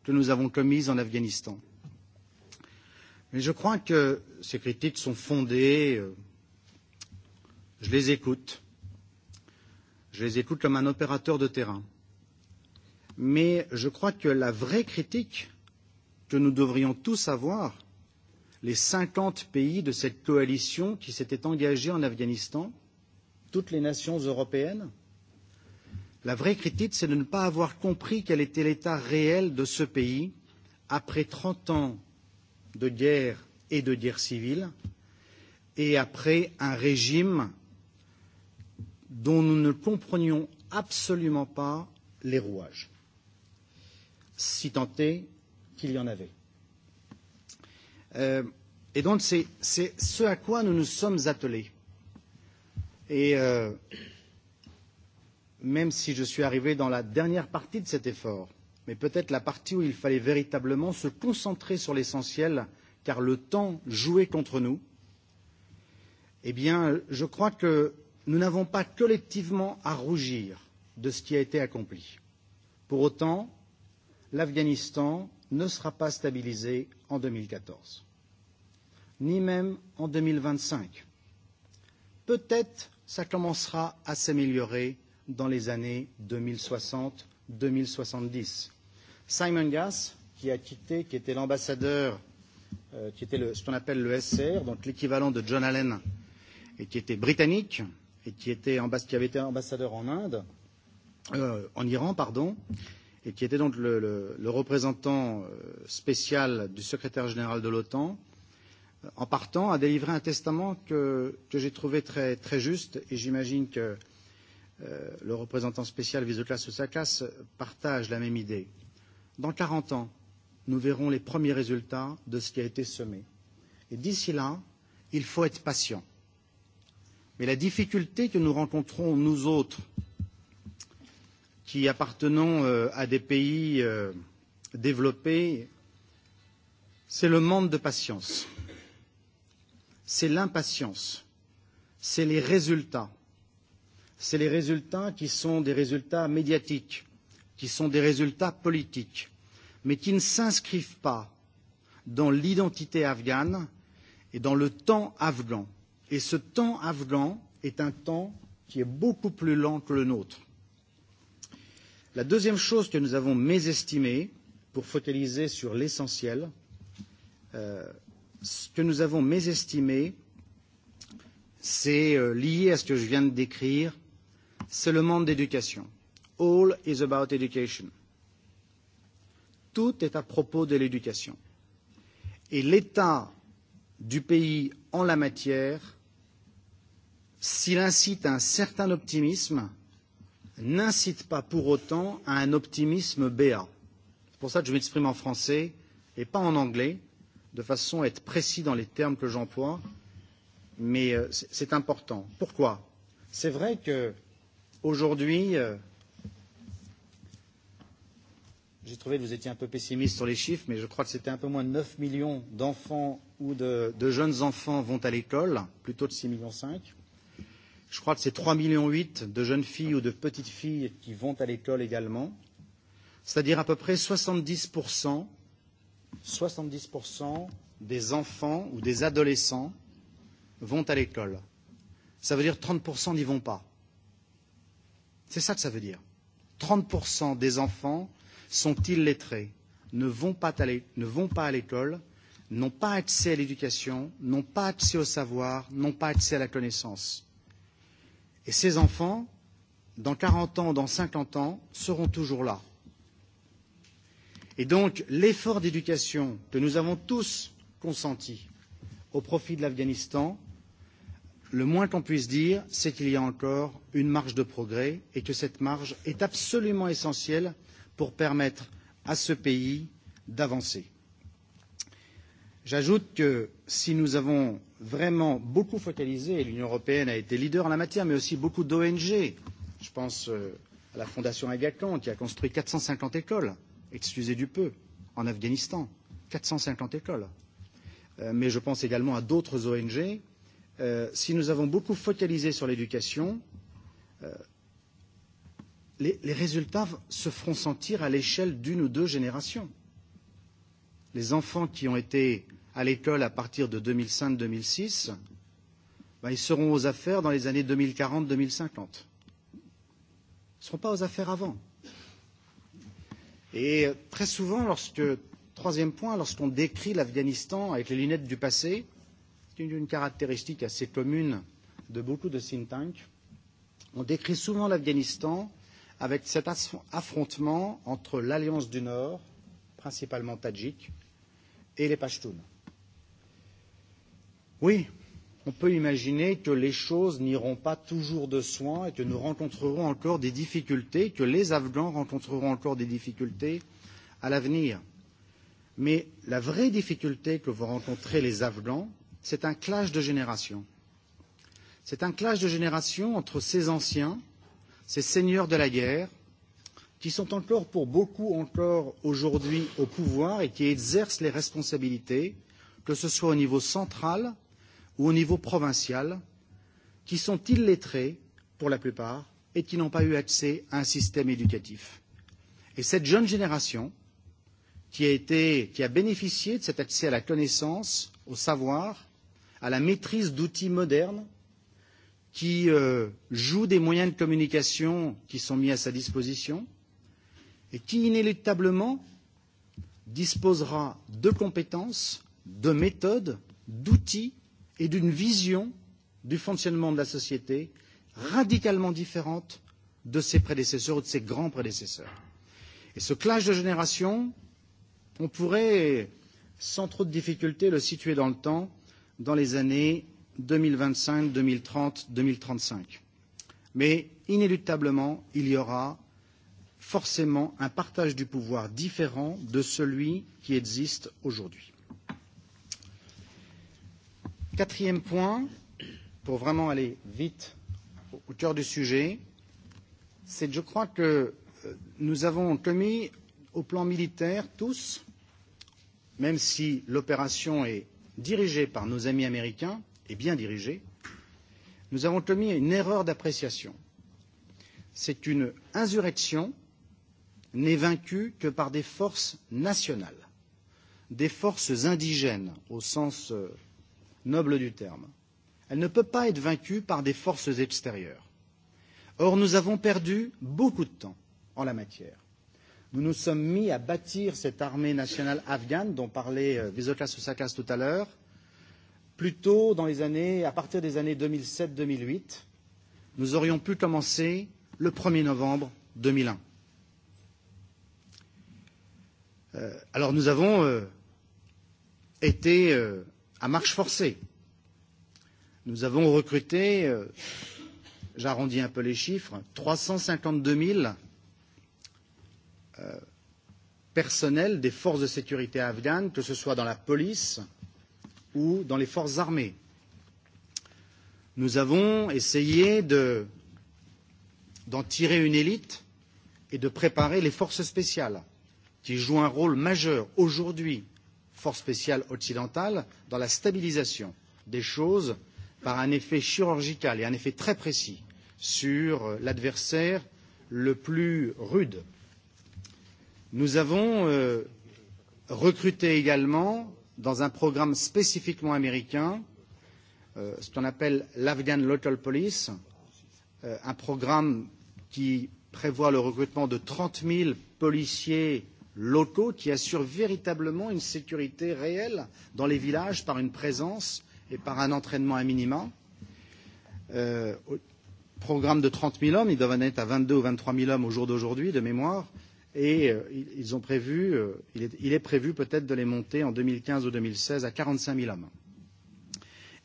que nous avons commises en Afghanistan. Mais je crois que ces critiques sont fondées, euh, je les écoute, Je les écoute comme un opérateur de terrain. Mais je crois que la vraie critique que nous devrions tous avoir, les 50 pays de cette coalition qui s'était engagée en Afghanistan, toutes les nations européennes, la vraie critique, c'est de ne pas avoir compris quel était l'état réel de ce pays après 30 ans de guerre et de guerre civile et après un régime dont nous ne comprenions absolument pas les rouages, si tant est qu'il y en avait. Euh, et donc, c'est ce à quoi nous nous sommes attelés. Et euh, même si je suis arrivé dans la dernière partie de cet effort, mais peut-être la partie où il fallait véritablement se concentrer sur l'essentiel, car le temps jouait contre nous, eh bien, je crois que nous n'avons pas collectivement à rougir de ce qui a été accompli. Pour autant, l'Afghanistan ne sera pas stabilisé en 2014, ni même en 2025. Peut-être ça commencera à s'améliorer dans les années 2060, 2070. Simon Gass, qui a quitté, qui était l'ambassadeur, euh, qui était le, ce qu'on appelle le SCR, donc l'équivalent de John Allen, et qui était britannique, et qui, était ambass... qui avait été ambassadeur en Inde, euh, en Iran, pardon, et qui était donc le, le, le représentant euh, spécial du secrétaire général de l'OTAN, euh, en partant, a délivré un testament que, que j'ai trouvé très, très juste, et j'imagine que euh, le représentant spécial Visoclas Oussakas partage la même idée. Dans 40 ans, nous verrons les premiers résultats de ce qui a été semé. Et d'ici là, il faut être patient. Mais la difficulté que nous rencontrons, nous autres, qui appartenons euh, à des pays euh, développés, c'est le manque de patience, c'est l'impatience, c'est les résultats. C'est les résultats qui sont des résultats médiatiques, qui sont des résultats politiques, mais qui ne s'inscrivent pas dans l'identité afghane et dans le temps afghan. Et ce temps afghan est un temps qui est beaucoup plus lent que le nôtre. La deuxième chose que nous avons mésestimée, pour focaliser sur l'essentiel, euh, ce que nous avons mésestimé, c'est euh, lié à ce que je viens de décrire, c'est le monde d'éducation. All is about education. Tout est à propos de l'éducation. Et l'état du pays en la matière s'il incite à un certain optimisme, n'incite pas pour autant à un optimisme béat. C'est pour ça que je m'exprime en français et pas en anglais, de façon à être précis dans les termes que j'emploie, mais euh, c'est important. Pourquoi C'est vrai que aujourd'hui, euh, j'ai trouvé que vous étiez un peu pessimiste sur les chiffres, mais je crois que c'était un peu moins de 9 millions d'enfants ou de, de jeunes enfants vont à l'école, plutôt de 6,5 millions. 5. Je crois que c'est 3,8 millions de jeunes filles ou de petites filles qui vont à l'école également, c'est-à-dire à peu près 70%, 70 des enfants ou des adolescents vont à l'école. Ça veut dire 30% n'y vont pas. C'est ça que ça veut dire. 30% des enfants sont illettrés, ne vont pas à l'école, n'ont pas accès à l'éducation, n'ont pas accès au savoir, n'ont pas accès à la connaissance. Et ces enfants, dans 40 ans, dans 50 ans, seront toujours là. Et donc, l'effort d'éducation que nous avons tous consenti au profit de l'Afghanistan, le moins qu'on puisse dire, c'est qu'il y a encore une marge de progrès et que cette marge est absolument essentielle pour permettre à ce pays d'avancer. J'ajoute que si nous avons vraiment beaucoup focalisé, et l'Union européenne a été leader en la matière, mais aussi beaucoup d'ONG. Je pense euh, à la Fondation Agacan qui a construit 450 écoles, excusez du peu, en Afghanistan. 450 écoles. Euh, mais je pense également à d'autres ONG. Euh, si nous avons beaucoup focalisé sur l'éducation, euh, les, les résultats se feront sentir à l'échelle d'une ou deux générations. Les enfants qui ont été à l'école à partir de 2005-2006, ben ils seront aux affaires dans les années 2040-2050. Ils ne seront pas aux affaires avant. Et euh, très souvent, lorsque, troisième point, lorsqu'on décrit l'Afghanistan avec les lunettes du passé, c'est une, une caractéristique assez commune de beaucoup de think tanks, on décrit souvent l'Afghanistan avec cet affrontement entre l'Alliance du Nord, principalement tadjik, et les Pashtuns. Oui, on peut imaginer que les choses n'iront pas toujours de soin et que nous rencontrerons encore des difficultés, que les Afghans rencontreront encore des difficultés à l'avenir. Mais la vraie difficulté que vont rencontrer les Afghans, c'est un clash de générations. C'est un clash de générations entre ces anciens, ces seigneurs de la guerre, qui sont encore pour beaucoup encore aujourd'hui au pouvoir et qui exercent les responsabilités, que ce soit au niveau central, ou au niveau provincial, qui sont illettrés pour la plupart et qui n'ont pas eu accès à un système éducatif. Et cette jeune génération, qui a, été, qui a bénéficié de cet accès à la connaissance, au savoir, à la maîtrise d'outils modernes, qui euh, joue des moyens de communication qui sont mis à sa disposition et qui inéluctablement disposera de compétences, de méthodes, d'outils et d'une vision du fonctionnement de la société radicalement différente de ses prédécesseurs ou de ses grands prédécesseurs. Et ce clash de génération, on pourrait sans trop de difficulté le situer dans le temps, dans les années 2025, 2030, 2035. Mais inéluctablement, il y aura forcément un partage du pouvoir différent de celui qui existe aujourd'hui. Quatrième point, pour vraiment aller vite au, au cœur du sujet, c'est que je crois que euh, nous avons commis au plan militaire tous, même si l'opération est dirigée par nos amis américains et bien dirigée, nous avons commis une erreur d'appréciation. C'est une insurrection n'est vaincue que par des forces nationales, des forces indigènes au sens euh, noble du terme. Elle ne peut pas être vaincue par des forces extérieures. Or, nous avons perdu beaucoup de temps en la matière. Nous nous sommes mis à bâtir cette armée nationale afghane dont parlait euh, Visoka Sousakas tout à l'heure, plutôt dans les années, à partir des années 2007-2008. Nous aurions pu commencer le 1er novembre 2001. Euh, alors nous avons euh, été euh, à marche forcée. Nous avons recruté, euh, j'arrondis un peu les chiffres, 352 000 euh, personnels des forces de sécurité afghanes, que ce soit dans la police ou dans les forces armées. Nous avons essayé de, d'en tirer une élite et de préparer les forces spéciales, qui jouent un rôle majeur aujourd'hui force spéciale occidentale dans la stabilisation des choses par un effet chirurgical et un effet très précis sur l'adversaire le plus rude. Nous avons euh, recruté également, dans un programme spécifiquement américain, euh, ce qu'on appelle l'Afghan Local Police, euh, un programme qui prévoit le recrutement de 30 000 policiers euh, locaux qui assurent véritablement une sécurité réelle dans les villages par une présence et par un entraînement à minima. Euh, programme de 30 000 hommes, ils doivent en être à 22 ou 23 000 hommes au jour d'aujourd'hui de mémoire, et euh, ils ont prévu, euh, il, est, il est prévu peut-être de les monter en 2015 ou 2016 à 45 000 hommes.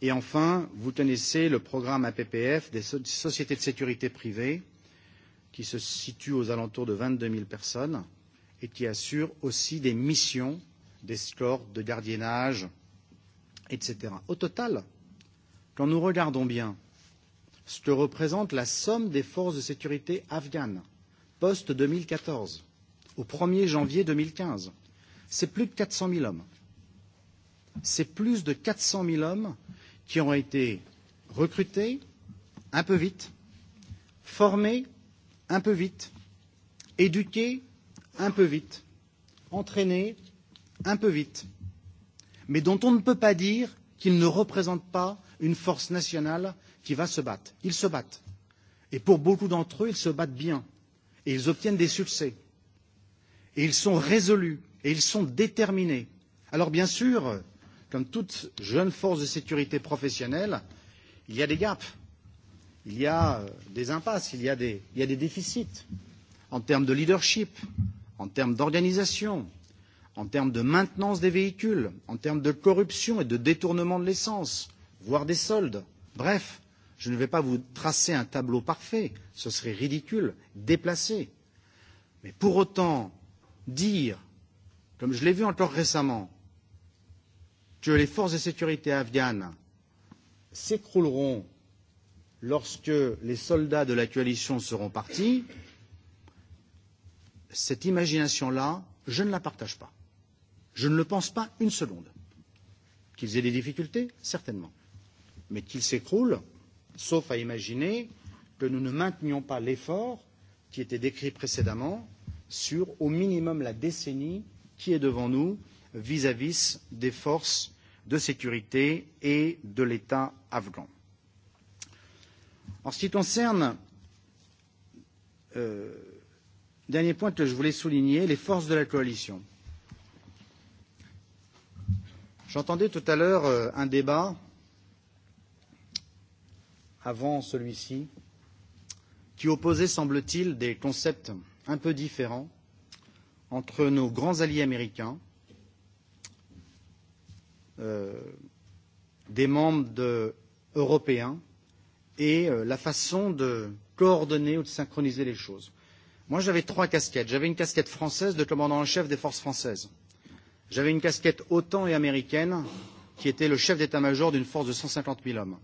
Et enfin, vous connaissez le programme APPF des so sociétés de sécurité privées, qui se situe aux alentours de 22 000 personnes. Euh, et qui assure aussi des missions d'escorte, de gardiennage, etc. Au total, quand nous regardons bien ce que représente la somme des forces de sécurité afghanes post-2014 au 1er janvier 2015, c'est plus de 400 000 hommes. C'est plus de 400 000 hommes qui ont été recrutés un peu vite, formés un peu vite, éduqués un peu vite, entraîné un peu vite, mais dont on ne peut pas dire qu'ils ne représentent pas une force nationale qui va se battre. Ils se battent. Et pour beaucoup d'entre eux, ils se battent bien. Et ils obtiennent des succès. Et ils sont résolus. Et ils sont déterminés. Alors bien sûr, comme toute jeune force de sécurité professionnelle, il y a des gaps. Il y a euh, des impasses. Il y a des, il y a des déficits en termes de leadership, en termes d'organisation, en termes de maintenance des véhicules, en termes de corruption et de détournement de l'essence, voire des soldes. Bref, je ne vais pas vous tracer un tableau parfait, ce serait ridicule, déplacé. Mais pour autant, dire, comme je l'ai vu encore récemment, que les forces de sécurité afghanes s'écrouleront lorsque les soldats de la coalition seront partis, cette imagination-là, je ne la partage pas. Je ne le pense pas une seconde. Qu'ils aient des difficultés, certainement. Mais qu'ils s'écroulent, sauf à imaginer que nous ne maintenions pas l'effort qui était décrit précédemment sur au minimum la décennie qui est devant nous vis-à-vis -vis des forces de sécurité et de l'État afghan. En ce qui concerne euh, Dernier point que je voulais souligner, les forces de la coalition. J'entendais tout à l'heure euh, un débat avant celui-ci qui opposait, semble-t-il, des concepts un peu différents entre nos grands alliés américains, euh, des membres de, européens et euh, la façon de coordonner ou de synchroniser les choses. Moi, j'avais trois casquettes. J'avais une casquette française de commandant en chef des forces françaises. J'avais une casquette OTAN et américaine, qui était le chef d'état-major d'une force de 150 000 hommes.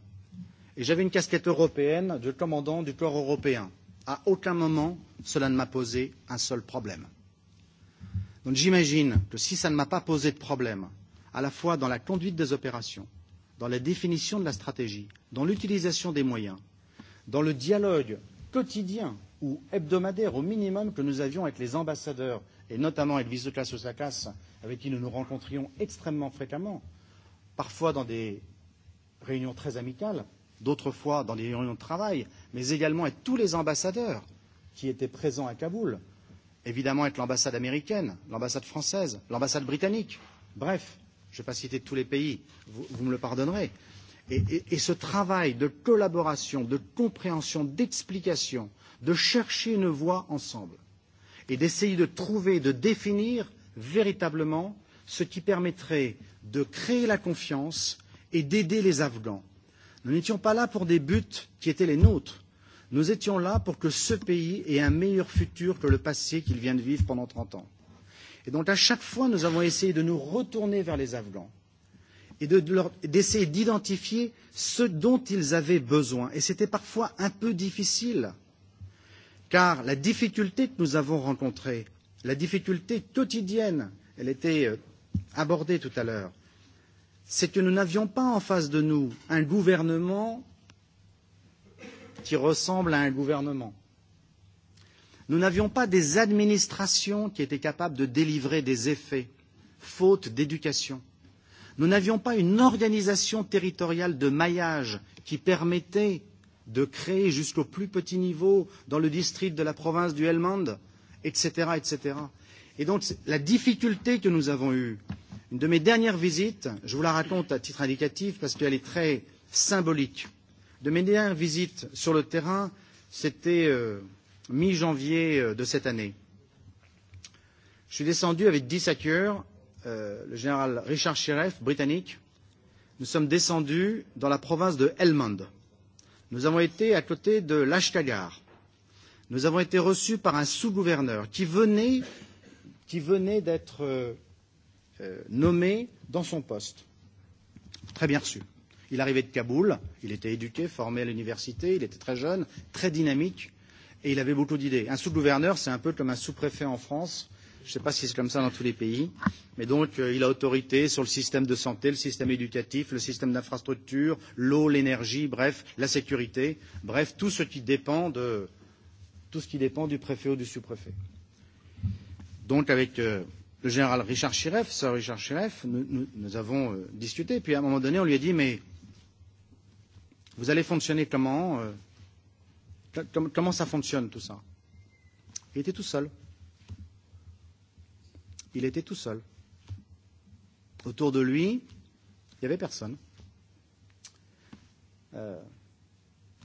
Et j'avais une casquette européenne de commandant du corps européen. À aucun moment, cela ne m'a posé un seul problème. Donc j'imagine que si ça ne m'a pas posé de problème, à la fois dans la conduite des opérations, dans la définition de la stratégie, dans l'utilisation des moyens, dans le dialogue quotidien ou hebdomadaire au minimum que nous avions avec les ambassadeurs, et notamment avec Visoklas Osakas, avec qui nous nous rencontrions extrêmement fréquemment, parfois dans des réunions très amicales, d'autres fois dans des réunions de travail, mais également avec tous les ambassadeurs qui étaient présents à Kaboul, évidemment avec l'ambassade américaine, l'ambassade française, l'ambassade britannique, bref, je ne vais pas citer tous les pays, vous, vous me le pardonnerez. Et, et, et ce travail de collaboration, de compréhension, d'explication, de chercher une voie ensemble et d'essayer de trouver, de définir véritablement ce qui permettrait de créer la confiance et d'aider les Afghans. Nous n'étions pas là pour des buts qui étaient les nôtres. Nous étions là pour que ce pays ait un meilleur futur que le passé qu'il vient de vivre pendant 30 ans. Et donc à chaque fois, nous avons essayé de nous retourner vers les Afghans et d'essayer de, d'identifier ce dont ils avaient besoin. Et c'était parfois un peu difficile. Euh, car la difficulté que nous avons rencontrée, la difficulté quotidienne, elle était euh, abordée tout à l'heure, c'est que nous n'avions pas en face de nous un gouvernement qui ressemble à un gouvernement. Nous n'avions pas des administrations qui étaient capables de délivrer des effets, faute d'éducation. Nous n'avions pas une organisation territoriale de maillage qui permettait de créer jusqu'au plus petit niveau, dans le district de la province du Helmand, etc., etc. Et donc, la difficulté que nous avons eue, une de mes dernières visites, je vous la raconte à titre indicatif parce qu'elle est très symbolique. De mes dernières visites sur le terrain, c'était euh, mi-janvier euh, de cette année. Je suis descendu avec 10 hackers, euh, le général Richard Sheriff, britannique. Nous sommes descendus dans la province de Helmand. Euh, Nous avons été à côté de l'Ashkagar. Nous avons été reçus par un sous-gouverneur qui venait, qui venait d'être euh, euh, nommé dans son poste. Très bien reçu. Il arrivait de Kaboul, il était éduqué, formé à l'université, il était très jeune, très dynamique et il avait beaucoup d'idées. Un sous-gouverneur, c'est un peu comme un sous-préfet en France je ne sais pas si c'est comme ça dans tous les pays, mais donc euh, il a autorité sur le système de santé, le système éducatif, le système d'infrastructure, l'eau, l'énergie, bref, la sécurité, bref, tout ce qui dépend de tout ce qui dépend du préfet ou du sous-préfet. Donc avec euh, le général Richard Chiref, Sir Richard Chiref, nous, nous, nous avons euh, discuté, puis à un moment donné, on lui a dit, mais vous allez fonctionner comment euh, com Comment ça fonctionne tout ça Il était tout seul. Il était tout seul. Autour de lui, il n'y avait personne. Euh,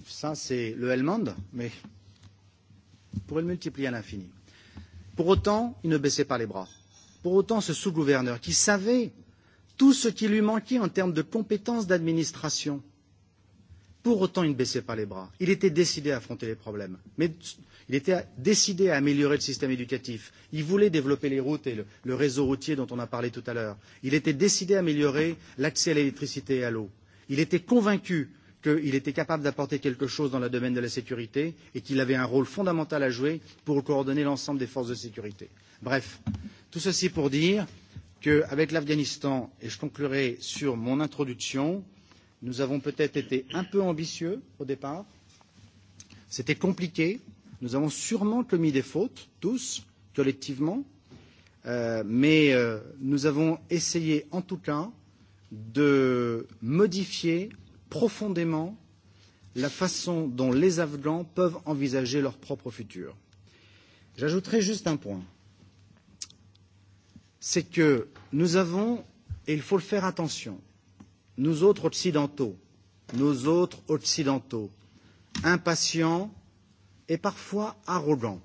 ça, c'est le Hellmand, mais on pourrait le multiplier à l'infini. Pour autant, il ne baissait pas les bras. Pour autant, ce sous-gouverneur, qui savait tout ce qui lui manquait en termes de compétences d'administration, pour autant, il ne baissait pas les bras. Il était décidé à affronter les problèmes. Mais Il était décidé à améliorer le système éducatif. Il voulait développer les routes et le, le réseau routier dont on a parlé tout à l'heure. Il était décidé à améliorer l'accès à l'électricité et à l'eau. Il était convaincu qu'il était capable d'apporter quelque chose dans le domaine de la sécurité et qu'il avait un rôle fondamental à jouer pour coordonner l'ensemble des forces de sécurité. Bref, tout ceci pour dire qu'avec l'Afghanistan, et je conclurai sur mon introduction, nous avons peut-être été un peu ambitieux au départ. C'était compliqué, Nous avons sûrement commis des fautes, tous, collectivement, euh, mais euh, nous avons essayé, en tout cas, de modifier profondément la façon dont les Afghans peuvent envisager leur propre futur. J'ajouterai juste un point. C'est que nous avons, et il faut le faire attention, nous autres occidentaux, nous autres occidentaux, impatients et parfois arrogant.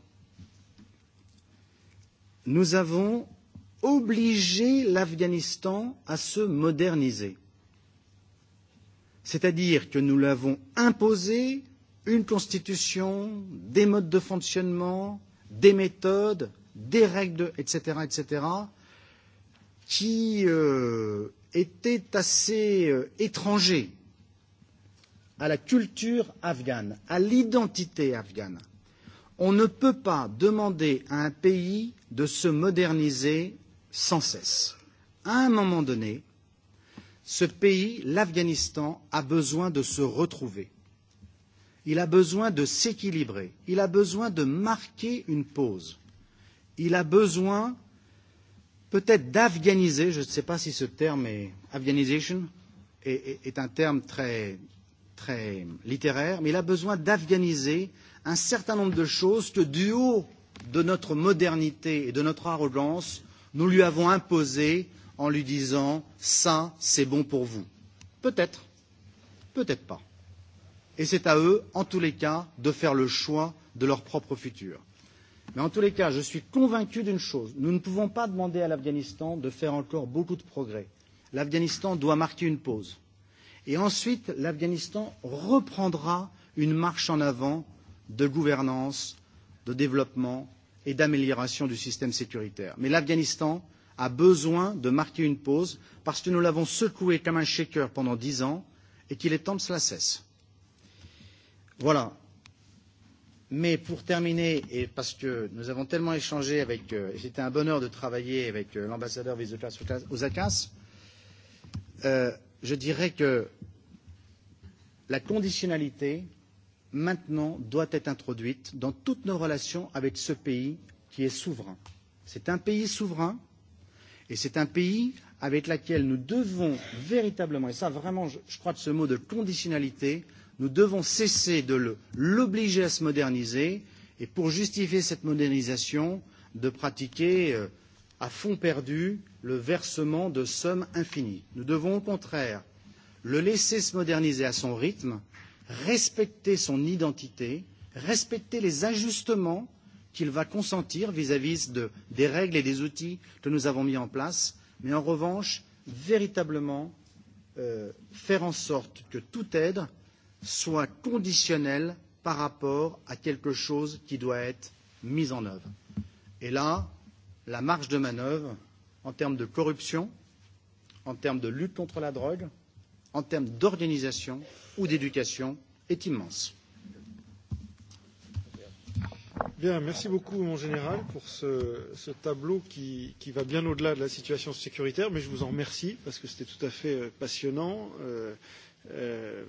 Nous avons obligé l'Afghanistan à se moderniser, c'est-à-dire que nous l'avons imposé une constitution, des modes de fonctionnement, des méthodes, des règles, etc., etc., qui euh, étaient assez euh, étrangers à la culture afghane, à l'identité afghane. On ne peut pas demander à un pays de se moderniser sans cesse. À un moment donné, ce pays, l'Afghanistan, a besoin de se retrouver. Il a besoin de s'équilibrer. Il a besoin de marquer une pause. Il a besoin peut-être d'afghaniser, je ne sais pas si ce terme est afghanisation, est, est, est un terme très, très littéraire, mais il a besoin d'afghaniser un certain nombre de choses que, du haut de notre modernité et de notre arrogance, nous lui avons imposées en lui disant ça, c'est bon pour vous. Peut-être, peut-être pas. Et c'est à eux, en tous les cas, de faire le choix de leur propre futur. Mais en tous les cas, je suis convaincu d'une chose nous ne pouvons pas demander à l'Afghanistan de faire encore beaucoup de progrès. L'Afghanistan doit marquer une pause. Et ensuite, l'Afghanistan reprendra une marche en avant de gouvernance, de développement et d'amélioration du système sécuritaire. Mais l'Afghanistan a besoin de marquer une pause parce que nous l'avons secoué comme un shaker pendant dix ans et qu'il est temps que cela cesse. Voilà. Mais pour terminer, et parce que nous avons tellement échangé avec, euh, c'était un bonheur de travailler avec euh, l'ambassadeur des affaires aux ACAS, euh, je dirais que la conditionnalité, maintenant, doit être introduite dans toutes nos relations avec ce pays qui est souverain. C'est un pays souverain et c'est un pays avec lequel nous devons véritablement, et ça vraiment, je, je crois de ce mot de conditionnalité, nous devons cesser de l'obliger à se moderniser et pour justifier cette modernisation, de pratiquer euh, à fonds perdu le versement de sommes infinies. Nous devons au contraire le laisser se moderniser à son rythme, respecter son identité, respecter les ajustements qu'il va consentir vis-à-vis -vis de, des règles et des outils que nous avons mis en place, mais en revanche, véritablement euh, faire en sorte que toute aide soit conditionnelle par rapport à quelque chose qui doit être mis en œuvre. Et là, la marge de manœuvre en termes de corruption, en termes de lutte contre la drogue, en termes d'organisation ou d'éducation est immense. Bien, merci beaucoup, mon général, pour ce, ce tableau qui, qui va bien au-delà de la situation sécuritaire, mais je vous en remercie parce que c'était tout à fait euh, passionnant. Euh, euh,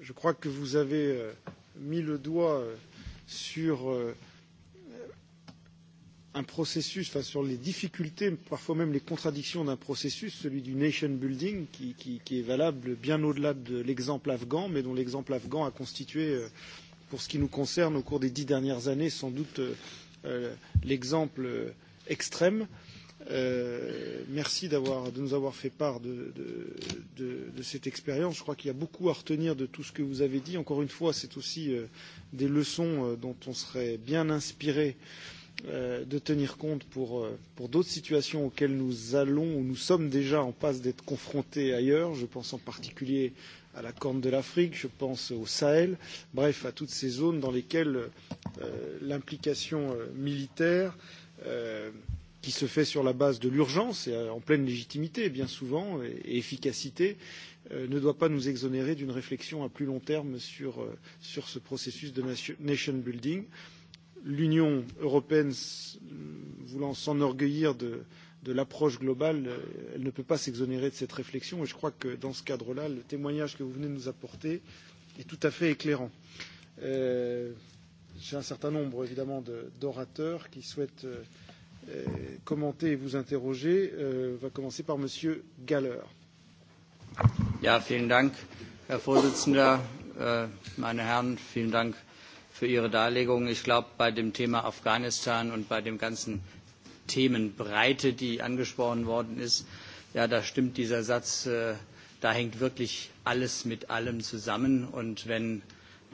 je crois que vous avez euh, mis le doigt euh, sur euh, un processus, enfin, sur les difficultés, parfois même les contradictions d'un processus, celui du nation building, qui, qui, qui est valable bien au-delà de l'exemple afghan, mais dont l'exemple afghan a constitué, euh, pour ce qui nous concerne, au cours des dix dernières années, sans doute euh, euh l'exemple euh, extrême. Euh, merci de nous avoir fait part de, de, de, de cette expérience. Je crois qu'il y a beaucoup à retenir de tout ce que vous avez dit. Encore une fois, c'est aussi euh, des leçons euh, dont on serait bien inspiré euh, euh, de tenir compte pour, euh, pour d'autres situations auxquelles nous allons ou nous sommes déjà en passe d'être confrontés ailleurs. Je pense en particulier à la Corne de l'Afrique, je pense au Sahel, bref, à toutes ces zones dans lesquelles euh, l'implication euh, militaire euh, qui se fait sur la base de l'urgence et euh, en pleine légitimité bien souvent et efficacité euh, ne doit pas nous exonérer d'une réflexion à plus long terme sur, euh, sur ce processus de nation building. Euh, l'Union européenne euh, voulant s'enorgueillir de, de l'approche globale, euh, elle ne peut pas s'exonérer de cette réflexion. Et je crois que dans ce cadre-là, le témoignage que vous venez de nous apporter est tout à fait éclairant. Euh, J'ai un certain nombre, évidemment, d'orateurs qui souhaitent euh, euh, commenter et vous interroger. Euh, on va commencer par Monsieur Galler. Ja, vielen Dank, Herr Vorsitzender, äh, meine Herren, vielen Dank für Ihre Darlegung. Ich glaube, bei dem Thema Afghanistan und bei dem ganzen Themenbreite, die angesprochen worden ist, ja, da stimmt dieser Satz, äh, da hängt wirklich alles mit allem zusammen. Und wenn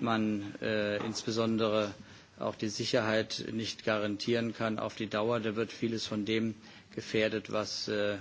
man äh, insbesondere auch die Sicherheit nicht garantieren kann auf die Dauer, da wird vieles von dem gefährdet, was äh,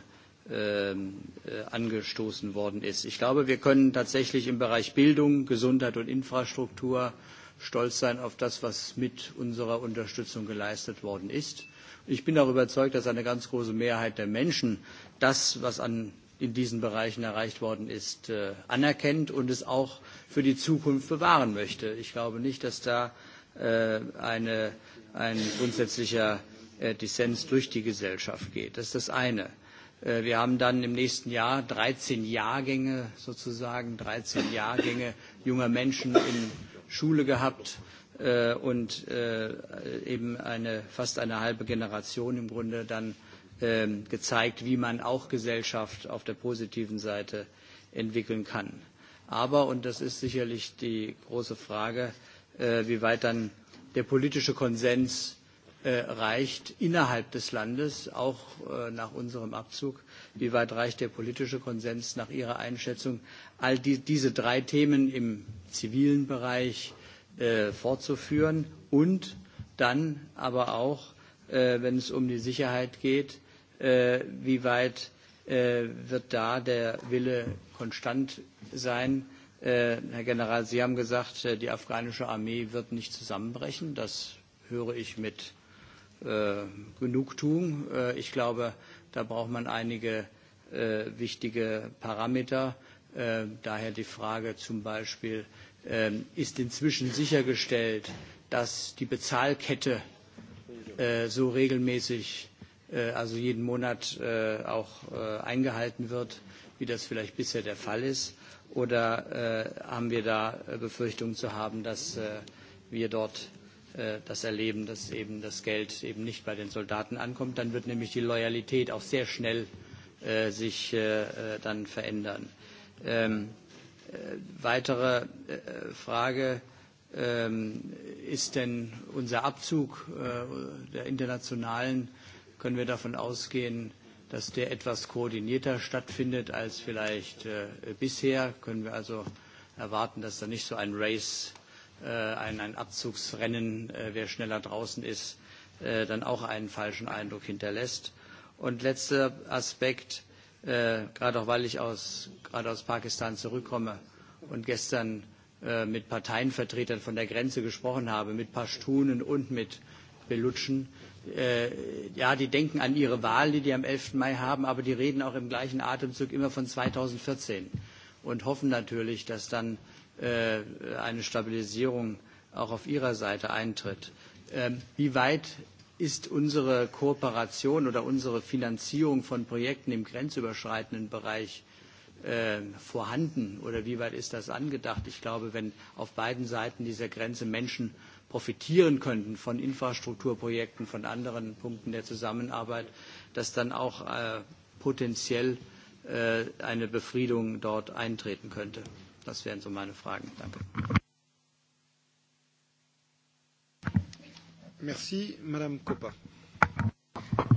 ähm, äh, angestoßen worden ist. Ich glaube, wir können tatsächlich im Bereich Bildung, Gesundheit und Infrastruktur stolz sein auf das, was mit unserer Unterstützung geleistet worden ist. Ich bin darüber überzeugt, dass eine ganz große Mehrheit der Menschen das, was an, in diesen Bereichen erreicht worden ist, äh, anerkennt und es auch für die Zukunft bewahren möchte. Ich glaube nicht, dass da äh, eine, ein grundsätzlicher äh, Dissens durch die Gesellschaft geht. Das ist das eine. Äh, wir haben dann im nächsten Jahr 13 Jahrgänge sozusagen, 13 Jahrgänge junger Menschen in Schule gehabt äh, und äh, eben eine, fast eine halbe Generation im Grunde dann äh, gezeigt, wie man auch Gesellschaft auf der positiven Seite entwickeln kann. Aber, und das ist sicherlich die große Frage, äh, wie weit dann der politische Konsens äh, reicht innerhalb des Landes, auch äh, nach unserem Abzug, wie weit reicht der politische Konsens nach Ihrer Einschätzung, all die, diese drei Themen im zivilen Bereich äh, fortzuführen und dann aber auch, äh, wenn es um die Sicherheit geht, äh, wie weit äh, wird da der Wille konstant sein? Äh, Herr General, Sie haben gesagt, äh, die afghanische Armee wird nicht zusammenbrechen. Das höre ich mit äh, Genugtuung. Äh, ich glaube, äh, Da braucht man einige äh, wichtige Parameter. Äh, daher die Frage zum Beispiel, äh, ist inzwischen sichergestellt, dass die Bezahlkette äh, so regelmäßig, äh, also jeden Monat äh, auch äh, eingehalten wird, wie das vielleicht bisher der Fall ist? Oder äh, haben wir da äh, Befürchtungen zu haben, dass äh, wir dort Äh, das erleben, dass eben das Geld eben nicht bei den Soldaten ankommt. Dann wird nämlich die Loyalität auch sehr schnell äh, sich äh, äh, dann verändern. Ähm, äh, weitere äh, Frage ähm, ist denn unser Abzug äh, der internationalen, können wir davon ausgehen, dass der etwas koordinierter stattfindet als vielleicht äh, bisher. Können wir also erwarten, dass da nicht so ein Race äh, äh, ein, ein Abzugsrennen, äh, wer schneller draußen ist, äh, dann auch einen falschen Eindruck hinterlässt. Und letzter Aspekt, äh, gerade auch weil ich aus, gerade aus Pakistan zurückkomme und gestern äh, mit Parteienvertretern von der Grenze gesprochen habe, mit Pashtunen und mit Belutschen, äh, ja, die denken an ihre Wahl, die die am 11. Mai haben, aber die reden auch im gleichen Atemzug immer von 2014 und hoffen natürlich, dass dann äh, eine Stabilisierung auch auf Ihrer Seite eintritt. Ähm, wie weit ist unsere Kooperation oder unsere Finanzierung von Projekten im grenzüberschreitenden Bereich äh, vorhanden oder wie weit ist das angedacht? Ich glaube, wenn auf beiden Seiten dieser Grenze Menschen profitieren könnten von Infrastrukturprojekten, von anderen Punkten der Zusammenarbeit, dass dann auch äh, potenziell äh, eine Befriedung dort eintreten könnte. Das wären so meine Fragen. Danke. Merci, Madame Coppa.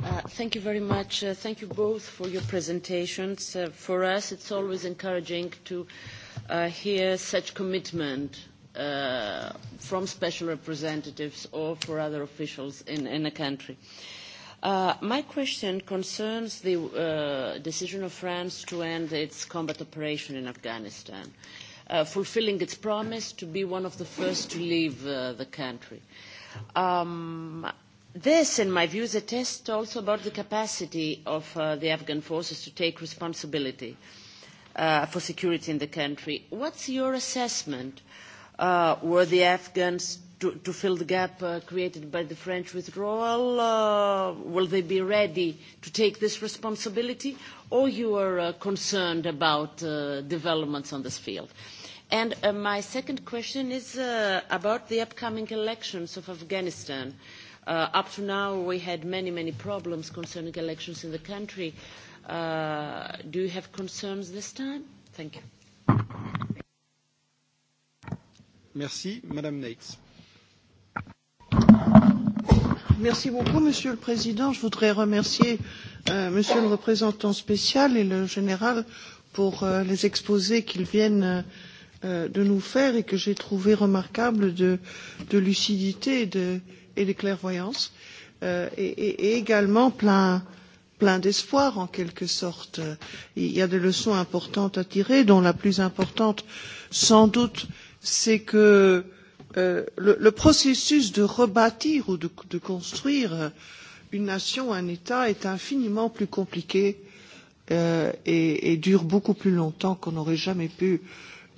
Uh, thank you very much. Uh, thank you both for your presentations. Uh, for us, it's always encouraging to uh, hear such commitment uh, from special representatives or for other officials in, in a country. Uh, my question concerns the uh, decision of France to end its combat operation in Afghanistan. Uh, uh, fulfilling its promise to be one of the first to leave uh, the country. Um, this, in my view, is a test also about the capacity of uh, the Afghan forces to take responsibility uh, for security in the country. What's your assessment? Uh, were the Afghans to, to fill the gap uh, created by the French withdrawal? Uh, will they be ready to take this responsibility? Or you are uh, concerned about uh, developments on this field? And uh, my second question is uh, about the upcoming elections of Afghanistan. Uh, up to now, we had many, many problems concerning elections in the country. Uh, do you have concerns this time? Thank you. Merci, Madame Nates. Merci beaucoup, Monsieur le Président. Je voudrais remercier euh, Monsieur le représentant spécial et le général pour euh, les exposés qu'ils viennent euh, de nous faire et que j'ai trouvé remarquables de, de lucidité et de, et de clairvoyance, euh, et, et, et également plein, plein d'espoir en quelque sorte. Il y a des leçons importantes à tirer, dont la plus importante sans doute, c'est que euh, euh, le, le processus de rebâtir ou de, de construire euh, une nation, un État est infiniment plus compliqué euh, et, et dure beaucoup plus longtemps qu'on n'aurait jamais pu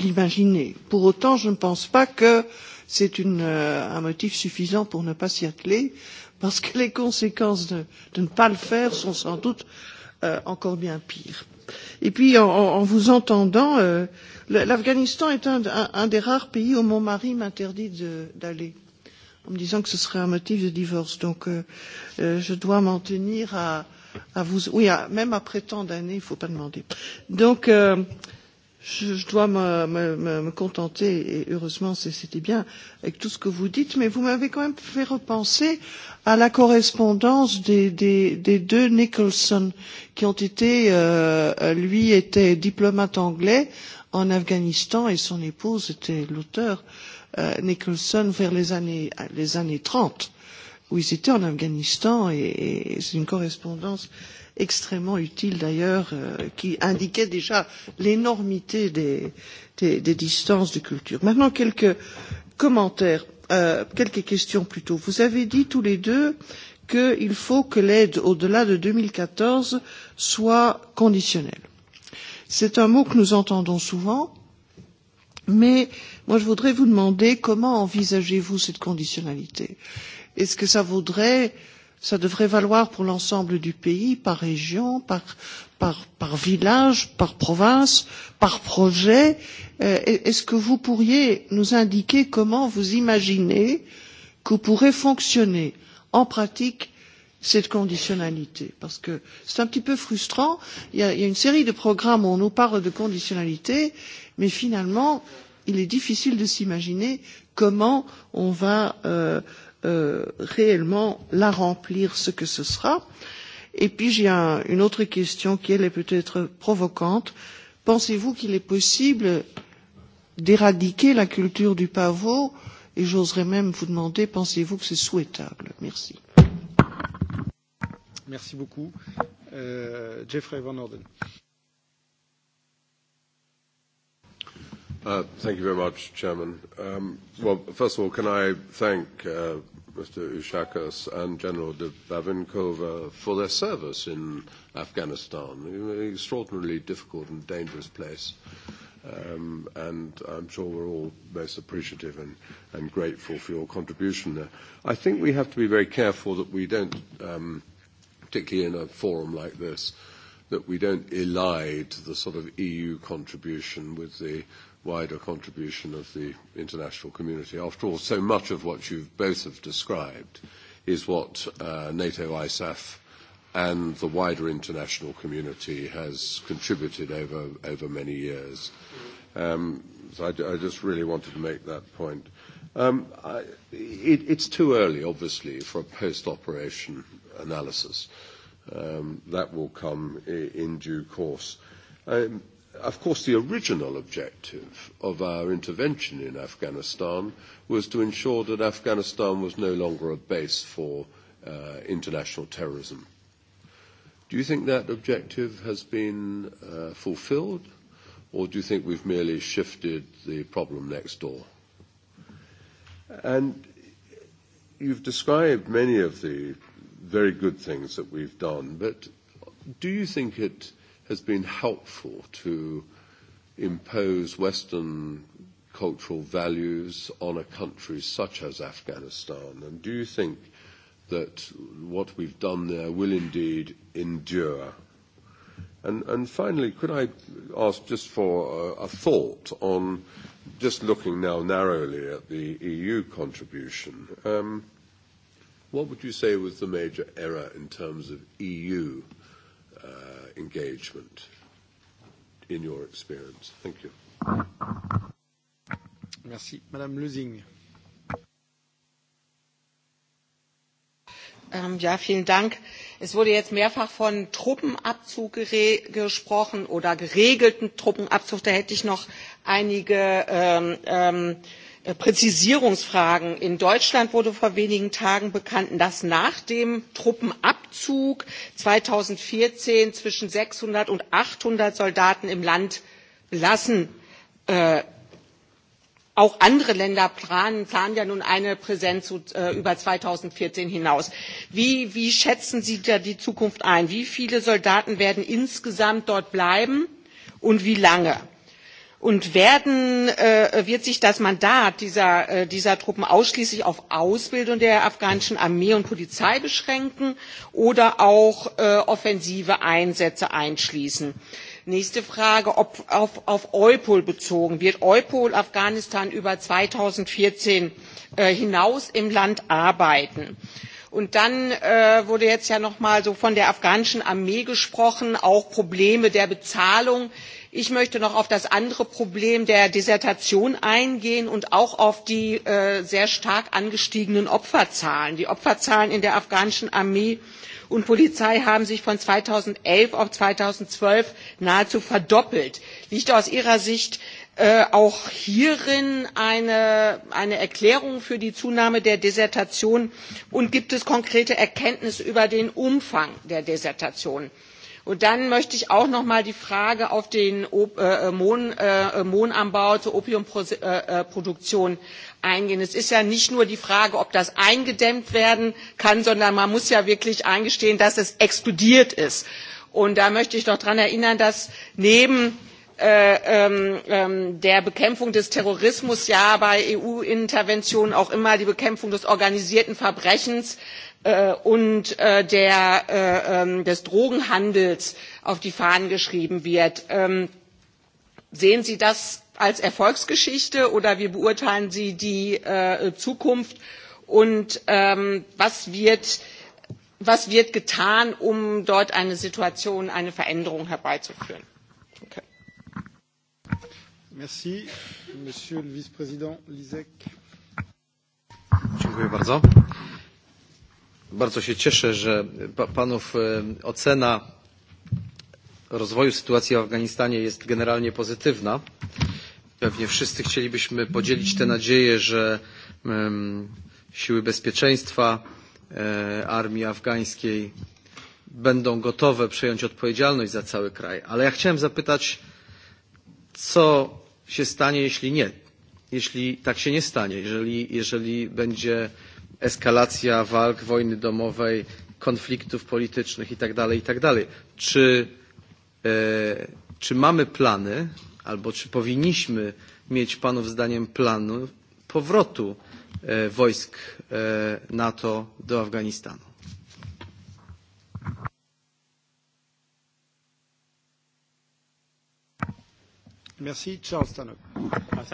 l'imaginer. Pour autant, je ne pense pas que c'est une, euh, un motif suffisant pour ne pas s'y atteler, parce que les conséquences de, de ne pas le faire sont sans doute euh, encore bien pire. Et puis, en, en vous entendant, euh, l'Afghanistan est un, un, un des rares pays où mon mari m'interdit d'aller, en me disant que ce serait un motif de divorce. Donc, euh, euh, je dois m'en tenir à, à vous. Oui, à, même après tant d'années, il ne faut pas demander. Donc, euh, je, je dois me, me, me, me contenter, et heureusement c'était bien avec tout ce que vous dites, mais vous m'avez quand même fait repenser à la correspondance des, des, des deux Nicholson qui ont été, euh, lui était diplomate anglais en Afghanistan et son épouse était l'auteur euh, Nicholson vers les années, les années 30 où ils étaient en Afghanistan et, et c'est une correspondance euh, extrêmement utile d'ailleurs, euh, qui indiquait déjà l'énormité des, des, des distances de culture. Maintenant, quelques commentaires, euh, quelques questions plutôt. Vous avez dit tous les deux qu'il faut que l'aide au-delà de 2014 soit conditionnelle. C'est un mot que nous entendons souvent, mais moi je voudrais vous demander comment envisagez-vous cette conditionnalité Est-ce que ça vaudrait euh, Ça devrait valoir pour l'ensemble du pays, par région, par, par, par village, par province, par projet. Euh, Est-ce que vous pourriez nous indiquer comment vous imaginez que pourrait fonctionner en pratique cette conditionnalité parce que c'est un petit peu frustrant il y, a, il y a une série de programmes où on nous parle de conditionnalité mais finalement il est difficile de s'imaginer comment on va euh, euh, réellement la remplir, ce que ce sera. Et puis j'ai un, une autre question qui elle est peut-être provocante. Pensez-vous qu'il est possible d'éradiquer la culture du pavot Et j'oserais même vous demander, pensez-vous que c'est souhaitable Merci. Merci beaucoup. Euh, Jeffrey Van Orden. Uh, thank you very much, Chairman. Um, well, first of all, can I thank uh, Mr. Ushakas and General Babinkova for their service in Afghanistan, an extraordinarily difficult and dangerous place. Um, and I'm sure we're all most appreciative and, and grateful for your contribution there. I think we have to be very careful that we don't, um, particularly in a forum like this, that we don't elide the sort of EU contribution with the wider contribution of the international community. After all, so much of what you both have described is what uh, NATO ISAF and the wider international community has contributed over, over many years. Um, so I, I just really wanted to make that point. Um, I, it, it's too early, obviously, for a post-operation analysis. Um, that will come in due course. Um, of course, the original objective of our intervention in Afghanistan was to ensure that Afghanistan was no longer a base for uh, international terrorism. Do you think that objective has been uh, fulfilled, or do you think we've merely shifted the problem next door? And you've described many of the very good things that we've done, but do you think it has been helpful to impose Western cultural values on a country such as Afghanistan? And do you think that what we've done there will indeed endure? And, and finally, could I ask just for a, a thought on just looking now narrowly at the EU contribution? Um, what would you say was the major error in terms of EU uh, uh, engagement in your experience? Thank you. Merci. Madame Lösing. Ähm, ja, vielen Dank. Es wurde jetzt mehrfach von Truppenabzug gesprochen oder geregelten Truppenabzug. Da hätte ich noch einige ähm, ähm, Äh, präzisierungsfragen in deutschland wurde vor wenigen tagen bekannt dass nach dem truppenabzug zweitausendvierzehn zwischen sechshundert und achthundert soldaten im land belassen. Äh, auch andere länder planen ja nun eine präsenz äh, über zweitausendvierzehn hinaus. wie schätzen sie da die zukunft ein? wie viele soldaten werden insgesamt dort bleiben und wie lange? und werden, äh, wird sich das Mandat dieser, äh, dieser Truppen ausschließlich auf Ausbildung der afghanischen Armee und Polizei beschränken oder auch äh, offensive Einsätze einschließen? Nächste Frage, ob auf, auf Eupol bezogen. Wird Eupol Afghanistan über 2014 äh, hinaus im Land arbeiten? Und dann äh, wurde jetzt ja nochmal so von der afghanischen Armee gesprochen, auch Probleme der Bezahlung ich möchte noch auf das andere problem der desertion eingehen und auch auf die äh, sehr stark angestiegenen opferzahlen. die opferzahlen in der afghanischen armee und polizei haben sich von zweitausendelf auf zweitausendzwölf nahezu verdoppelt. liegt aus ihrer sicht äh, auch hierin eine, eine erklärung für die zunahme der desertion und gibt es konkrete erkenntnisse über den umfang der desertion? Und dann möchte ich auch noch mal die Frage auf den Ob äh, äh Mohn, äh, äh Mohnanbau zur Opiumproduktion äh, eingehen. Es ist ja nicht nur die Frage, ob das eingedämmt werden kann, sondern man muss ja wirklich eingestehen, dass es explodiert ist. Und da möchte ich noch daran erinnern, dass neben ähm, ähm, der Bekämpfung des Terrorismus ja bei EU-Interventionen auch immer die Bekämpfung des organisierten Verbrechens Äh, und äh, der, äh, ähm, des drogenhandels auf die fahnen geschrieben wird. Ähm, sehen sie das als erfolgsgeschichte oder wie beurteilen sie die zukunft und ähm, was wird, was wird getan um dort eine situation eine veränderung herbeizuführen? Danke. Merci. Monsieur le Vice-président Lisek. Dziękuję bardzo. Bardzo się cieszę, że pa panów e, ocena rozwoju sytuacji w Afganistanie jest generalnie pozytywna. Pewnie wszyscy chcielibyśmy podzielić tę nadzieję, że siły bezpieczeństwa e, armii afgańskiej będą gotowe przejąć odpowiedzialność za cały kraj. Ale ja chciałem zapytać, co się stanie, jeśli nie, jeśli tak się nie stanie, jeżeli, jeżeli będzie eskalacja walk, wojny domowej, konfliktów politycznych itd. itd. Czy, e, czy mamy plany, albo czy powinniśmy mieć Panów zdaniem planu powrotu e, wojsk e, NATO do Afganistanu? Merci, Charles Tannock. Ah,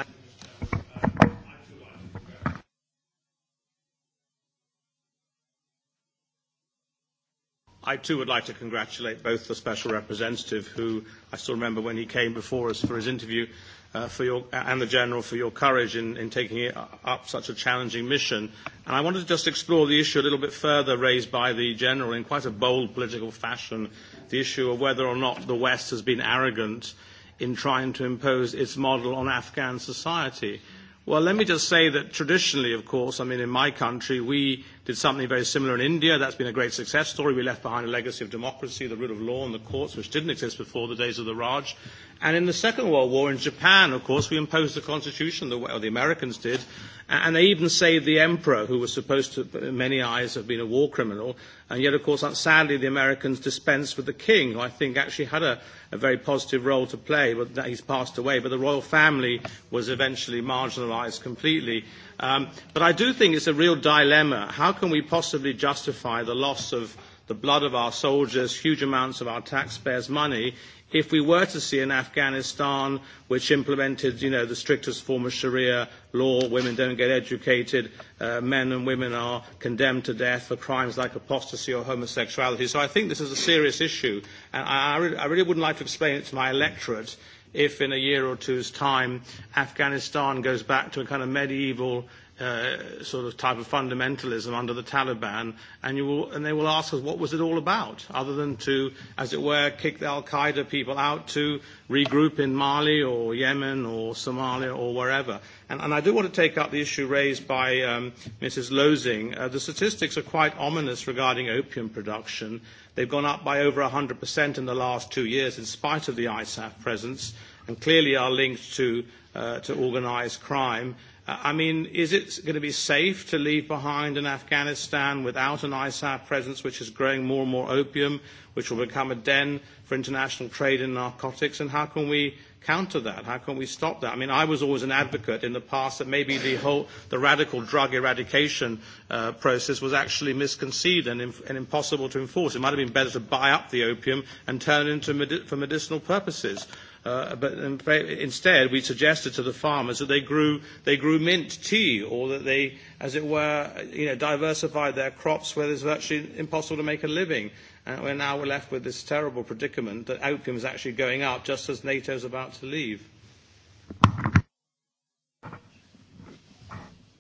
I too would like to congratulate both the Special Representative, who I still remember when he came before us for his interview, uh, for your, and the General for your courage in, in taking up such a challenging mission. And I wanted to just explore the issue a little bit further raised by the General in quite a bold political fashion, the issue of whether or not the West has been arrogant in trying to impose its model on Afghan society. Uh, Well, let me just say that traditionally, of course, I mean, in my country, we did something very similar in India. That's been a great success story. We left behind a legacy of democracy, the rule of law, and the courts, which didn't exist before the days of the Raj. And in the Second World War in Japan, of course, we imposed the Constitution the way or the Americans did, and they even saved the emperor, who was supposed to, in many eyes, have been a war criminal. And yet, of course, sadly, the Americans dispensed with the king, who I think actually had a, a very positive role to play, but that he's passed away. But the royal family was eventually marginalized completely. Um, but I do think it's a real dilemma. How can we possibly justify the loss of the blood of our soldiers, huge amounts of our taxpayers' money, if we were to see an Afghanistan which implemented, you know, the strictest form of Sharia law, women don't get educated, uh, men and women are condemned to death for crimes like apostasy or homosexuality. So I think this is a serious issue, and I, I, re- I really wouldn't like to explain it to my electorate if in a year or two's time Afghanistan goes back to a kind of medieval uh, sort of type of fundamentalism under the Taliban, and, you will, and they will ask us what was it all about, other than to, as it were, kick the Al Qaeda people out to regroup in Mali or Yemen or Somalia or wherever. And, and I do want to take up the issue raised by um, Mrs. Losing. Uh, the statistics are quite ominous regarding opium production. They've gone up by over 100% in the last two years, in spite of the ISAF presence, and clearly are linked to, uh, to organized crime Uh, I mean, is it going to be safe to leave behind an Afghanistan without an ISAF presence, which is growing more and more opium, which will become a den for international trade in narcotics? And how can we counter that? How can we stop that? I mean, I was always an advocate in the past that maybe the whole the radical drug eradication uh, process was actually misconceived and, inf- and impossible to enforce. It might have been better to buy up the opium and turn it into medi- for medicinal purposes. Uh, but in, instead, we suggested to the farmers that they grew, they grew mint tea or that they, as it were, you know, diversified their crops where it's virtually impossible to make a living. And uh, we're now we're left with this terrible predicament that opium is actually going up just as NATO is about to leave.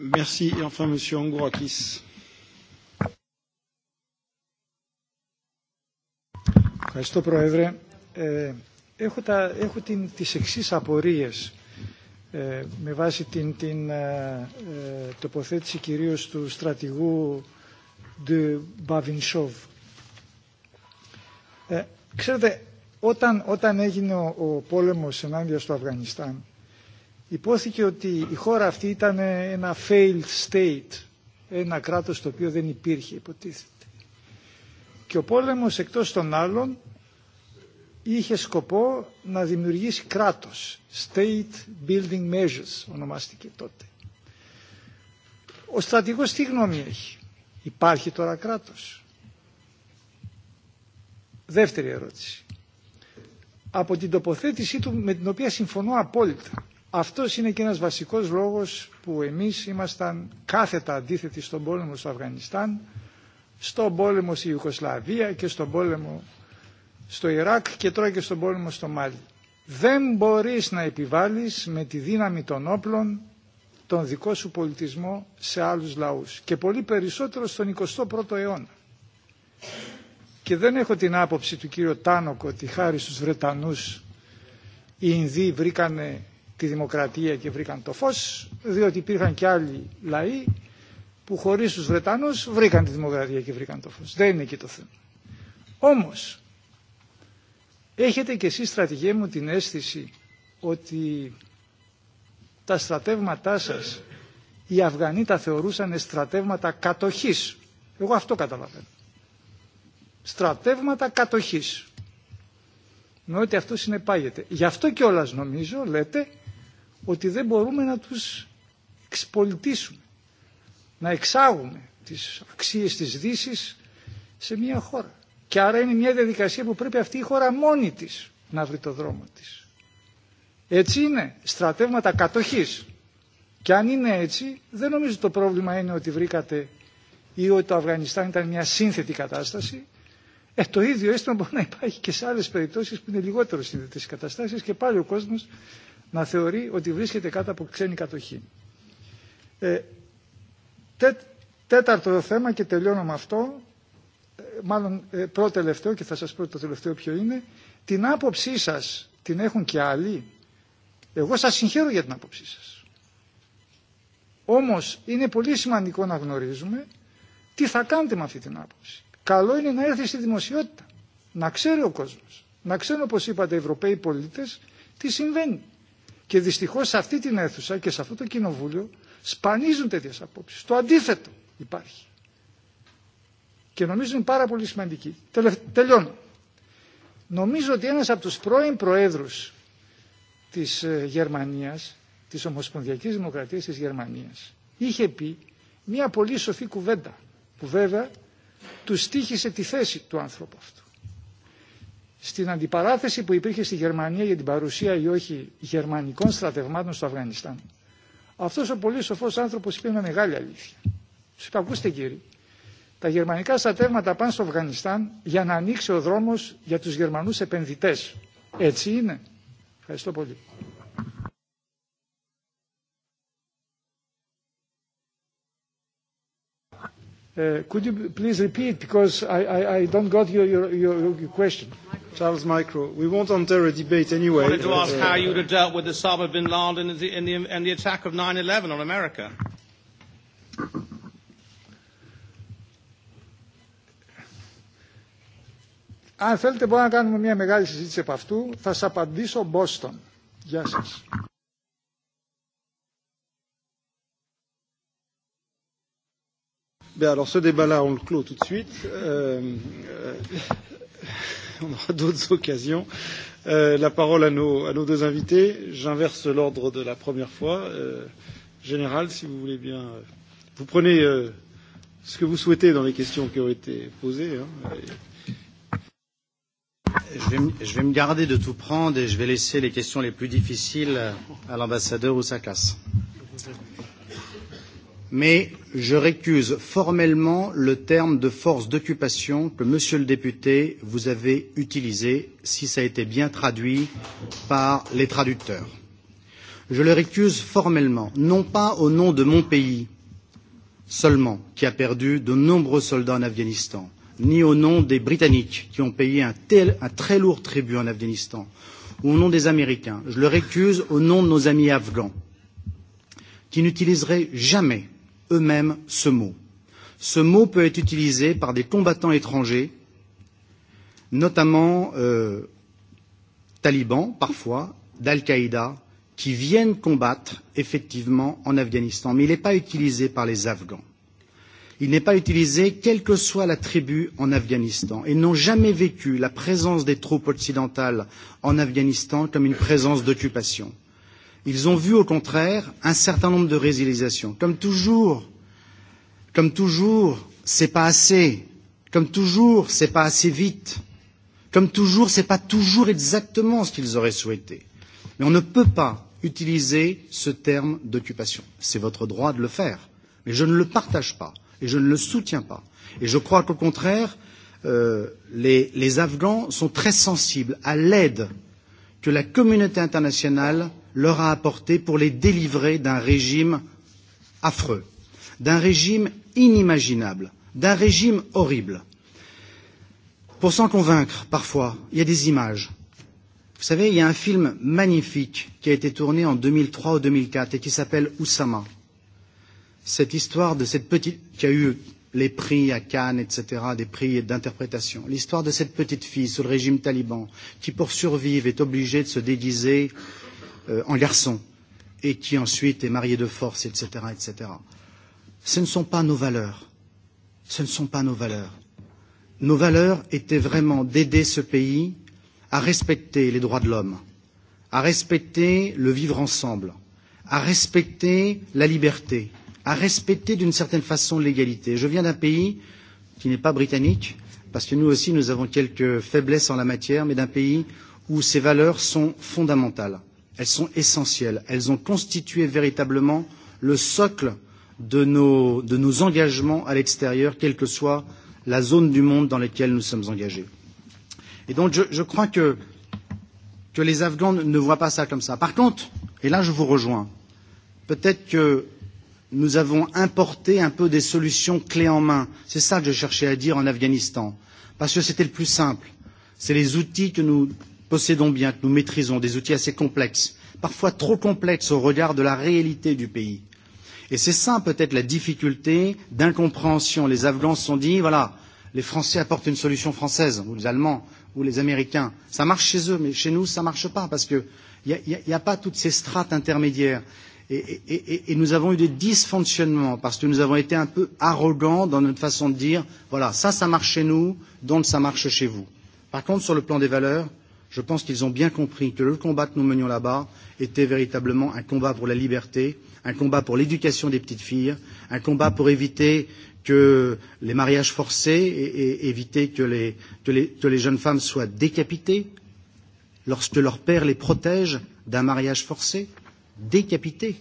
Merci. Et enfin, Monsieur Angourakis. Ευχαριστώ, Πρόεδρε. Ε, έχω, τα, έχω την, τις εξής απορίες ε, με βάση την, την ε, τοποθέτηση κυρίως του στρατηγού de Bavinchov. Ε, ξέρετε, όταν, όταν έγινε ο, ο πόλεμος ενάντια στο Αφγανιστάν, υπόθηκε ότι η χώρα αυτή ήταν ένα failed state, ένα κράτος το οποίο δεν υπήρχε υποτίθεται. Και ο πόλεμος εκτός των άλλων είχε σκοπό να δημιουργήσει κράτος, state building measures ονομάστηκε τότε. Ο στρατηγός τι γνώμη έχει, υπάρχει τώρα κράτος. Δεύτερη ερώτηση. Από την τοποθέτησή του με την οποία συμφωνώ απόλυτα. Αυτός είναι και ένας βασικός λόγος που εμείς ήμασταν κάθετα αντίθετοι στον πόλεμο στο Αφγανιστάν, στον πόλεμο στη Ιουκοσλαβία και στον πόλεμο στο Ιράκ και τώρα και στον πόλεμο στο Μάλι. Δεν μπορείς να επιβάλλεις με τη δύναμη των όπλων τον δικό σου πολιτισμό σε άλλους λαούς και πολύ περισσότερο στον 21ο αιώνα. Και δεν έχω την άποψη του κύριου Τάνοκ ότι χάρη στους Βρετανούς οι Ινδοί βρήκανε τη δημοκρατία και βρήκαν το φως, διότι υπήρχαν και άλλοι λαοί που χωρίς τους Βρετανούς βρήκαν τη δημοκρατία και βρήκαν το φως. Δεν είναι εκεί το θέμα. Όμως, Έχετε κι εσείς στρατηγέ μου την αίσθηση ότι τα στρατεύματά σας οι Αφγανοί τα θεωρούσαν στρατεύματα κατοχής. Εγώ αυτό καταλαβαίνω. Στρατεύματα κατοχής. Με ό,τι αυτό συνεπάγεται. Γι' αυτό κιόλας νομίζω, λέτε, ότι δεν μπορούμε να τους εξπολιτήσουμε. Να εξάγουμε τις αξίες της δύση σε μια χώρα. Και άρα είναι μια διαδικασία που πρέπει αυτή η χώρα μόνη της να βρει το δρόμο της. Έτσι είναι στρατεύματα κατοχής. Και αν είναι έτσι, δεν νομίζω το πρόβλημα είναι ότι βρήκατε ή ότι το Αφγανιστάν ήταν μια σύνθετη κατάσταση. Ε, το ίδιο αίσθημα μπορεί να υπάρχει και σε άλλες περιπτώσεις που είναι λιγότερο σύνθετες καταστάσεις και πάλι ο κόσμος να θεωρεί ότι βρίσκεται κάτω από ξένη κατοχή. Ε, τέ, τέταρτο θέμα και τελειώνω με αυτό μάλλον πρώτο τελευταίο και θα σας πω το τελευταίο ποιο είναι, την άποψή σας την έχουν και άλλοι. Εγώ σας συγχαίρω για την άποψή σας. Όμως είναι πολύ σημαντικό να γνωρίζουμε τι θα κάνετε με αυτή την άποψη. Καλό είναι να έρθει στη δημοσιότητα, να ξέρει ο κόσμος, να ξέρουν όπως είπατε οι Ευρωπαίοι πολίτες τι συμβαίνει. Και δυστυχώς σε αυτή την αίθουσα και σε αυτό το κοινοβούλιο σπανίζουν τέτοιες απόψεις. Το αντίθετο υπάρχει και νομίζω είναι πάρα πολύ σημαντική. Τελε, τελειώνω. Νομίζω ότι ένας από τους πρώην προέδρους της Γερμανίας, της Ομοσπονδιακής Δημοκρατίας της Γερμανίας, είχε πει μια πολύ σοφή κουβέντα που βέβαια του στήχησε τη θέση του άνθρωπου αυτού. Στην αντιπαράθεση που υπήρχε στη Γερμανία για την παρουσία ή όχι γερμανικών στρατευμάτων στο Αφγανιστάν, αυτός ο πολύ σοφός άνθρωπος είπε μια μεγάλη αλήθεια. Του είπε, ακούστε κύριοι, τα γερμανικά στρατεύματα πάνε στο Αφγανιστάν για να ανοίξει ο δρόμος για τους Γερμανούς επενδυτές. Έτσι είναι. Ευχαριστώ πολύ. Uh, could you please repeat because I, I, I don't got your, your, your, your question. Charles Micro, we won't enter a debate anyway. I wanted to ask how you would have dealt with Osama bin Laden and the, and the, and the attack of 9-11 on America. Αν θέλετε μπορούμε να κάνουμε μια μεγάλη συζήτηση από αυτού. Θα σας απαντήσω Μπόστον. Γεια σας. Bien, alors ce débat-là, on le clôt tout de suite. Euh, euh, <laughs> on aura d'autres occasions. Euh, la parole à nos, à nos deux invités. J'inverse l'ordre de la première fois. Euh, général, si vous voulez bien. Euh, vous prenez euh, ce que vous souhaitez dans les questions qui ont été posées. Hein, et je vais, je vais me garder de tout prendre et je vais laisser les questions les plus difficiles à l'ambassadeur ou sa classe. Mais je récuse formellement le terme de force d'occupation que, monsieur le député, vous avez utilisé, si ça a été bien traduit par les traducteurs. Je le récuse formellement, non pas au nom de mon pays seulement, qui a perdu de nombreux soldats en Afghanistan, ni au nom des Britanniques qui ont payé un, tel, un très lourd tribut en Afghanistan, ou au nom des Américains. Je le récuse au nom de nos amis afghans, qui n'utiliseraient jamais eux-mêmes ce mot. Ce mot peut être utilisé par des combattants étrangers, notamment euh, talibans parfois, d'Al-Qaïda, qui viennent combattre effectivement en Afghanistan, mais il n'est pas utilisé par les Afghans. Il n'est pas utilisé quelle que soit la tribu en Afghanistan et n'ont jamais vécu la présence des troupes occidentales en Afghanistan comme une présence d'occupation. Ils ont vu au contraire un certain nombre de résiliations. Comme toujours, comme toujours, c'est pas assez. Comme toujours, c'est pas assez vite. Comme toujours, c'est pas toujours exactement ce qu'ils auraient souhaité. Mais on ne peut pas utiliser ce terme d'occupation. C'est votre droit de le faire, mais je ne le partage pas et je ne le soutiens pas. Et je crois qu'au contraire, euh, les, les Afghans sont très sensibles à l'aide que la communauté internationale leur a apportée pour les délivrer d'un régime affreux, d'un régime inimaginable, d'un régime horrible. Pour s'en convaincre, parfois, il y a des images. Vous savez, il y a un film magnifique qui a été tourné en 2003 ou 2004 et qui s'appelle Oussama cette histoire de cette petite qui a eu les prix à Cannes, etc., des prix d'interprétation. L'histoire de cette petite fille sous le régime taliban qui, pour survivre, est obligée de se déguiser euh, en garçon et qui ensuite est mariée de force, etc., etc. Ce ne sont pas nos valeurs. Ce ne sont pas nos valeurs. Nos valeurs étaient vraiment d'aider ce pays à respecter les droits de l'homme, à respecter le vivre ensemble, à respecter la liberté, à respecter d'une certaine façon l'égalité. Je viens d'un pays qui n'est pas britannique, parce que nous aussi nous avons quelques faiblesses en la matière, mais d'un pays où ces valeurs sont fondamentales, elles sont essentielles, elles ont constitué véritablement le socle de nos, de nos engagements à l'extérieur, quelle que soit la zone du monde dans laquelle nous sommes engagés. Et donc je, je crois que, que les Afghans ne voient pas ça comme ça. Par contre, et là je vous rejoins, peut-être que nous avons importé un peu des solutions clés en main. C'est ça que je cherchais à dire en Afghanistan. Parce que c'était le plus simple. C'est les outils que nous possédons bien, que nous maîtrisons, des outils assez complexes, parfois trop complexes au regard de la réalité du pays. Et c'est ça peut-être la difficulté d'incompréhension. Les Afghans se sont dit, voilà, les Français apportent une solution française, ou les Allemands, ou les Américains. Ça marche chez eux, mais chez nous, ça ne marche pas, parce qu'il n'y a, y a, y a pas toutes ces strates intermédiaires et, et, et nous avons eu des dysfonctionnements parce que nous avons été un peu arrogants dans notre façon de dire voilà, ça, ça marche chez nous, donc ça marche chez vous. Par contre, sur le plan des valeurs, je pense qu'ils ont bien compris que le combat que nous menions là-bas était véritablement un combat pour la liberté, un combat pour l'éducation des petites filles, un combat pour éviter que les mariages forcés et, et éviter que les, que, les, que les jeunes femmes soient décapitées lorsque leur père les protège d'un mariage forcé décapité.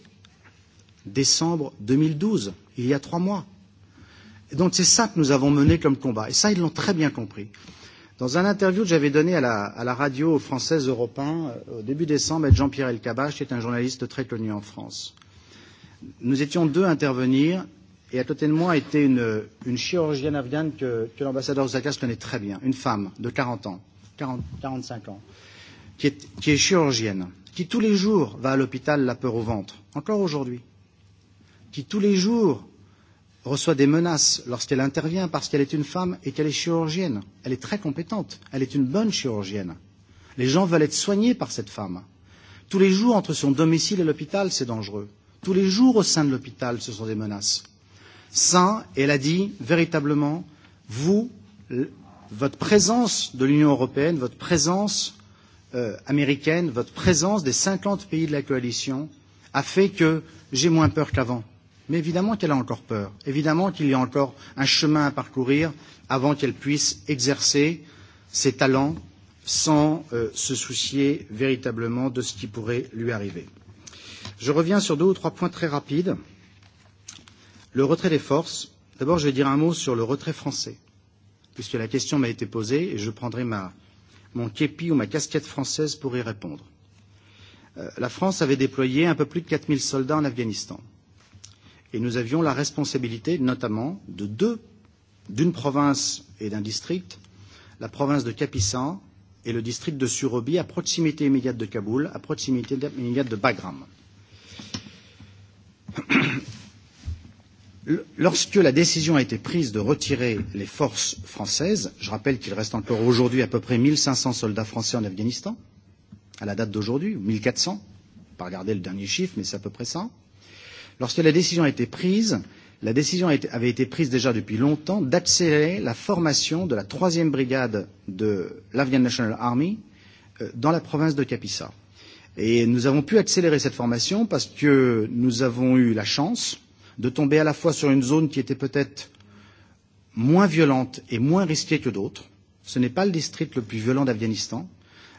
Décembre 2012, il y a trois mois. Et donc c'est ça que nous avons mené comme combat. Et ça, ils l'ont très bien compris. Dans un interview que j'avais donné à la, à la radio française Europe 1 euh, au début décembre avec Jean-Pierre Elkabach, qui est un journaliste très connu en France, nous étions deux à intervenir et à côté de moi était une, une chirurgienne afghane que, que l'ambassadeur Zakas connaît très bien, une femme de 40 ans, 40, 45 ans, qui est, qui est chirurgienne qui tous les jours va à l'hôpital la peur au ventre, encore aujourd'hui, qui tous les jours reçoit des menaces lorsqu'elle intervient parce qu'elle est une femme et qu'elle est chirurgienne. Elle est très compétente, elle est une bonne chirurgienne. Les gens veulent être soignés par cette femme. Tous les jours, entre son domicile et l'hôpital, c'est dangereux. Tous les jours, au sein de l'hôpital, ce sont des menaces. Ça, elle a dit véritablement, vous, votre présence de l'Union européenne, votre présence euh, américaine, votre présence des 50 pays de la coalition a fait que j'ai moins peur qu'avant. Mais évidemment qu'elle a encore peur. Évidemment qu'il y a encore un chemin à parcourir avant qu'elle puisse exercer ses talents sans euh, se soucier véritablement de ce qui pourrait lui arriver. Je reviens sur deux ou trois points très rapides. Le retrait des forces. D'abord, je vais dire un mot sur le retrait français, puisque la question m'a été posée et je prendrai ma, euh, mon képi ou ma casquette française pour y répondre. Euh, la France avait déployé un peu plus de 4000 soldats en Afghanistan. Et nous avions la responsabilité, notamment, de deux, d'une province et d'un district, la province de Kapissan et le district de Surobi, à proximité immédiate de Kaboul, à proximité immédiate de Bagram. Lorsque la décision a été prise de retirer les forces françaises, je rappelle qu'il reste encore aujourd'hui à peu près 1500 soldats français en Afghanistan, à la date d'aujourd'hui, ou 1400, pas regarder le dernier chiffre, mais c'est à peu près ça. Lorsque la décision a été prise, la décision été, avait été prise déjà depuis longtemps d'accélérer la formation de la troisième brigade de l'Afghan National Army euh, dans la province de Kapisa. Et nous avons pu accélérer cette formation parce que nous avons eu la chance, de tomber à la fois sur une zone qui était peut-être moins violente et moins risquée que d'autres. Ce n'est pas le district le plus violent d'Afghanistan.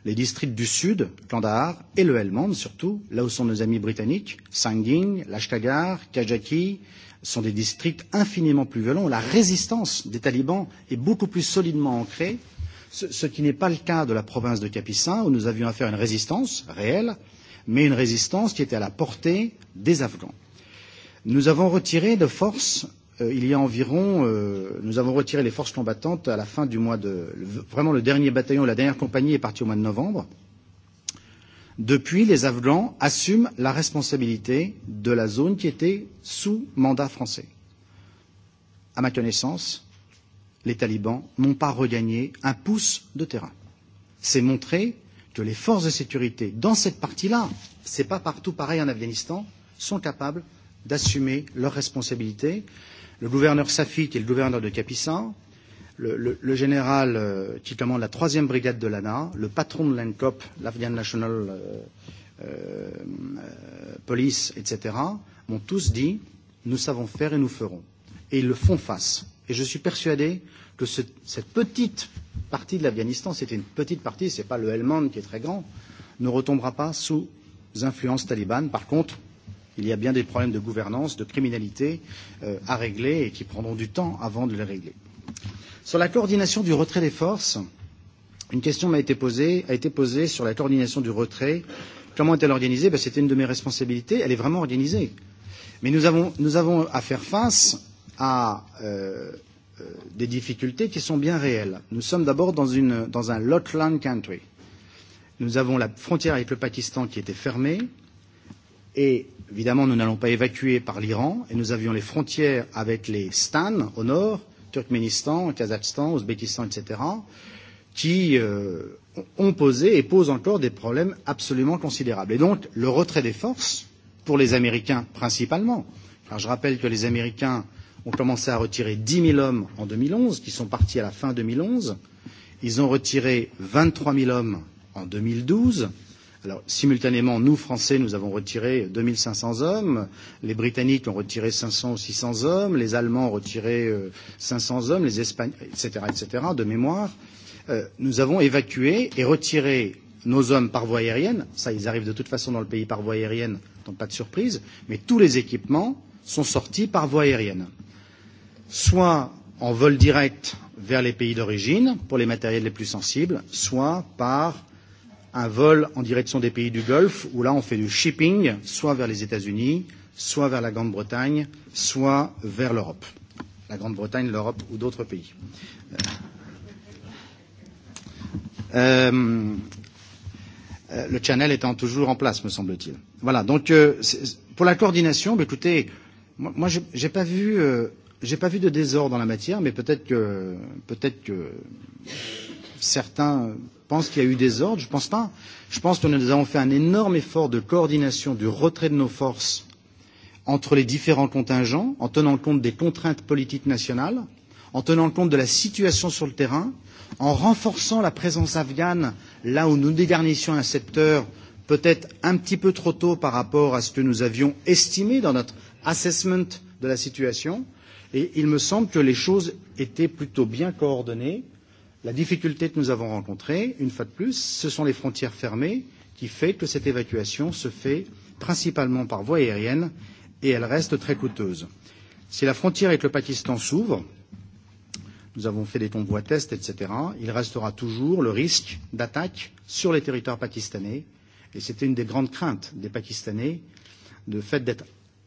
Les districts du sud, Kandahar et le Helmand surtout, là où sont nos amis britanniques, Sangin, Lashkagar, Kajaki, sont des districts infiniment plus violents où la résistance des talibans est beaucoup plus solidement ancrée, ce, ce qui n'est pas le cas de la province de Capissin où nous avions affaire à une résistance réelle, mais une résistance qui était à la portée des Afghans. Nous avons retiré de force, euh, il y a environ, euh, nous avons retiré les forces combattantes à la fin du mois de, le, vraiment le dernier bataillon, la dernière compagnie est partie au mois de novembre. Depuis, les Afghans assument la responsabilité de la zone qui était sous mandat français. À ma connaissance, les talibans n'ont pas regagné un pouce de terrain. C'est montrer que les forces de sécurité dans cette partie-là, c'est pas partout pareil en Afghanistan, sont capables d'assumer leurs responsabilités. Le gouverneur Safi, qui est le gouverneur de Capissan, le, le, le général euh, qui commande la troisième brigade de l'ANA, le patron de l'ANCOP, l'Afghan National euh, euh, Police, etc., m'ont tous dit nous savons faire et nous ferons. Et ils le font face. Et je suis persuadé que ce, cette petite partie de l'Afghanistan, c'est une petite partie, ce n'est pas le Helmand qui est très grand, ne retombera pas sous influence talibane. Par contre, il y a bien des problèmes de gouvernance, de criminalité euh, à régler et qui prendront du temps avant de les régler. Sur la coordination du retrait des forces, une question m'a été posée, a été posée sur la coordination du retrait. Comment est-elle organisée ben, C'était une de mes responsabilités. Elle est vraiment organisée. Mais nous avons, nous avons à faire face à euh, euh, des difficultés qui sont bien réelles. Nous sommes d'abord dans, une, dans un lot land country. Nous avons la frontière avec le Pakistan qui était fermée. Et évidemment, nous n'allons pas évacuer par l'Iran. Et nous avions les frontières avec les Stan au nord, Turkménistan, Kazakhstan, Ouzbékistan, etc., qui euh, ont posé et posent encore des problèmes absolument considérables. Et donc, le retrait des forces, pour les Américains principalement, car je rappelle que les Américains ont commencé à retirer 10 000 hommes en 2011, qui sont partis à la fin 2011, ils ont retiré 23 000 hommes en 2012, Alors, simultanément, nous, Français, nous avons retiré 2500 hommes, les Britanniques ont retiré 500 ou 600 hommes, les Allemands ont retiré 500 euh, hommes, les Espagnols, etc., etc., de mémoire. Euh, nous avons évacué et retiré nos hommes par voie aérienne, ça ils arrivent de toute façon dans le pays par voie aérienne, donc pas de surprise, mais tous les équipements sont sortis par voie aérienne. Soit en vol direct vers les pays d'origine pour les matériels les plus sensibles, soit par euh, un vol en direction des pays du Golfe, où là on fait du shipping, soit vers les États-Unis, soit vers la Grande-Bretagne, soit vers l'Europe. La Grande-Bretagne, l'Europe ou d'autres pays. Euh, euh, le channel étant toujours en place, me semble-t-il. Voilà, donc euh, pour la coordination, bah, écoutez, moi, moi je n'ai pas vu... Euh, j'ai pas vu de désordre dans la matière, mais peut-être que peut-être que certains pense qu'il y a eu des ordres Je ne pense pas. Je pense que nous avons fait un énorme effort de coordination du retrait de nos forces entre les différents contingents, en tenant compte des contraintes politiques nationales, en tenant compte de la situation sur le terrain, en renforçant la présence afghane là où nous dégarnissions un secteur peut-être un petit peu trop tôt par rapport à ce que nous avions estimé dans notre assessment de la situation. Et il me semble que les choses étaient plutôt bien coordonnées. Euh, La difficulté que nous avons rencontrée, une fois de plus, ce sont les frontières fermées qui fait que cette évacuation se fait principalement par voie aérienne et elle reste très coûteuse. Si la frontière avec le Pakistan s'ouvre, nous avons fait des convois tests, etc., il restera toujours le risque d'attaque sur les territoires pakistanais et c'était une des grandes craintes des Pakistanais, le fait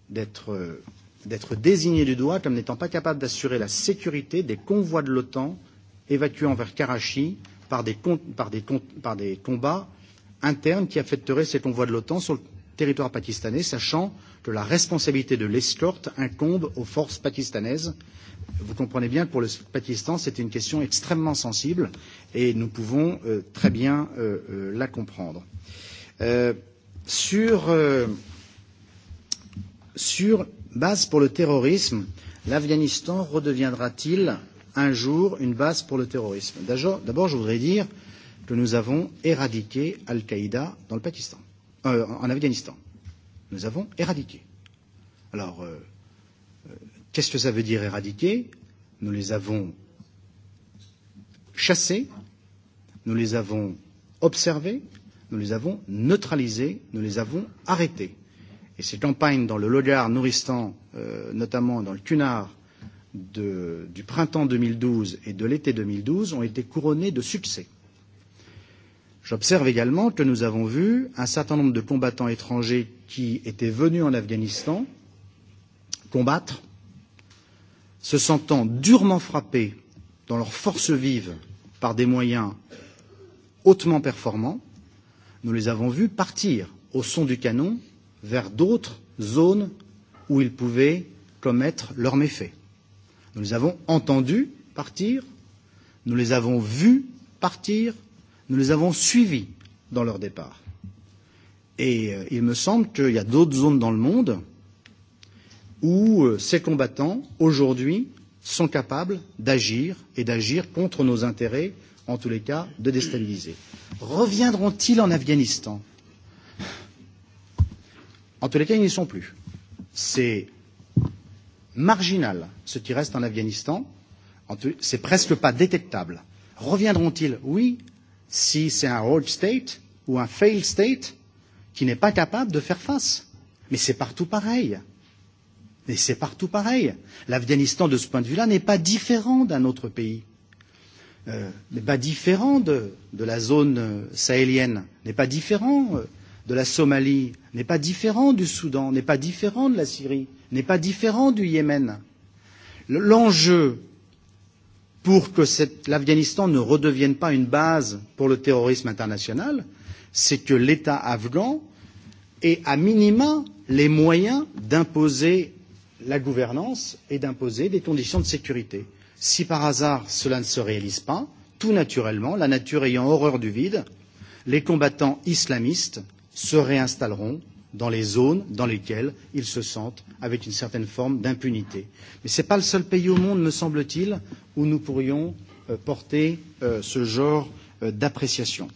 d'être euh, désigné du doigt comme n'étant pas capable d'assurer la sécurité des convois de l'OTAN évacuant vers Karachi par des, par des, par des combats internes qui affecteraient ces convois de l'OTAN sur le territoire pakistanais, sachant que la responsabilité de l'escorte incombe aux forces pakistanaises. Vous comprenez bien que pour le Pakistan, c'était une question extrêmement sensible et nous pouvons euh, très bien euh, euh, la comprendre. Euh, sur, euh, sur base pour le terrorisme, l'Afghanistan redeviendra-t-il un jour une base pour le terrorisme. D'abord, je voudrais dire que nous avons éradiqué Al-Qaïda dans le Pakistan, euh, en Afghanistan. Nous avons éradiqué. Alors, euh, euh, qu'est-ce que ça veut dire éradiquer Nous les avons chassés, nous les avons observés, nous les avons neutralisés, nous les avons arrêtés. Et ces campagnes dans le Logar, Nouristan, euh, notamment dans le Cunard, de, du printemps 2012 et de l'été 2012 ont été couronnés de succès. J'observe également que nous avons vu un certain nombre de combattants étrangers qui étaient venus en Afghanistan combattre, se sentant durement frappés dans leur force vive par des moyens hautement performants, nous les avons vus partir au son du canon vers d'autres zones où ils pouvaient commettre leurs méfaits. Nous les avons entendus partir, nous les avons vus partir, nous les avons suivis dans leur départ. Et euh, il me semble qu'il y a d'autres zones dans le monde où euh, ces combattants, aujourd'hui, sont capables d'agir et d'agir contre nos intérêts, en tous les cas, de déstabiliser. Reviendront-ils en Afghanistan En tous les cas, ils n'y sont plus. C'est marginal, ce qui reste en Afghanistan, c'est presque pas détectable. Reviendront-ils Oui, si c'est un rogue state ou un failed state qui n'est pas capable de faire face. Mais c'est partout pareil. Mais c'est partout pareil. L'Afghanistan, de ce point de vue-là, n'est pas différent d'un autre pays, euh, n'est pas différent de, de la zone euh, sahélienne, n'est pas différent euh, de la Somalie n'est pas différent du Soudan, n'est pas différent de la Syrie, n'est pas différent du Yémen. L'enjeu pour que l'Afghanistan ne redevienne pas une base pour le terrorisme international, c'est que l'État afghan ait à minima les moyens d'imposer la gouvernance et d'imposer des conditions de sécurité. Si par hasard cela ne se réalise pas, tout naturellement, la nature ayant horreur du vide, les combattants islamistes se réinstalleront dans les zones dans lesquelles ils se sentent avec une certaine forme d'impunité. Mais ce n'est pas le seul pays au monde, me semble-t-il, où nous pourrions euh, porter euh, ce genre euh, d'appréciation.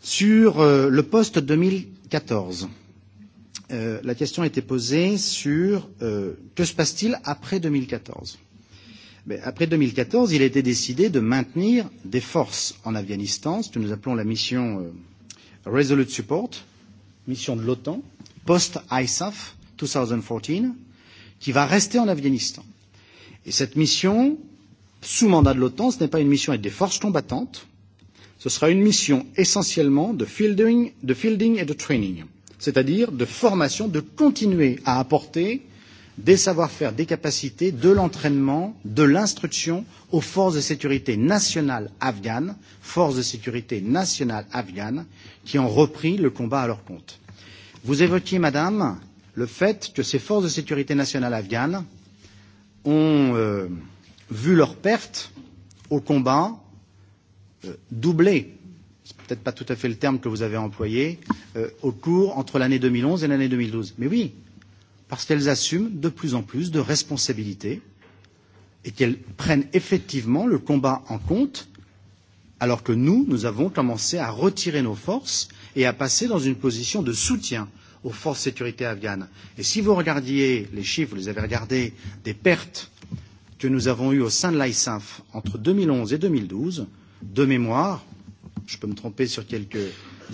Sur euh, le poste 2014, euh, la question a été posée sur euh, que se passe-t-il après 2014 Mais après 2014, il a été décidé de maintenir des forces en Afghanistan, ce que nous appelons la mission euh, Resolute Support, mission de l'OTAN, post-ISAF 2014, qui va rester en Afghanistan. Et cette mission, sous mandat de l'OTAN, ce n'est pas une mission avec des forces combattantes, ce sera une mission essentiellement de fielding, de fielding et de training, c'est-à-dire de formation, de continuer à apporter des savoir-faire, des capacités, de l'entraînement, de l'instruction aux forces de sécurité nationales afghanes, forces de sécurité nationales afghanes, qui ont repris le combat à leur compte. Vous évoquiez, Madame, le fait que ces forces de sécurité nationale afghanes ont euh, vu leurs pertes au combat euh, doublées, c'est peut-être pas tout à fait le terme que vous avez employé, euh, au cours entre l'année 2011 et l'année 2012. Mais oui, euh, parce qu'elles assument de plus en plus de responsabilités et qu'elles prennent effectivement le combat en compte, alors que nous, nous avons commencé à retirer nos forces et à passer dans une position de soutien aux forces de sécurité afghanes. Et si vous regardiez les chiffres, vous les avez regardés, des pertes que nous avons eues au sein de l'ISAF entre 2011 et 2012, de mémoire, je peux me tromper sur quelques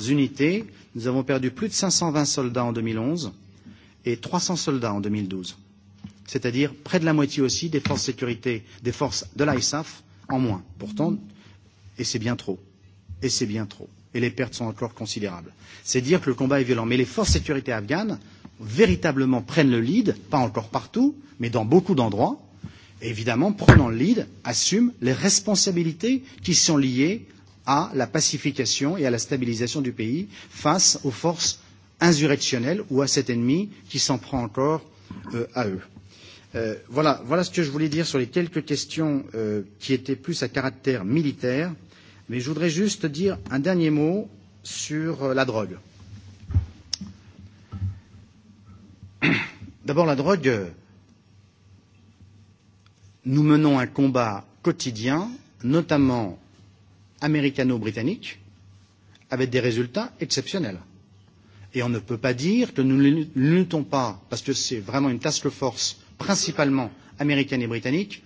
unités, nous avons perdu plus de 520 soldats en 2011, et 300 soldats en 2012, c'est-à-dire près de la moitié aussi des forces sécurité, des forces de l'ISAF en moins. Pourtant, et c'est bien trop, et c'est bien trop, et les pertes sont encore considérables. C'est dire que le combat est violent. Mais les forces de sécurité afghanes véritablement prennent le lead, pas encore partout, mais dans beaucoup d'endroits, et évidemment, prenant le lead, assument les responsabilités qui sont liées à la pacification et à la stabilisation du pays face aux forces insurrectionnelle ou à cet ennemi qui s'en prend encore euh, à eux. Euh, voilà, voilà ce que je voulais dire sur les quelques questions euh, qui étaient plus à caractère militaire, mais je voudrais juste dire un dernier mot sur euh, la drogue. <coughs> D'abord, la drogue, euh, nous menons un combat quotidien, notamment américano-britannique, avec des résultats exceptionnels. Et on ne peut pas dire que nous ne luttons pas, parce que c'est vraiment une task force principalement américaine et britannique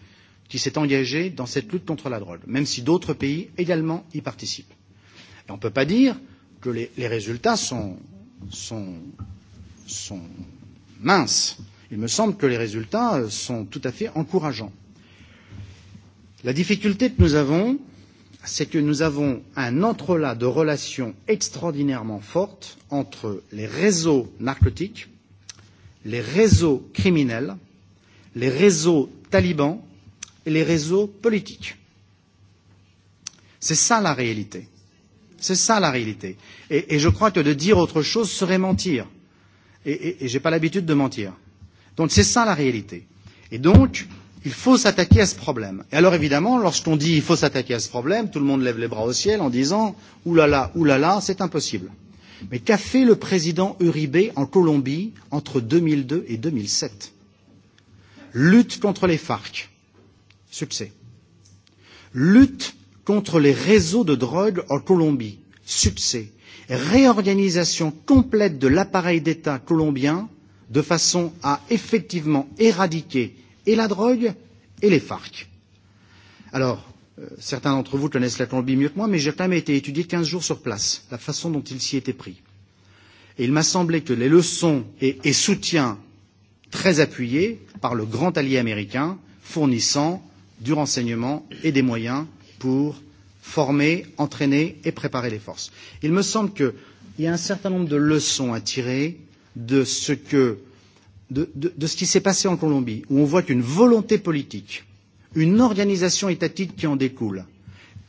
qui s'est engagée dans cette lutte contre la drogue, même si d'autres pays également y participent. Et on ne peut pas dire que les, les résultats sont, sont, sont minces. Il me semble que les résultats euh, sont tout à fait encourageants. La difficulté que nous avons, c'est que nous avons un entrelac de relations extraordinairement fortes entre les réseaux narcotiques, les réseaux criminels, les réseaux talibans et les réseaux politiques. C'est ça la réalité. C'est ça la réalité. Et, et je crois que de dire autre chose serait mentir. Et, et, et je n'ai pas l'habitude de mentir. Donc c'est ça la réalité. Et donc, euh, Il faut s'attaquer à ce problème. Et alors évidemment, lorsqu'on dit il faut s'attaquer à ce problème, tout le monde lève les bras au ciel en disant oulala, oulala, c'est impossible. Mais qu'a fait le président Uribe en Colombie entre 2002 et 2007 Lutte contre les FARC, succès. Lutte contre les réseaux de drogue en Colombie, succès. Réorganisation complète de l'appareil d'État colombien de façon à effectivement éradiquer et la drogue et les FARC. Alors, euh, certains d'entre vous connaissent la Colombie mieux que moi, mais j'ai quand même été étudié 15 jours sur place, la façon dont il s'y était pris. Et il m'a semblé que les leçons et, et soutiens très appuyés par le grand allié américain fournissant du renseignement et des moyens pour former, entraîner et préparer les forces. Il me semble qu'il y a un certain nombre de leçons à tirer de ce que euh, de, de, de ce qui s'est passé en Colombie, où on voit qu'une volonté politique, une organisation étatique qui en découle,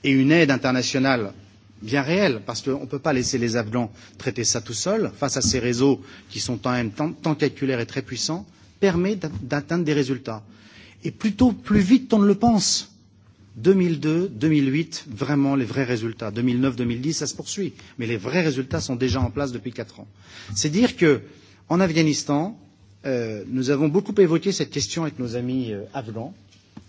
et une aide internationale bien réelle, parce qu'on ne peut pas laisser les Afghans traiter ça tout seuls, face à ces réseaux qui sont en même temps tentaculaires et très puissants, permet d'atteindre des résultats. Et plutôt plus vite on ne le pense. 2002, 2008, vraiment les vrais résultats. 2009, 2010, ça se poursuit. Mais les vrais résultats sont déjà en place depuis quatre ans. C'est dire que, en Afghanistan, euh, nous avons beaucoup évoqué cette question avec nos amis euh, afghans,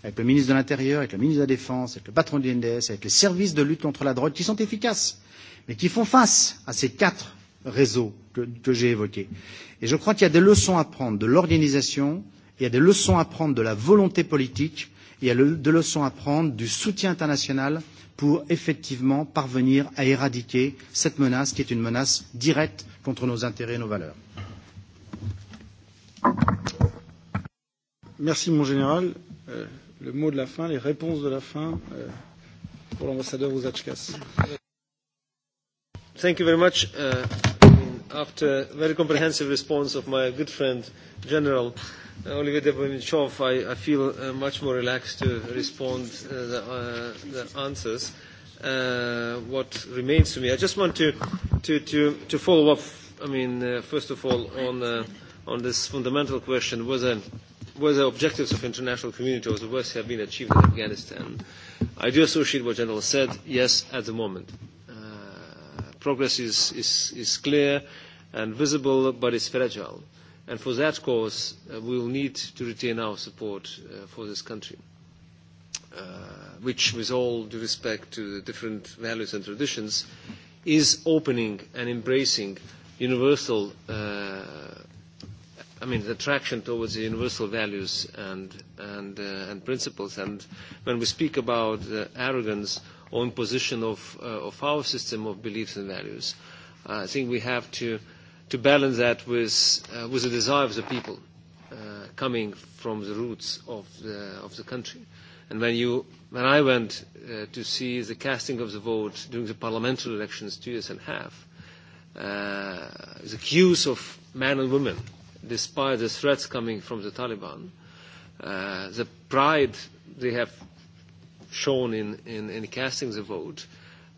avec le ministre de l'Intérieur, avec le ministre de la Défense, avec le patron du NDS, avec les services de lutte contre la drogue qui sont efficaces, mais qui font face à ces quatre réseaux que, que j'ai évoqués. Et je crois qu'il y a des leçons à prendre de l'organisation, il y a des leçons à prendre de la volonté politique, il y a le, des leçons à prendre du soutien international pour effectivement parvenir à éradiquer cette menace qui est une menace directe contre nos intérêts et nos valeurs. Merci, mon général. Euh, le mot de la fin, les réponses de la fin euh, pour l'ambassadeur Ouzachkas. Thank you very much. Uh, after a very comprehensive response of my good friend, General uh, Oliver Debomichov, I, I feel uh, much more relaxed to respond uh, the, uh, the answers. Uh, what remains to me, I just want to, to, to, to follow up, I mean, uh, first of all, on uh, on this fundamental question whether whether objectives of international community or the West have been achieved in Afghanistan. I do associate what General said. Yes, at the moment. Uh, progress is, is, is clear and visible, but it's fragile. And for that cause, uh, we will need to retain our support uh, for this country, uh, which, with all due respect to the different values and traditions, is opening and embracing universal uh, I mean, the attraction towards the universal values and, and, uh, and principles. And when we speak about uh, arrogance or imposition of, uh, of our system of beliefs and values, uh, I think we have to, to balance that with, uh, with the desire of the people uh, coming from the roots of the, of the country. And when, you, when I went uh, to see the casting of the vote during the parliamentary elections two years and a half, uh, the queues of men and women – despite the threats coming from the Taliban, uh, the pride they have shown in, in, in casting the vote,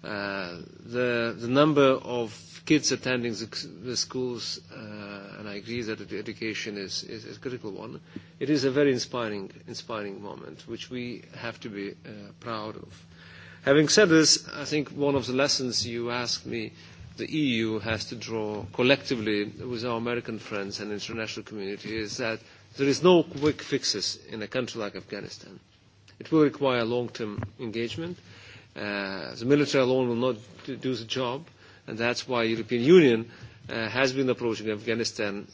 uh, the, the number of kids attending the, the schools, uh, and I agree that the education is, is, is a critical one, it is a very inspiring, inspiring moment, which we have to be uh, proud of. Having said this, I think one of the lessons you asked me uh, the EU has to draw collectively with our American friends and international community is that there is no quick fixes in a country like Afghanistan. It will require long-term engagement. Uh, the military alone will not do the job, and that's why European Union uh, has been approaching Afghanistan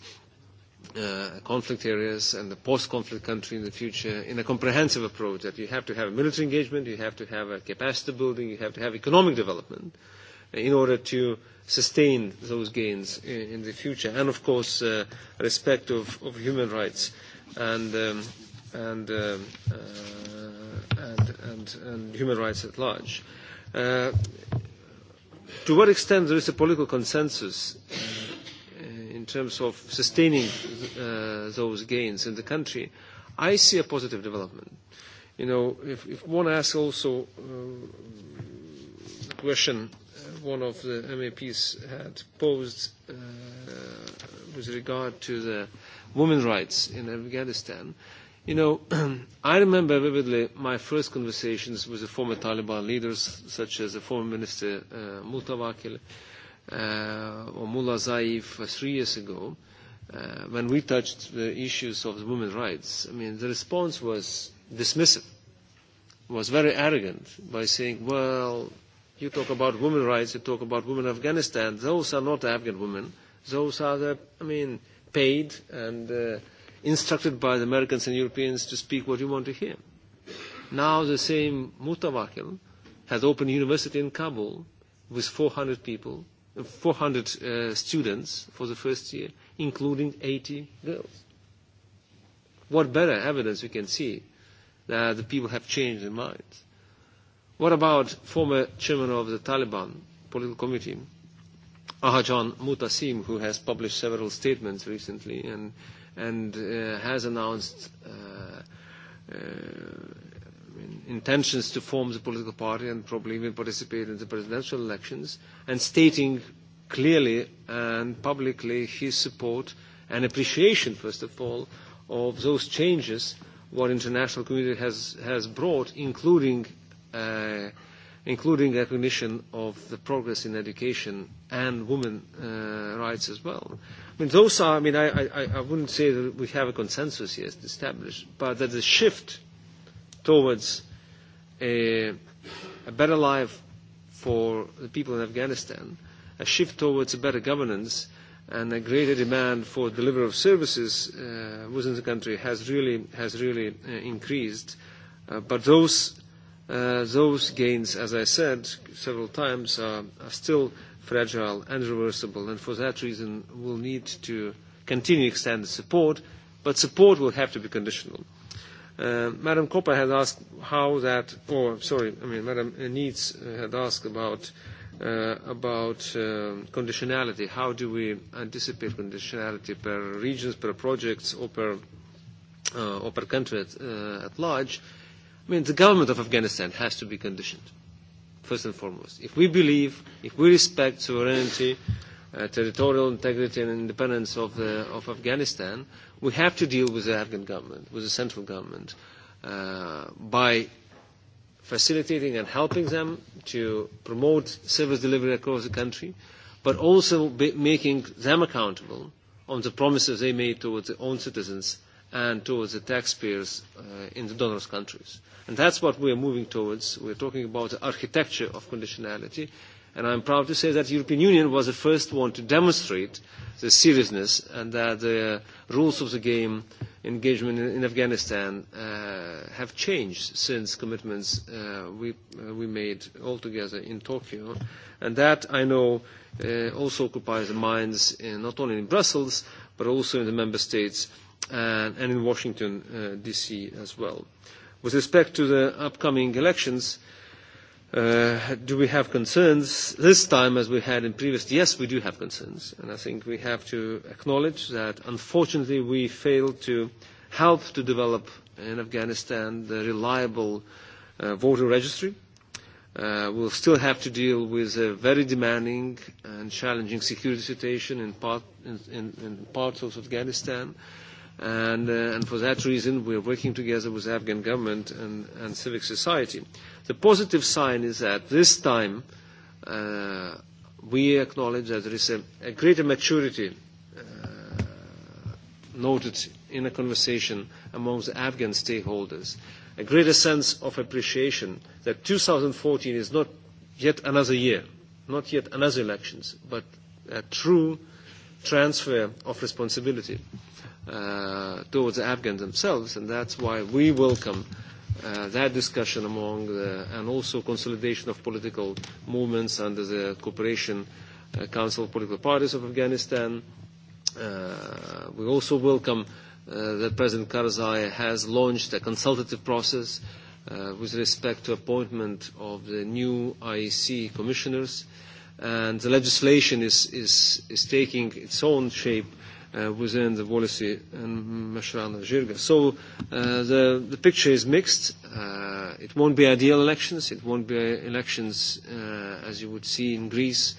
uh, conflict areas and the post-conflict country in the future in a comprehensive approach that you have to have a military engagement, you have to have a capacity building, you have to have economic development, uh, in order to sustain those gains in, in the future. And of course, uh, respect of, of human rights and, um, and, um, uh, and, and, and human rights at large. Uh, to what extent there is a political consensus uh, in terms of sustaining uh, those gains in the country, I see a positive development. You know, if, if one asks also uh, the question one of the MEPs had posed uh, with regard to the women's rights in Afghanistan. You know, <clears throat> I remember vividly my first conversations with the former Taliban leaders, such as the former minister uh, Mutawakil uh, or Mullah Zaif uh, three years ago, uh, when we touched the issues of the women's rights. I mean, the response was dismissive, was very arrogant by saying, well, You talk about women rights, you talk about women in Afghanistan. Those are not Afghan women. Those are the, I mean, paid and uh, instructed by the Americans and Europeans to speak what you want to hear. Now the same Mutawakil has opened a university in Kabul with 400 people, 400 uh, students for the first year, including 80 girls. What better evidence we can see that the people have changed their minds? What about former chairman of the Taliban political committee, Ahajan Mutasim, who has published several statements recently and, and uh, has announced uh, uh, intentions to form the political party and probably even participate in the presidential elections, and stating clearly and publicly his support and appreciation, first of all, of those changes what international community has, has brought, including uh, including recognition of the progress in education and women uh, rights as well. I mean, those are, I mean, I, I, I wouldn't say that we have a consensus yet established, but that the shift towards a, a better life for the people in Afghanistan, a shift towards a better governance, and a greater demand for delivery of services uh, within the country has really, has really uh, increased. Uh, but those Uh, those gains, as I said several times, are, are still fragile and reversible, and for that reason we'll need to continue extended support, but support will have to be conditional. Uh, Madam Koppa had asked how that, or sorry, I mean, Madam Neitz uh, had asked about, uh, about uh, conditionality. How do we anticipate conditionality per regions, per projects, or per, uh, or per country at, uh, at large? Uh, I mean, the government of Afghanistan has to be conditioned, first and foremost. If we believe, if we respect sovereignty, uh, territorial integrity and independence of, the, of Afghanistan, we have to deal with the Afghan government, with the central government, uh, by facilitating and helping them to promote service delivery across the country, but also be making them accountable on the promises they made towards their own citizens uh, and to the taxpayers uh, in the donors' countries. And that's what we are moving towards. We're talking about the architecture of conditionality, and I'm proud to say that the European Union was the first one to demonstrate the seriousness and that the rules of the game engagement in, in Afghanistan uh, have changed since commitments uh, we, uh, we made all together in Tokyo. And that, I know, uh, also occupies the minds in, not only in Brussels, but also in the member states uh, and, uh, and in Washington, uh, D.C. as well. With respect to the upcoming elections, uh, do we have concerns this time as we had in previous? Yes, we do have concerns, and I think we have to acknowledge that unfortunately we failed to help to develop in Afghanistan the reliable uh, voter registry. Uh, we'll still have to deal with a very demanding and challenging security situation in, part, in, in, in parts of Afghanistan. Uh, And, uh, and for that reason, we are working together with the Afghan government and, and civic society. The positive sign is that this time uh, we acknowledge that there is a, a greater maturity uh, noted in a conversation amongst the Afghan stakeholders, a greater sense of appreciation that 2014 is not yet another year, not yet another elections, but a true transfer of responsibility. Uh, uh, towards the Afghans themselves, and that's why we welcome uh, that discussion among the, and also consolidation of political movements under the Cooperation uh, Council of Political Parties of Afghanistan. Uh, we also welcome uh, that President Karzai has launched a consultative process uh, with respect to appointment of the new IEC commissioners, and the legislation is, is, is taking its own shape uh, uh, within the Wallacey and Masharana Jirga. So uh, the, the picture is mixed. Uh, it won't be ideal elections. It won't be uh, elections uh, as you would see in Greece,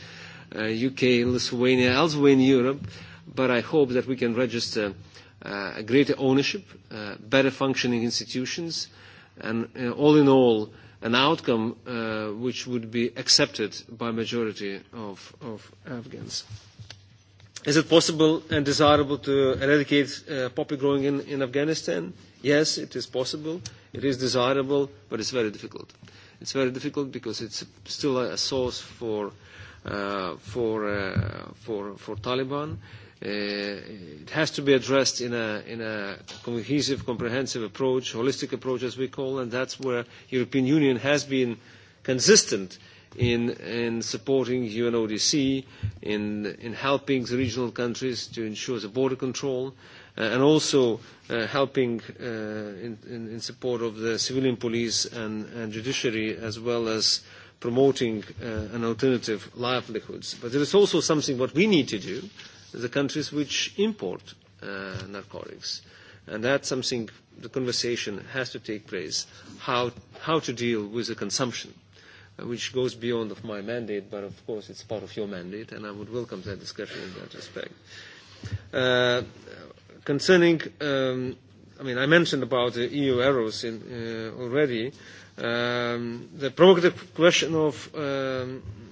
uh, UK, Lithuania, elsewhere in Europe. But I hope that we can register uh, a greater ownership, uh, better functioning institutions, and uh, all in all, an outcome uh, which would be accepted by majority of, of Afghans. Mm-hmm. Is it possible and desirable to eradicate uh, poppy growing in, in Afghanistan? Yes, it is possible. It is desirable, but it's very difficult. It's very difficult because it's still a, a source for, uh, for, uh, for, for Taliban. Uh, it has to be addressed in a, in a cohesive, comprehensive approach, holistic approach, as we call, and that's where European Union has been consistent uh, in, in supporting UNODC, in, in helping the regional countries to ensure the border control, uh, and also uh, helping uh, in, in, in support of the civilian police and, and judiciary, as well as promoting uh, an alternative livelihoods. But there is also something what we need to do, the countries which import uh, narcotics. And that's something the conversation has to take place, how, how to deal with the consumption which goes beyond of my mandate, but of course it's part of your mandate, and I would welcome that discussion in that respect. Uh, concerning, um, I mean, I mentioned about the EU arrows in, uh, already. Um, the provocative question of um,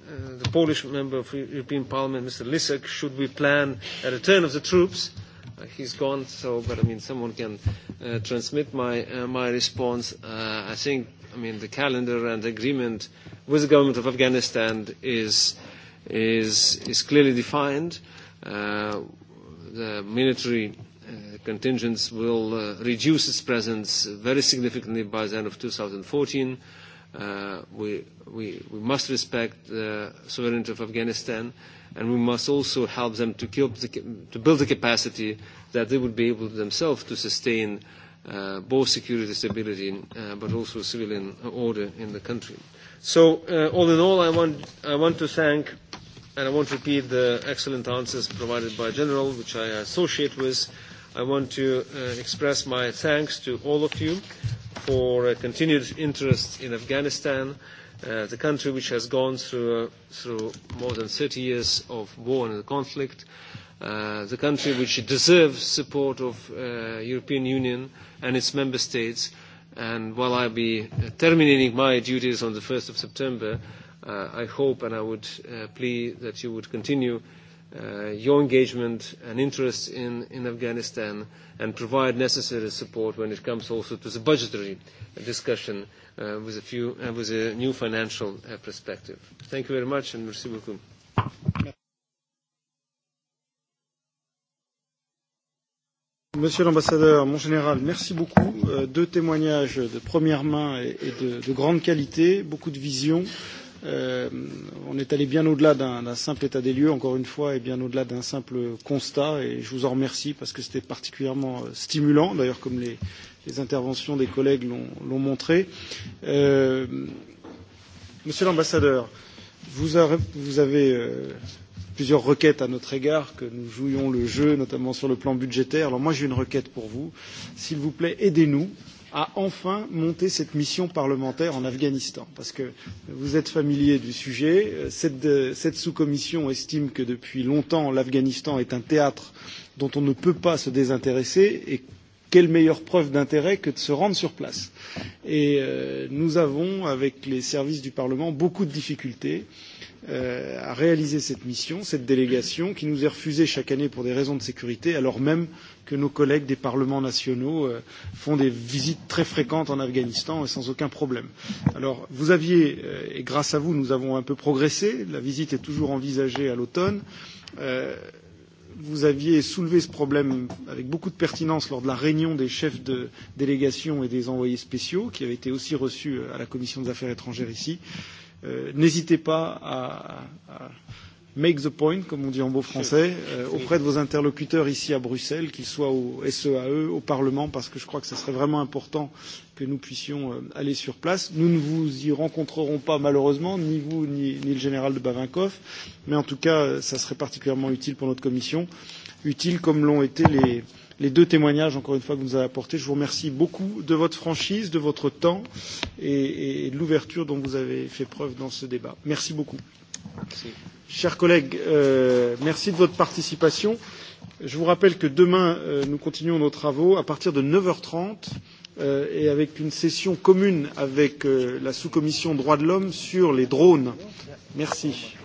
uh, the Polish member of European Parliament, Mr. Lisek, should we plan a return of the troops? Uh, he's gone, so, but I mean, someone can uh, transmit my, uh, my response. Uh, I think I mean, the calendar and the agreement with the government of Afghanistan is, is, is clearly defined. Uh, the military uh, contingents will uh, reduce its presence very significantly by the end of 2014. Uh, we, we, we must respect the sovereignty of Afghanistan, and we must also help them to, keep the, to build the capacity that they would be able themselves to sustain uh, uh, both security stability uh, but also civilian order in the country. So uh, all in all, I want, I want to thank and I won't repeat the excellent answers provided by General, which I associate with. I want to uh, express my thanks to all of you for uh, continued interest in Afghanistan, uh, the country which has gone through, uh, through more than 30 years of war and conflict. Uh, uh, the country which deserves support of uh, European Union and its member states. And while I'll be uh, terminating my duties on the 1st of September, uh, I hope and I would uh, plead that you would continue uh, your engagement and interest in, in Afghanistan and provide necessary support when it comes also to the budgetary discussion uh, with, a few, uh, with a new financial uh, perspective. Thank you very much and merci beaucoup. Monsieur l'ambassadeur, mon général, merci beaucoup. Euh, deux témoignages de première main et, et de, de grande qualité, beaucoup de vision. Euh, on est allé bien au-delà d'un simple état des lieux, encore une fois, et bien au-delà d'un simple constat. Et je vous en remercie parce que c'était particulièrement euh, stimulant, d'ailleurs comme les, les interventions des collègues l'ont montré. Euh, monsieur l'ambassadeur, vous, a, vous avez euh, plusieurs requêtes à notre égard, que nous jouions le jeu, notamment sur le plan budgétaire. Alors moi, j'ai une requête pour vous. S'il vous plaît, aidez-nous à enfin monter cette mission parlementaire en Afghanistan. Parce que vous êtes familier du sujet. Cette, cette sous-commission estime que depuis longtemps, l'Afghanistan est un théâtre dont on ne peut pas se désintéresser et quelle meilleure preuve d'intérêt que de se rendre sur place Et euh, nous avons, avec les services du Parlement, beaucoup de difficultés euh, à réaliser cette mission, cette délégation, qui nous est refusée chaque année pour des raisons de sécurité, alors même que nos collègues des parlements nationaux euh, font des visites très fréquentes en Afghanistan et sans aucun problème. Alors, vous aviez, euh, et grâce à vous, nous avons un peu progressé, la visite est toujours envisagée à l'automne. Euh, vous aviez soulevé ce problème avec beaucoup de pertinence lors de la réunion des chefs de délégation et des envoyés spéciaux, qui avait été aussi reçus euh, à la commission des affaires étrangères ici. Euh, euh, n'hésitez pas à, à make the point, comme on dit en beau français, euh, auprès de vos interlocuteurs ici à Bruxelles, qu'ils soient au SEAE, e, au Parlement, parce que je crois que ce serait vraiment important que nous puissions euh, aller sur place. Nous ne vous y rencontrerons pas malheureusement, ni vous ni, ni le général de Bavinkoff, mais en tout cas, euh, ça serait particulièrement utile pour notre commission, utile comme l'ont été les, euh, les deux témoignages, encore une fois, que vous nous avez apportés. Je vous remercie beaucoup de votre franchise, de votre temps et, et de l'ouverture dont vous avez fait preuve dans ce débat. Merci beaucoup. Merci. Chers collègues, euh, merci de votre participation. Je vous rappelle que demain, euh, nous continuons nos travaux à partir de 9h30 euh, et avec une session commune avec euh, la sous-commission droits de l'homme sur les drones. Merci.